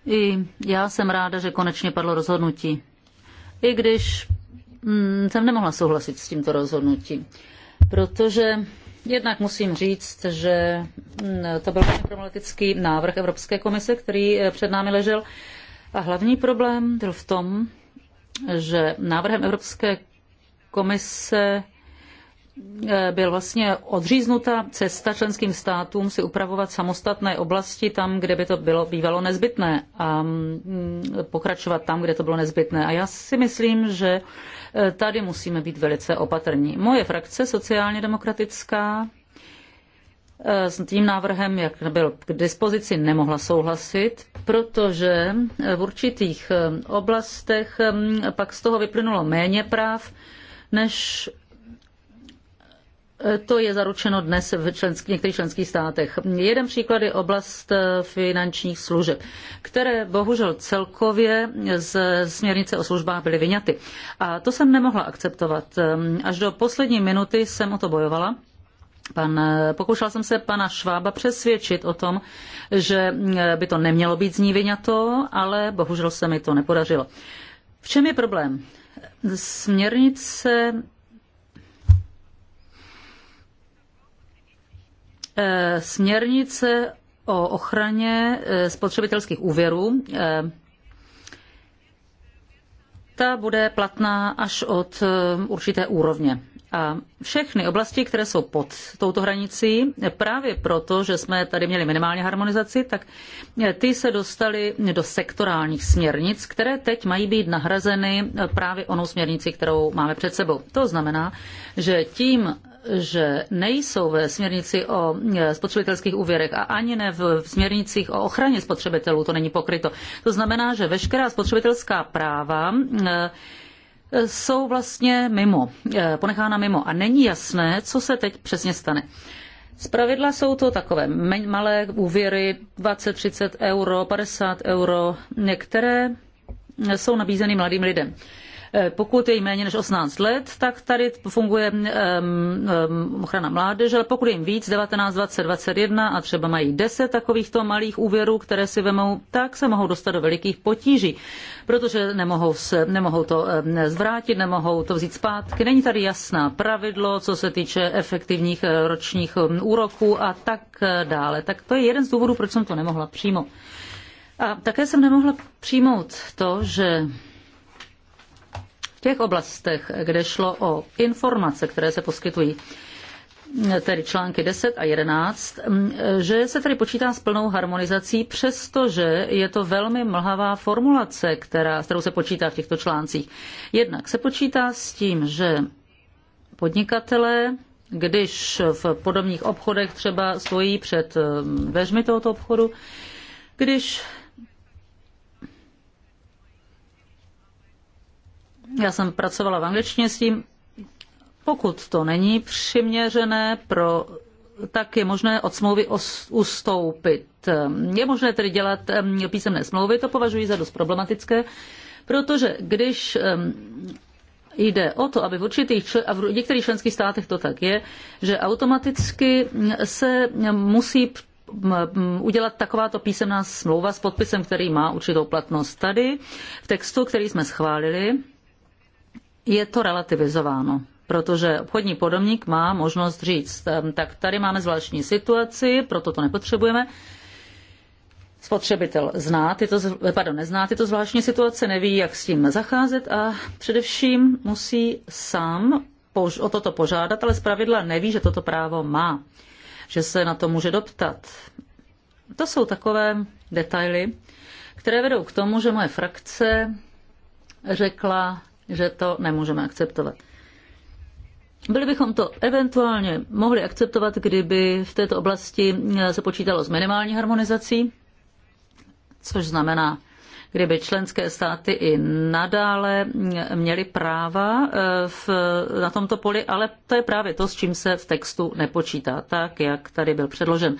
I já jsem ráda, že konečně padlo rozhodnutí. I když hm, jsem nemohla souhlasit s tímto rozhodnutím, protože Jednak musím říct, že mm, to byl velmi problematický návrh Evropské komise, který eh, před námi ležel. A hlavní problém byl v tom, že návrhem Evropské komise Eh, byl vlastně odříznuta cesta členským státům si upravovat samostatné oblasti tam, kde by to bylo bývalo nezbytné a mm, pokračovat tam, kde to bylo nezbytné. A já si myslím, že eh, tady musíme být velice opatrní. Moje frakce sociálně demokratická eh, s tím návrhem, jak byl k dispozici, nemohla souhlasit, protože v určitých oblastech mm, pak z toho vyplynulo méně práv, než to je zaručeno dnes v některých členských státech. Jeden příklad je oblast eh, finančních služeb, které bohužel celkově z směrnice o službách byly vyňaty. A to jsem nemohla akceptovat. Ehm, až do poslední minuty jsem o to bojovala. Pan, eh, pokoušela jsem se pana Švába přesvědčit o tom, že eh, by to nemělo být z ní vyňato, ale bohužel se mi to nepodařilo. V čem je problém? Směrnice Eh, směrnice o ochraně eh, spotřebitelských úvěrů. Eh, ta bude platná až od určité úrovně. A všechny oblasti, které jsou pod touto hranicí, právě proto, že jsme tady měli minimální harmonizaci, tak ty se dostaly do sektorálních směrnic, které teď mají být nahrazeny právě onou směrnici, kterou máme před sebou. To znamená, že tím že nejsou ve směrnici o e, spotřebitelských úvěrech a ani ne v směrnicích o ochraně spotřebitelů, to není pokryto. To znamená, že veškerá spotřebitelská práva e, jsou vlastně mimo, e, ponechána mimo a není jasné, co se teď přesně stane. Zpravidla jsou to takové malé úvěry, 20, 30 euro, 50 euro, některé jsou nabízeny mladým lidem. Eh, pokud je jim méně než 18 let, tak tady funguje ochrana mládeže, ale pokud je jim víc, 19, 20, 21 a třeba mají 10 takovýchto malých úvěrů, které si vemou, tak se mohou dostat do velikých potíží, protože nemohou, se, nemohou to zvrátit, nemohou to vzít zpátky. Není tady jasná pravidlo, co se týče efektivních eh, ročních úroků a tak eh, dále. Tak to je jeden z důvodů, proč jsem to nemohla přímo. A také jsem nemohla přijmout to, že v těch oblastech, kde šlo o informace, které se poskytují, tedy články 10 a 11, že se tady počítá s plnou harmonizací, přestože je to velmi mlhavá formulace, která, s kterou se počítá v těchto článcích. Jednak se počítá s tím, že podnikatelé, když v podobných obchodech třeba stojí před eh, dveřmi tohoto obchodu, když Já jsem pracovala v angličtině s tím. Pokud to není přiměřené pro tak je možné od smlouvy ustoupit. Je možné tedy dělat písemné smlouvy, to považuji za dost problematické, protože když jde o to, aby v určitých, a v některých členských státech to tak je, že automaticky se musí udělat takováto písemná smlouva s podpisem, který má určitou platnost tady. V textu, který jsme schválili, je to relativizováno protože obchodní podomník má možnost říct, ehm, tak tady máme zvláštní situaci, proto to nepotřebujeme. Spotřebitel zná tyto, pardon, nezná tyto zvláštní situace, neví, jak s tím zacházet a především musí sám o toto požádat, ale zpravidla neví, že toto právo má, že se na to může doptat. To jsou takové detaily, které vedou k tomu, že moje frakce řekla že to nemůžeme akceptovat. Byli bychom to eventuálně mohli akceptovat, kdyby v této oblasti eh, se počítalo s minimální harmonizací, což znamená, kdyby členské státy i nadále eh, měly práva eh, v, na tomto poli, ale to je právě to, s čím se v textu nepočítá, tak jak tady byl předložen.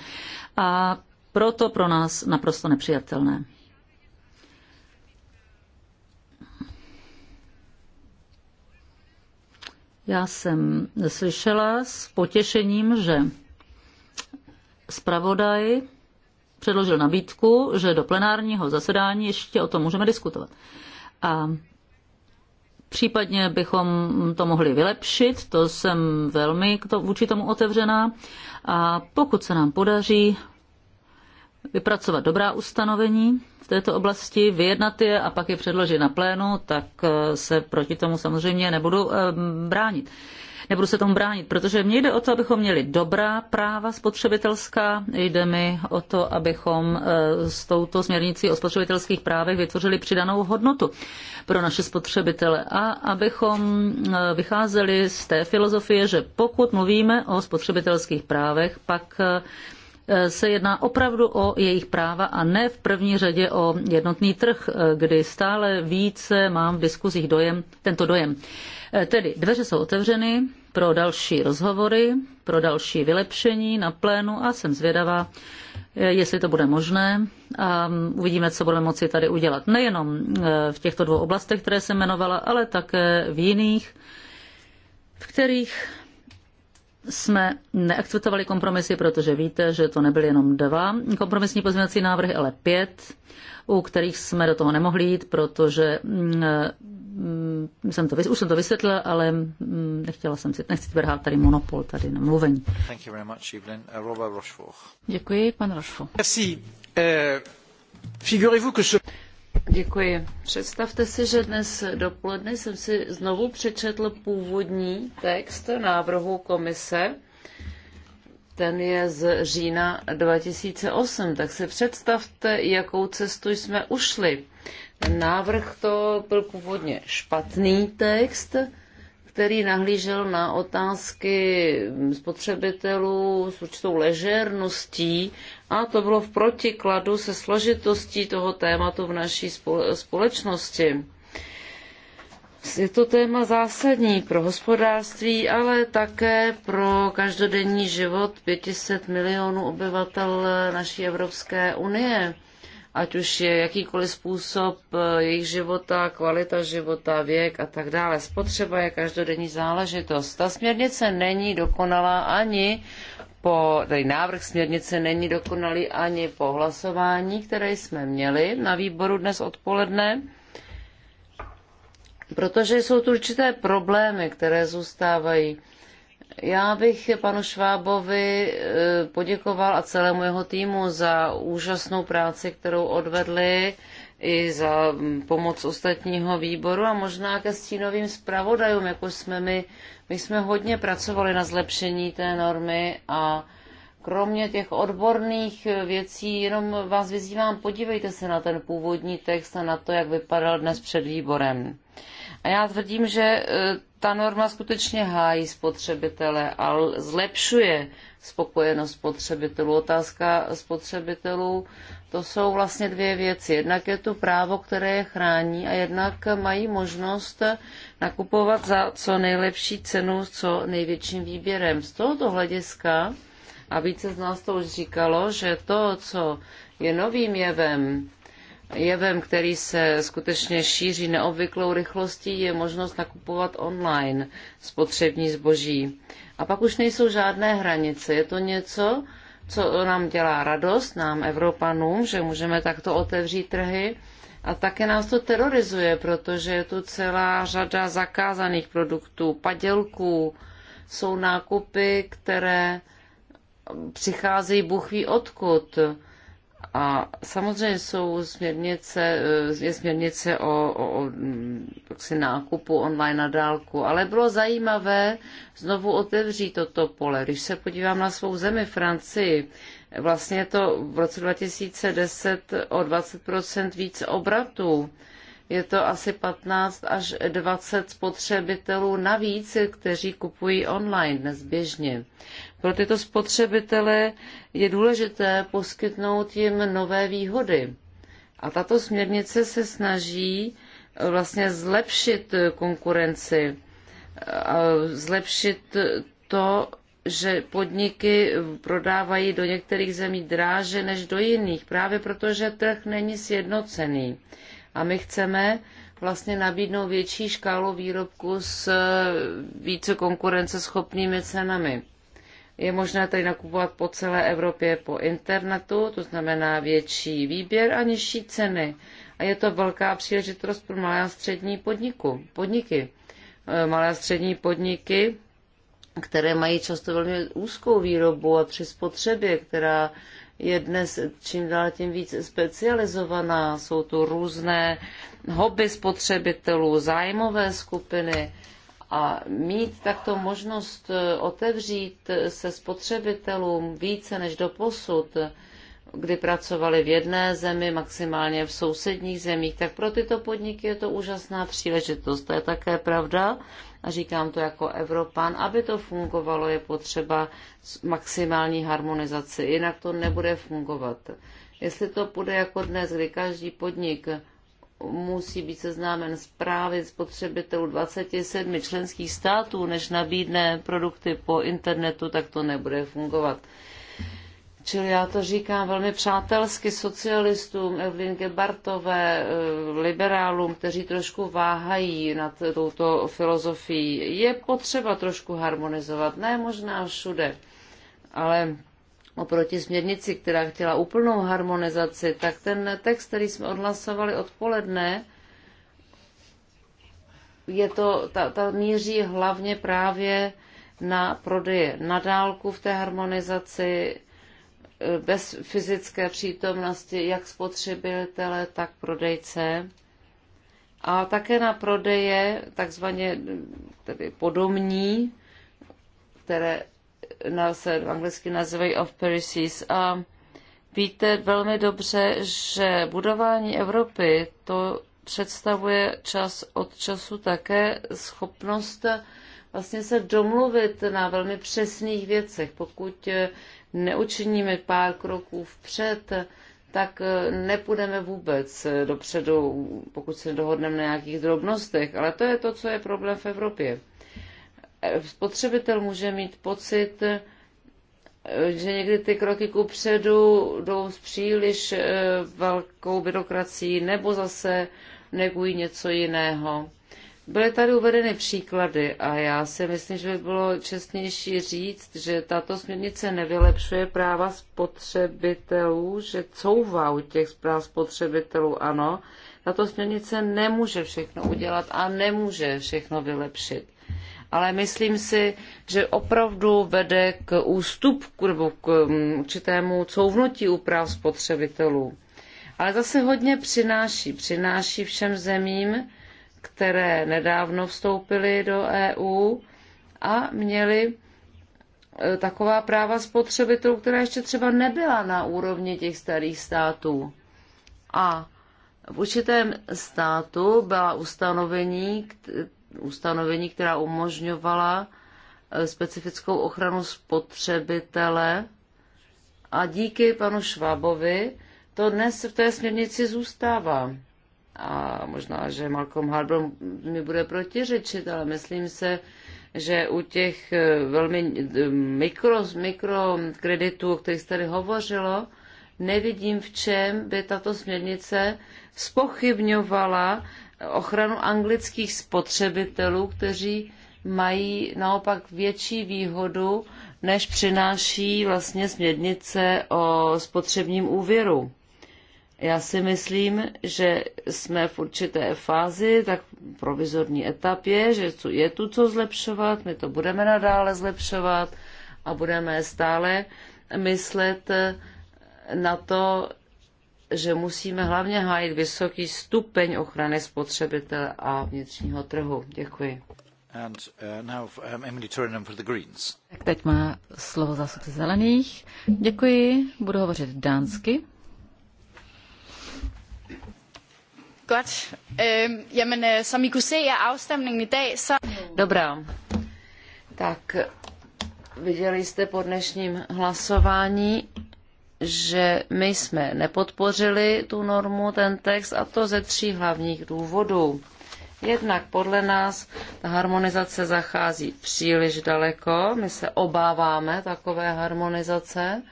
A proto pro nás naprosto nepřijatelné. Já jsem slyšela s potěšením, že zpravodaj předložil nabídku, že do plenárního zasedání ještě o tom můžeme diskutovat. A případně bychom to mohli vylepšit, to jsem velmi k to, vůči tomu otevřená. A pokud se nám podaří vypracovat dobrá ustanovení v této oblasti, vyjednat je a pak je předložit na plénu, tak eh, se proti tomu samozřejmě nebudu eh, bránit. Nebudu se tomu bránit, protože mně jde o to, abychom měli dobrá práva spotřebitelská, jde mi o to, abychom eh, s touto směrnicí o spotřebitelských právech vytvořili přidanou hodnotu pro naše spotřebitele a abychom vycházeli z té filozofie, že pokud mluvíme o spotřebitelských právech, pak Eh, se jedná opravdu o jejich práva a ne v první řadě o jednotný trh, eh, kdy stále více mám v diskuzích dojem, tento dojem. Eh, tedy dveře jsou otevřeny pro další rozhovory, pro další vylepšení na plénu a jsem zvědavá, jestli to bude možné. A mm, uvidíme, co budeme moci tady udělat. Nejenom v těchto dvou oblastech, které jsem jmenovala, ale také v jiných, v kterých jsme neakceptovali kompromisy, protože víte, že to nebyly jenom dva kompromisní pozměňovací návrhy, ale pět, u kterých jsme do toho nemohli jít, protože mm, mm, jsem to, už jsem to vysvětlila, ale mm, nechtěla jsem si, nechci brát tady monopol tady na mluvení. Much, uh, Děkuji, pan Rochefort. Merci. Euh, figurez-vous que Děkuji. Představte si, že dnes dopoledne jsem si znovu přečetl původní text návrhu komise. Ten je z října 2008, tak si představte, jakou cestu jsme ušli. Ten návrh to byl původně špatný text, který nahlížel na otázky spotřebitelů s určitou ležerností a to bylo v protikladu se složitostí toho tématu v naší společnosti. Je to téma zásadní pro hospodářství, ale také pro každodenní život 500 milionů obyvatel naší Evropské unie. Ať už je jakýkoliv způsob eh, jejich života, kvalita života, věk a tak dále. Spotřeba je každodenní záležitost. Ta směrnice není dokonalá ani po, tady návrh směrnice není dokonalý ani po hlasování, které jsme měli na výboru dnes odpoledne, protože jsou tu určité problémy, které zůstávají. Já bych panu Švábovi e, poděkoval a celému jeho týmu za úžasnou práci, kterou odvedli i za pomoc ostatního výboru a možná ke stínovým zpravodajům, jako jsme my. My jsme hodně pracovali na zlepšení té normy a kromě těch odborných věcí, jenom vás vyzývám, podívejte se na ten původní text a na to, jak vypadal dnes před výborem. A já tvrdím, že e, ta norma skutečně hájí spotřebitele a zlepšuje spokojenost spotřebitelů. Otázka spotřebitelů to jsou vlastně dvě věci. Jednak je tu právo, které je chrání a jednak mají možnost nakupovat za co nejlepší cenu s co největším výběrem. Z tohoto hlediska, a více z nás to už říkalo, že to, co je novým jevem, jevem, který se skutečně šíří neobvyklou rychlostí, je možnost nakupovat online spotřební zboží. A pak už nejsou žádné hranice. Je to něco, co nám dělá radost, nám Evropanům, že můžeme takto otevřít trhy. A také nás to terorizuje, protože je tu celá řada zakázaných produktů, padělků, jsou nákupy, které přicházejí buchví odkud. A samozřejmě jsou směrnice, eh, je směrnice o, o, o si nákupu online na dálku, ale bylo zajímavé znovu otevřít toto pole. Když se podívám na svou zemi, Francii, vlastně to v roce 2010 o 20% víc obratů. Je to asi 15 až 20 spotřebitelů navíc, kteří kupují online dnes běžně. Pro tyto spotřebitele je důležité poskytnout jim nové výhody. A tato směrnice se snaží eh, vlastně zlepšit eh, konkurenci, eh, zlepšit to, že podniky prodávají do některých zemí dráže než do jiných, právě protože trh není sjednocený. A my chceme vlastně nabídnout větší škálu výrobků s více konkurenceschopnými cenami. Je možné tady nakupovat po celé Evropě po internetu, to znamená větší výběr a nižší ceny. A je to velká příležitost pro malé a střední podniku, podniky. Eh, malé a střední podniky, které mají často velmi úzkou výrobu a při spotřebě, která je dnes čím dál tím víc specializovaná. Jsou tu různé hobby spotřebitelů, zájmové skupiny a mít takto možnost e, otevřít se spotřebitelům více než do posud, kdy pracovali v jedné zemi, maximálně v sousedních zemích, tak pro tyto podniky je to úžasná příležitost. To je také pravda a říkám to jako Evropan, aby to fungovalo, je potřeba maximální harmonizace, jinak to nebude fungovat. Jestli to bude jako dnes, kdy každý podnik musí být seznámen s právy spotřebitelů 27 členských států, než nabídne produkty po internetu, tak to nebude fungovat. Čili já to říkám velmi přátelsky socialistům, Evelyn Gebartové, eh, liberálům, kteří trošku váhají nad touto filozofií. Je potřeba trošku harmonizovat, ne možná všude, ale oproti směrnici, která chtěla úplnou harmonizaci, tak ten text, který jsme odhlasovali odpoledne, je to, ta, ta míří hlavně právě na prodeje na dálku v té harmonizaci, bez fyzické přítomnosti jak spotřebitele, tak prodejce. A také na prodeje, takzvaně tedy podomní, které se anglicky nazývají of Pericles. A víte velmi dobře, že budování Evropy to představuje čas od času také schopnost eh, vlastně se domluvit na velmi přesných věcech. Pokud eh, neučiníme pár kroků vpřed, tak eh, nepůjdeme vůbec dopředu, pokud se dohodneme na nějakých drobnostech. Ale to je to, co je problém v Evropě spotřebitel může mít pocit, že někdy ty kroky ku předu jdou s příliš eh, velkou byrokracií nebo zase negují něco jiného. Byly tady uvedeny příklady a já si myslím, že by bylo čestnější říct, že tato směrnice nevylepšuje práva spotřebitelů, že couvá u těch práv spotřebitelů, ano. Tato směrnice nemůže všechno udělat a nemůže všechno vylepšit ale myslím si, že opravdu vede k ústupku nebo k mm, určitému couvnutí úprav spotřebitelů. Ale zase hodně přináší. Přináší všem zemím, které nedávno vstoupily do EU a měly e, taková práva spotřebitelů, která ještě třeba nebyla na úrovni těch starých států. A v určitém státu byla ustanovení, ustanovení, která umožňovala eh, specifickou ochranu spotřebitele a díky panu Švábovi to dnes v té směrnici zůstává. A možná, že Malcolm Harbour mi bude protiřečit, ale myslím se, že u těch eh, velmi eh, mikro, mikrokreditů, o kterých jste tady hovořilo, nevidím, v čem by tato směrnice spochybňovala ochranu anglických spotřebitelů, kteří mají naopak větší výhodu, než přináší vlastně směrnice o spotřebním úvěru. Já si myslím, že jsme v určité fázi, tak provizorní etapě, že je tu co zlepšovat, my to budeme nadále zlepšovat a budeme stále myslet na to, že musíme hlavně hájit vysoký stupeň ochrany spotřebitele a vnitřního trhu. Děkuji. And, uh, now, um, Emily for the Greens. Tak teď má slovo zástupce zelených. Děkuji, budu hovořit dánsky. Godt. Øhm, jamen, øh, som I kunne se af afstemningen i dag, så... Dobrá. Tak, viděli jste po dnešním hlasování, že my jsme nepodpořili tu normu, ten text, a to ze tří hlavních důvodů. Jednak podle nás ta harmonizace zachází příliš daleko, my se obáváme takové harmonizace,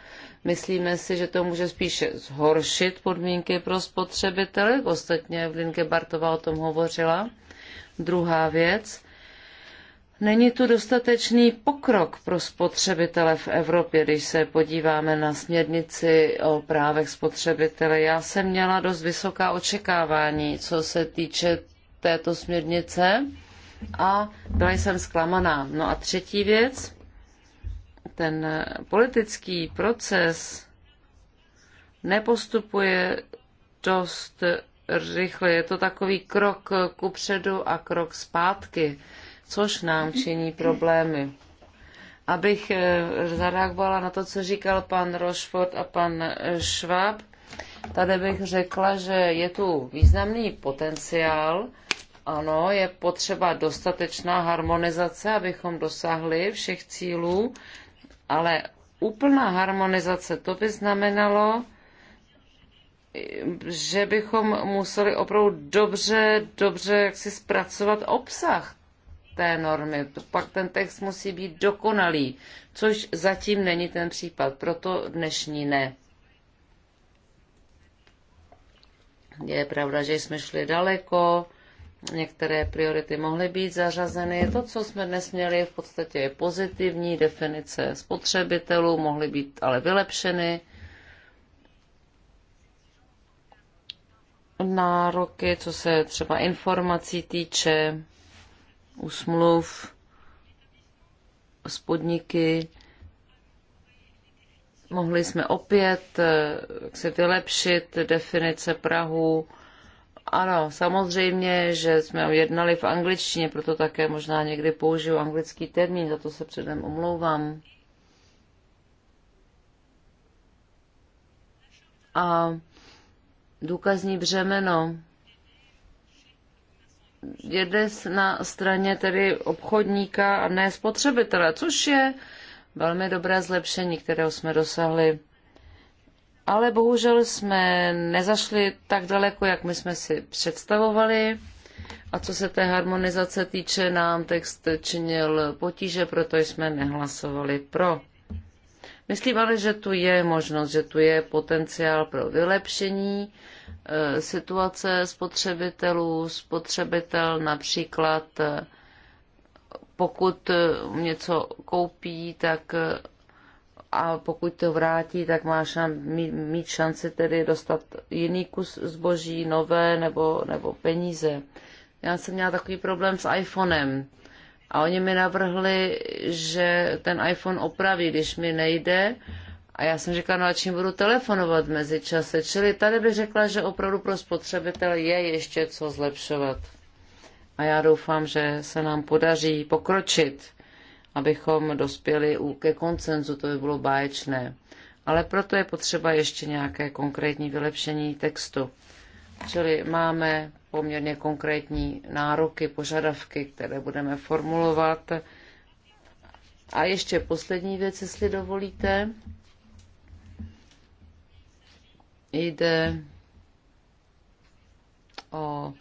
myslíme si, že to může spíše zhoršit podmínky pro spotřebitele, ostatně linke Bartová o tom hovořila. Druhá věc, Není tu dostatečný pokrok pro spotřebitele v Evropě, když se podíváme na směrnici o právech spotřebitele. Já jsem měla dost vysoká očekávání, co se týče této směrnice a byla jsem zklamaná. No a třetí věc, ten politický proces nepostupuje dost rychle. Je to takový krok kupředu a krok zpátky což nám činí problémy. Abych eh, zareagovala na to, co říkal pan Rošford a pan eh, Schwab, tady bych řekla, že je tu významný potenciál. Ano, je potřeba dostatečná harmonizace, abychom dosáhli všech cílů, ale úplná harmonizace to by znamenalo, že bychom museli opravdu dobře, dobře jaksi zpracovat obsah té normy. Pak ten text musí být dokonalý, což zatím není ten případ, proto dnešní ne. Je pravda, že jsme šli daleko, některé priority mohly být zařazeny. To, co jsme dnes měli, v podstatě je pozitivní definice spotřebitelů, mohly být ale vylepšeny. Nároky, co se třeba informací týče, u smluv s podniky. Mohli jsme opět eh, se vylepšit definice Prahu. Ano, samozřejmě, že jsme jednali v angličtině, proto také možná někdy použiju anglický termín, za to se předem omlouvám. A důkazní břemeno jede na straně tedy obchodníka a ne spotřebitele, což je velmi dobré zlepšení, kterého jsme dosahli. Ale bohužel jsme nezašli tak daleko, jak my jsme si představovali. A co se té harmonizace týče, nám text činil potíže, proto jsme nehlasovali pro. Myslím ale, že tu je možnost, že tu je potenciál pro vylepšení Eh, situace spotřebitelů. Spotřebitel například, eh, pokud eh, něco koupí, tak a pokud to vrátí, tak má šan, mít, šanci tedy dostat jiný kus zboží, nové nebo, nebo peníze. Já jsem měla takový problém s iPhonem a oni mi navrhli, že ten iPhone opraví, když mi nejde a já jsem říkala, no a čím budu telefonovat mezi čase? Čili tady bych řekla, že opravdu pro spotřebitele je ještě co zlepšovat. A já doufám, že se nám podaří pokročit, abychom dospěli ke koncenzu, to by bylo báječné. Ale proto je potřeba ještě nějaké konkrétní vylepšení textu. Čili máme poměrně konkrétní nároky, požadavky, které budeme formulovat. A ještě poslední věc, jestli dovolíte. Jde o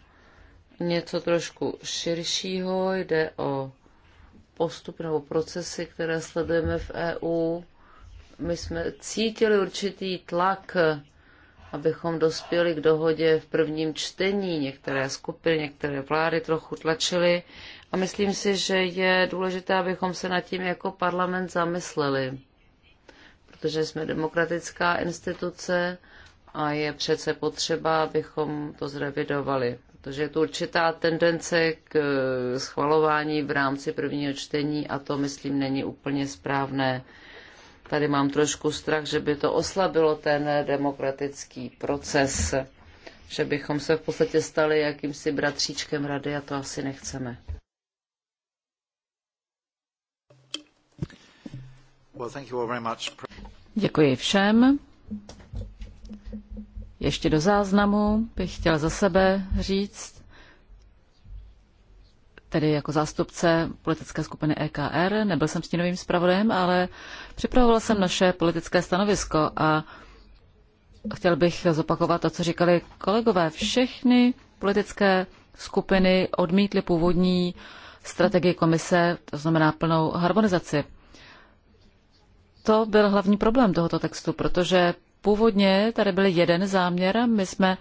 něco trošku širšího, jde o postup nebo procesy, které sledujeme v EU. My jsme cítili určitý tlak, abychom dospěli k dohodě v prvním čtení. Některé skupiny, některé vlády trochu tlačily a myslím si, že je důležité, abychom se nad tím jako parlament zamysleli, protože jsme demokratická instituce, a je přece potřeba, abychom to zrevidovali, protože je tu určitá tendence k eh, schvalování v rámci prvního čtení a to, myslím, není úplně správné. Tady mám trošku strach, že by to oslabilo ten demokratický proces, že bychom se v podstatě stali jakýmsi bratříčkem rady a to asi nechceme. Děkuji všem. Ještě do záznamu bych chtěl za sebe říct, tedy jako zástupce politické skupiny EKR, nebyl jsem novým zpravodajem, ale připravoval jsem naše politické stanovisko a chtěl bych zopakovat to, co říkali kolegové. Všechny politické skupiny odmítly původní strategii komise, to znamená plnou harmonizaci. To byl hlavní problém tohoto textu, protože Původně tady byl jeden záměr, my jsme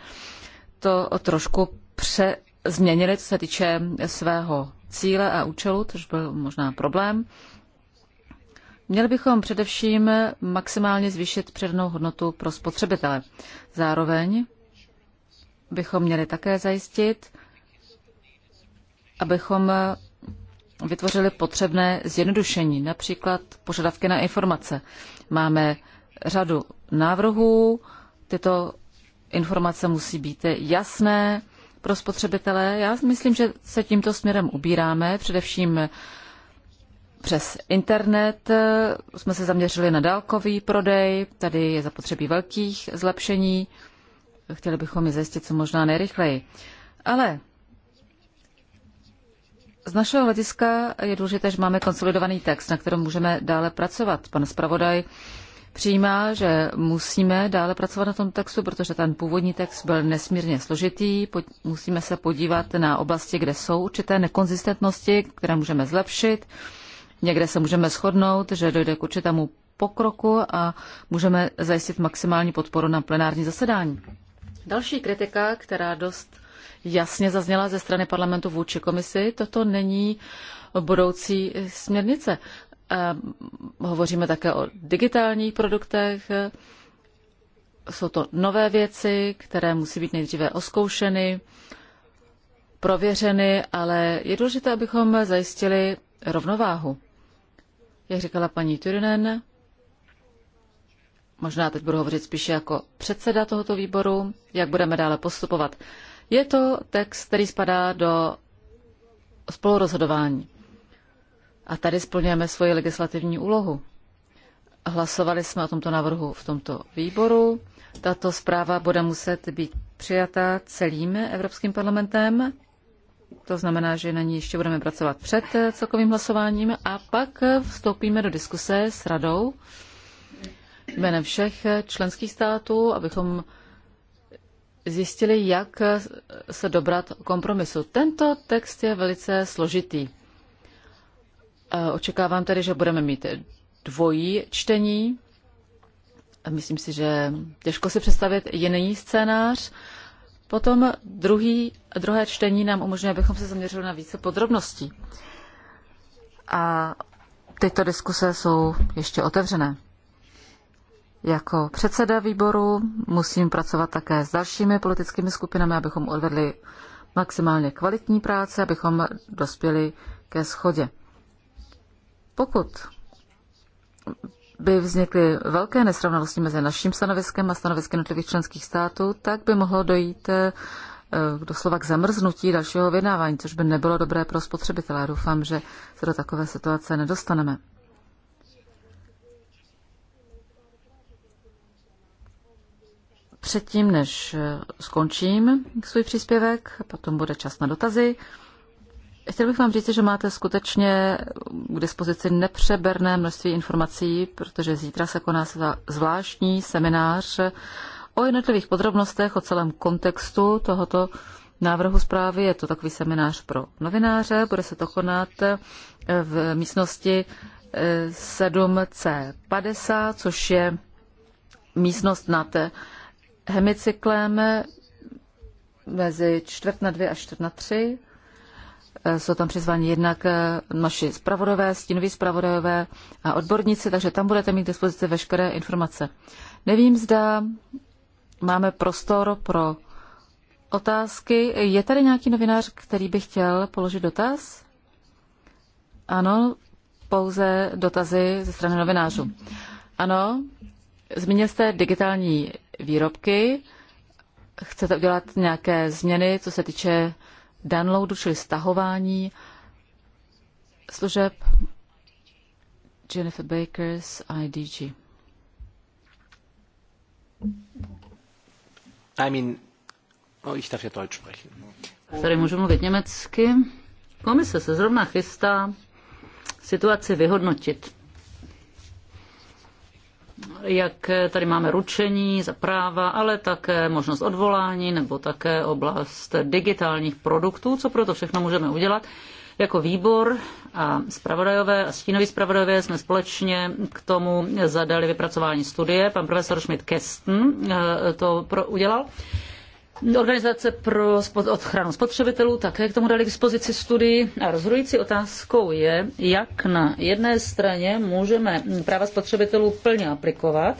to trošku přezměnili, změnili, co se týče svého cíle a účelu, což byl možná problém. Měli bychom především maximálně zvýšit přednou hodnotu pro spotřebitele. Zároveň bychom měli také zajistit, abychom vytvořili potřebné zjednodušení, například požadavky na informace. Máme řadu návrhů. Tyto informace musí být jasné pro spotřebitele. Já myslím, že se tímto směrem ubíráme, především přes internet. Jsme se zaměřili na dálkový prodej, tady je zapotřebí velkých zlepšení. Chtěli bychom je zajistit co možná nejrychleji. Ale z našeho hlediska je důležité, že máme konsolidovaný text, na kterém můžeme dále pracovat. Pan zpravodaj přijímá, že musíme dále pracovat na tom textu, protože ten původní text byl nesmírně složitý. musíme se podívat na oblasti, kde jsou určité nekonzistentnosti, které můžeme zlepšit. Někde se můžeme shodnout, že dojde k určitému pokroku a můžeme zajistit maximální podporu na plenární zasedání. Další kritika, která dost jasně zazněla ze strany parlamentu vůči komisi, toto není budoucí směrnice. Hovoříme také o digitálních produktech. Jsou to nové věci, které musí být nejdříve oskoušeny, prověřeny, ale je důležité, abychom zajistili rovnováhu. Jak říkala paní Turinen, možná teď budu hovořit spíše jako předseda tohoto výboru, jak budeme dále postupovat. Je to text, který spadá do spolurozhodování. A tady splňujeme svoji legislativní úlohu. Hlasovali jsme o tomto návrhu v tomto výboru. Tato zpráva bude muset být přijata celým Evropským parlamentem. To znamená, že na ní ještě budeme pracovat před celkovým hlasováním a pak vstoupíme do diskuse s radou jménem všech členských států, abychom zjistili, jak se dobrat kompromisu. Tento text je velice složitý. Očekávám tedy, že budeme mít dvojí čtení. Myslím si, že těžko si představit jiný scénář. Potom druhý, druhé čtení nám umožňuje, abychom se zaměřili na více podrobností. A tyto diskuse jsou ještě otevřené. Jako předseda výboru musím pracovat také s dalšími politickými skupinami, abychom odvedli maximálně kvalitní práce, abychom dospěli ke shodě. Pokud by vznikly velké nesrovnalosti mezi naším stanoviskem a stanoviskem jednotlivých členských států, tak by mohlo dojít eh, doslova k zamrznutí dalšího vyjednávání, což by nebylo dobré pro spotřebitele. Doufám, že se do takové situace nedostaneme. Předtím, než eh, skončím svůj příspěvek, potom bude čas na dotazy. Chtěl bych vám říct, že máte skutečně k dispozici nepřeberné množství informací, protože zítra se koná zvláštní seminář o jednotlivých podrobnostech, o celém kontextu tohoto návrhu zprávy. Je to takový seminář pro novináře, bude se to konat eh, v místnosti 7C50, eh, což je místnost nad hemicyklem mezi čtvrt na dvě a čtvrt na tři. Eh, jsou tam přizváni jednak eh, naši zpravodové, stínoví zpravodajové a odborníci, takže tam budete mít k dispozici veškeré informace. Nevím, zda máme prostor pro otázky. Je tady nějaký novinář, který by chtěl položit dotaz? Ano, pouze dotazy ze strany novinářů. Ano, zmínil jste digitální výrobky. Chcete udělat nějaké změny, co se týče downloadu, čili stahování služeb Jennifer Bakers IDG. I mean, oh, ich darf ja Deutsch sprechen. Tady můžu mluvit německy. Komise se zrovna chystá situaci vyhodnotit jak tady máme ručení za práva, ale také možnost odvolání nebo také oblast digitálních produktů, co pro to všechno můžeme udělat. Jako výbor a spravodajové a stínoví spravodajové jsme společně k tomu zadali vypracování studie. Pan profesor Schmidt Kesten eh, to udělal. Organizace pro ochranu spotřebitelů také k tomu dali k dispozici studii. A rozhodující otázkou je, jak na jedné straně můžeme práva spotřebitelů plně aplikovat,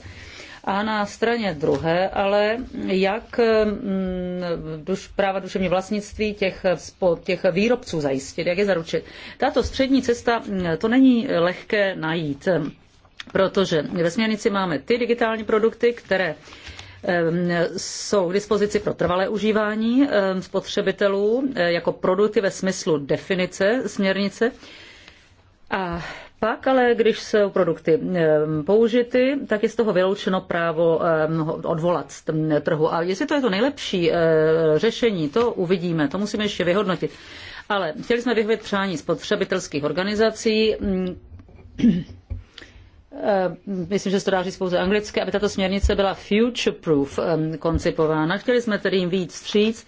a na straně druhé, ale jak mm, duš, práva duševní vlastnictví těch, těch výrobců zajistit, jak je zaručit. Tato střední cesta, mm, to není lehké najít, protože ve směrnici máme ty digitální produkty, které Ehm, jsou k dispozici pro trvalé užívání ehm, spotřebitelů eh, jako produkty ve smyslu definice směrnice. A pak ale, když jsou produkty ehm, použity, tak je z toho vyloučeno právo odvolat z trhu. A jestli to je to nejlepší eh, řešení, to uvidíme, to musíme ještě vyhodnotit. Ale chtěli jsme vyhovět přání spotřebitelských organizací, mm, Eh, myslím, že se to dá říct pouze anglicky, aby tato směrnice byla future-proof koncipována. Chtěli jsme tedy jim víc stříc,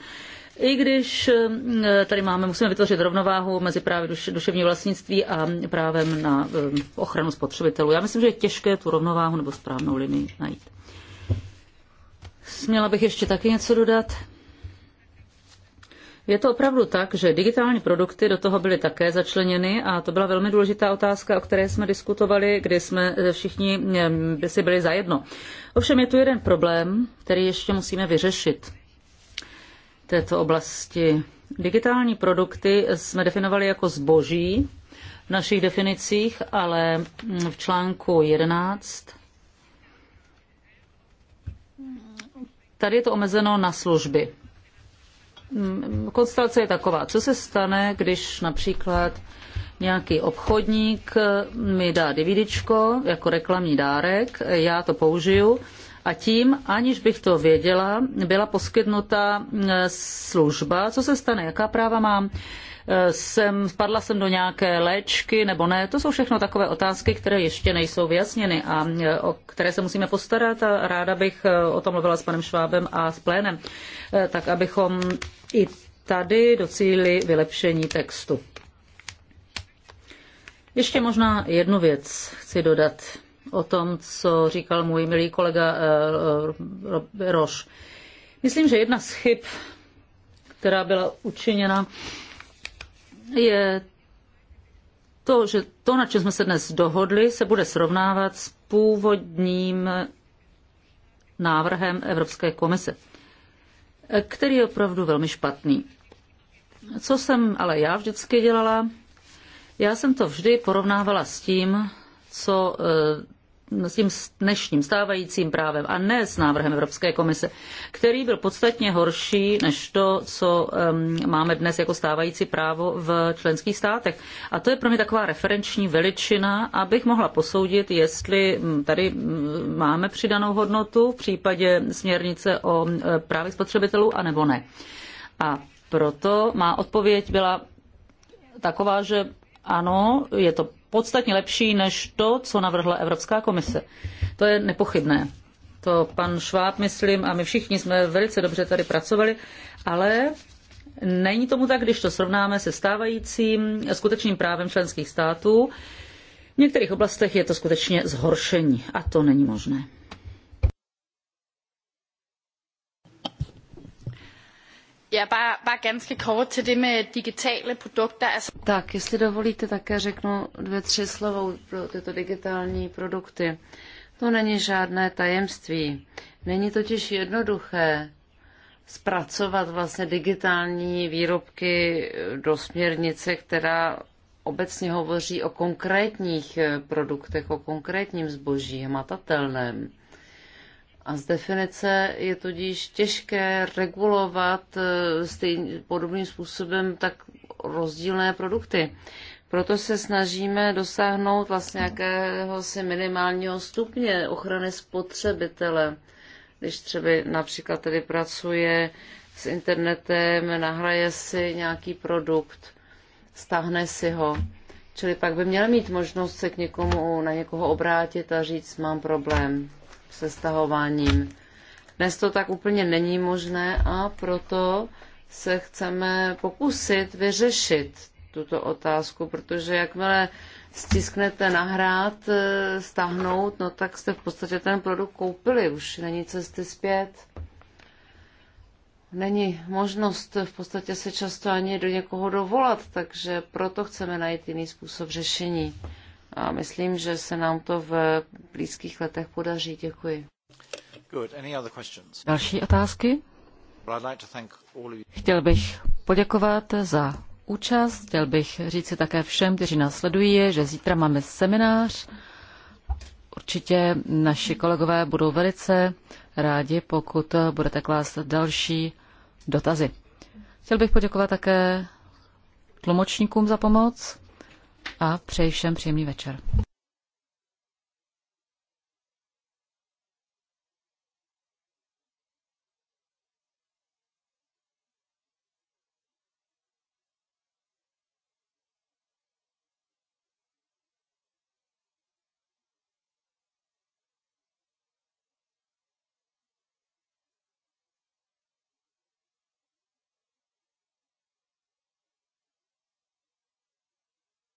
i když eh, tady máme, musíme vytvořit rovnováhu mezi právě duš, duševní vlastnictví a právem na eh, ochranu spotřebitelů. Já myslím, že je těžké tu rovnováhu nebo správnou linii najít. Směla bych ještě taky něco dodat? Je to opravdu tak, že digitální produkty do toho byly také začleněny a to byla velmi důležitá otázka, o které jsme diskutovali, kdy jsme eh, všichni eh, by si byli zajedno. Ovšem je tu jeden problém, který ještě musíme vyřešit této oblasti. Digitální produkty jsme definovali jako zboží v našich definicích, ale mm, v článku 11 tady je to omezeno na služby. Mm, konstelace je taková. Co se stane, když například nějaký obchodník mi dá DVDčko jako reklamní dárek, já to použiju a tím, aniž bych to věděla, byla poskytnuta mm, služba. Co se stane, jaká práva mám? jsem, spadla jsem do nějaké léčky nebo ne. To jsou všechno takové otázky, které ještě nejsou vyjasněny a o které se musíme postarat a ráda bych eh, o tom mluvila s panem Švábem a s plénem, eh, tak abychom i tady docílili vylepšení textu. Ještě možná jednu věc chci dodat o tom, co říkal můj milý kolega eh, Roš. Myslím, že jedna z chyb, která byla učiněna, je to, že to, na čem jsme se dnes dohodli, se bude srovnávat s původním návrhem Evropské komise, který je opravdu velmi špatný. Co jsem ale já vždycky dělala, já jsem to vždy porovnávala s tím, co eh, s tím dnešním stávajícím právem a ne s návrhem Evropské komise, který byl podstatně horší než to, co máme dnes jako stávající právo v členských státech. A to je pro mě taková referenční veličina, abych mohla posoudit, jestli mm, tady mm, máme přidanou hodnotu v případě směrnice o e, právech spotřebitelů, anebo ne. A proto má odpověď byla taková, že ano, je to podstatně lepší než to, co navrhla Evropská komise. To je nepochybné. To pan Šváb, myslím, a my všichni jsme velice dobře tady pracovali, ale není tomu tak, když to srovnáme se stávajícím skutečným právem členských států. V některých oblastech je to skutečně zhoršení a to není možné. Já bare, bare ganske kort til det med digitale produkter. Altså... Tak, jestli dovolíte, také řeknu dvě, tři slova pro tyto digitální produkty. To není žádné tajemství. Není totiž jednoduché zpracovat vlastně digitální výrobky do směrnice, která obecně hovoří o konkrétních produktech, o konkrétním zboží, hmatatelném. A z definice je tudíž těžké regulovat e, stejný, podobným způsobem tak rozdílné produkty. Proto se snažíme dosáhnout vlastně si minimálního stupně ochrany spotřebitele. Když třeba například tedy pracuje s internetem, nahraje si nějaký produkt, stáhne si ho. Čili pak by měl mít možnost se k někomu, na někoho obrátit a říct, mám problém se stahováním. Dnes to tak úplně není možné a proto se chceme pokusit vyřešit tuto otázku, protože jakmile stisknete nahrát, eh, stáhnout, no tak jste v podstatě ten produkt koupili, už není cesty zpět. Není možnost v podstatě se často ani do někoho dovolat, takže proto chceme najít jiný způsob řešení a myslím, že se nám to v blízkých letech podaří. Děkuji. Další otázky? Chtěl bych poděkovat za účast. Chtěl bych si také všem, kteří nás sledují, že zítra máme seminář. Určitě naši kolegové budou velice rádi, pokud budete klást další dotazy. Chtěl bych poděkovat také tlumočníkům za pomoc a přeji všem příjemný večer.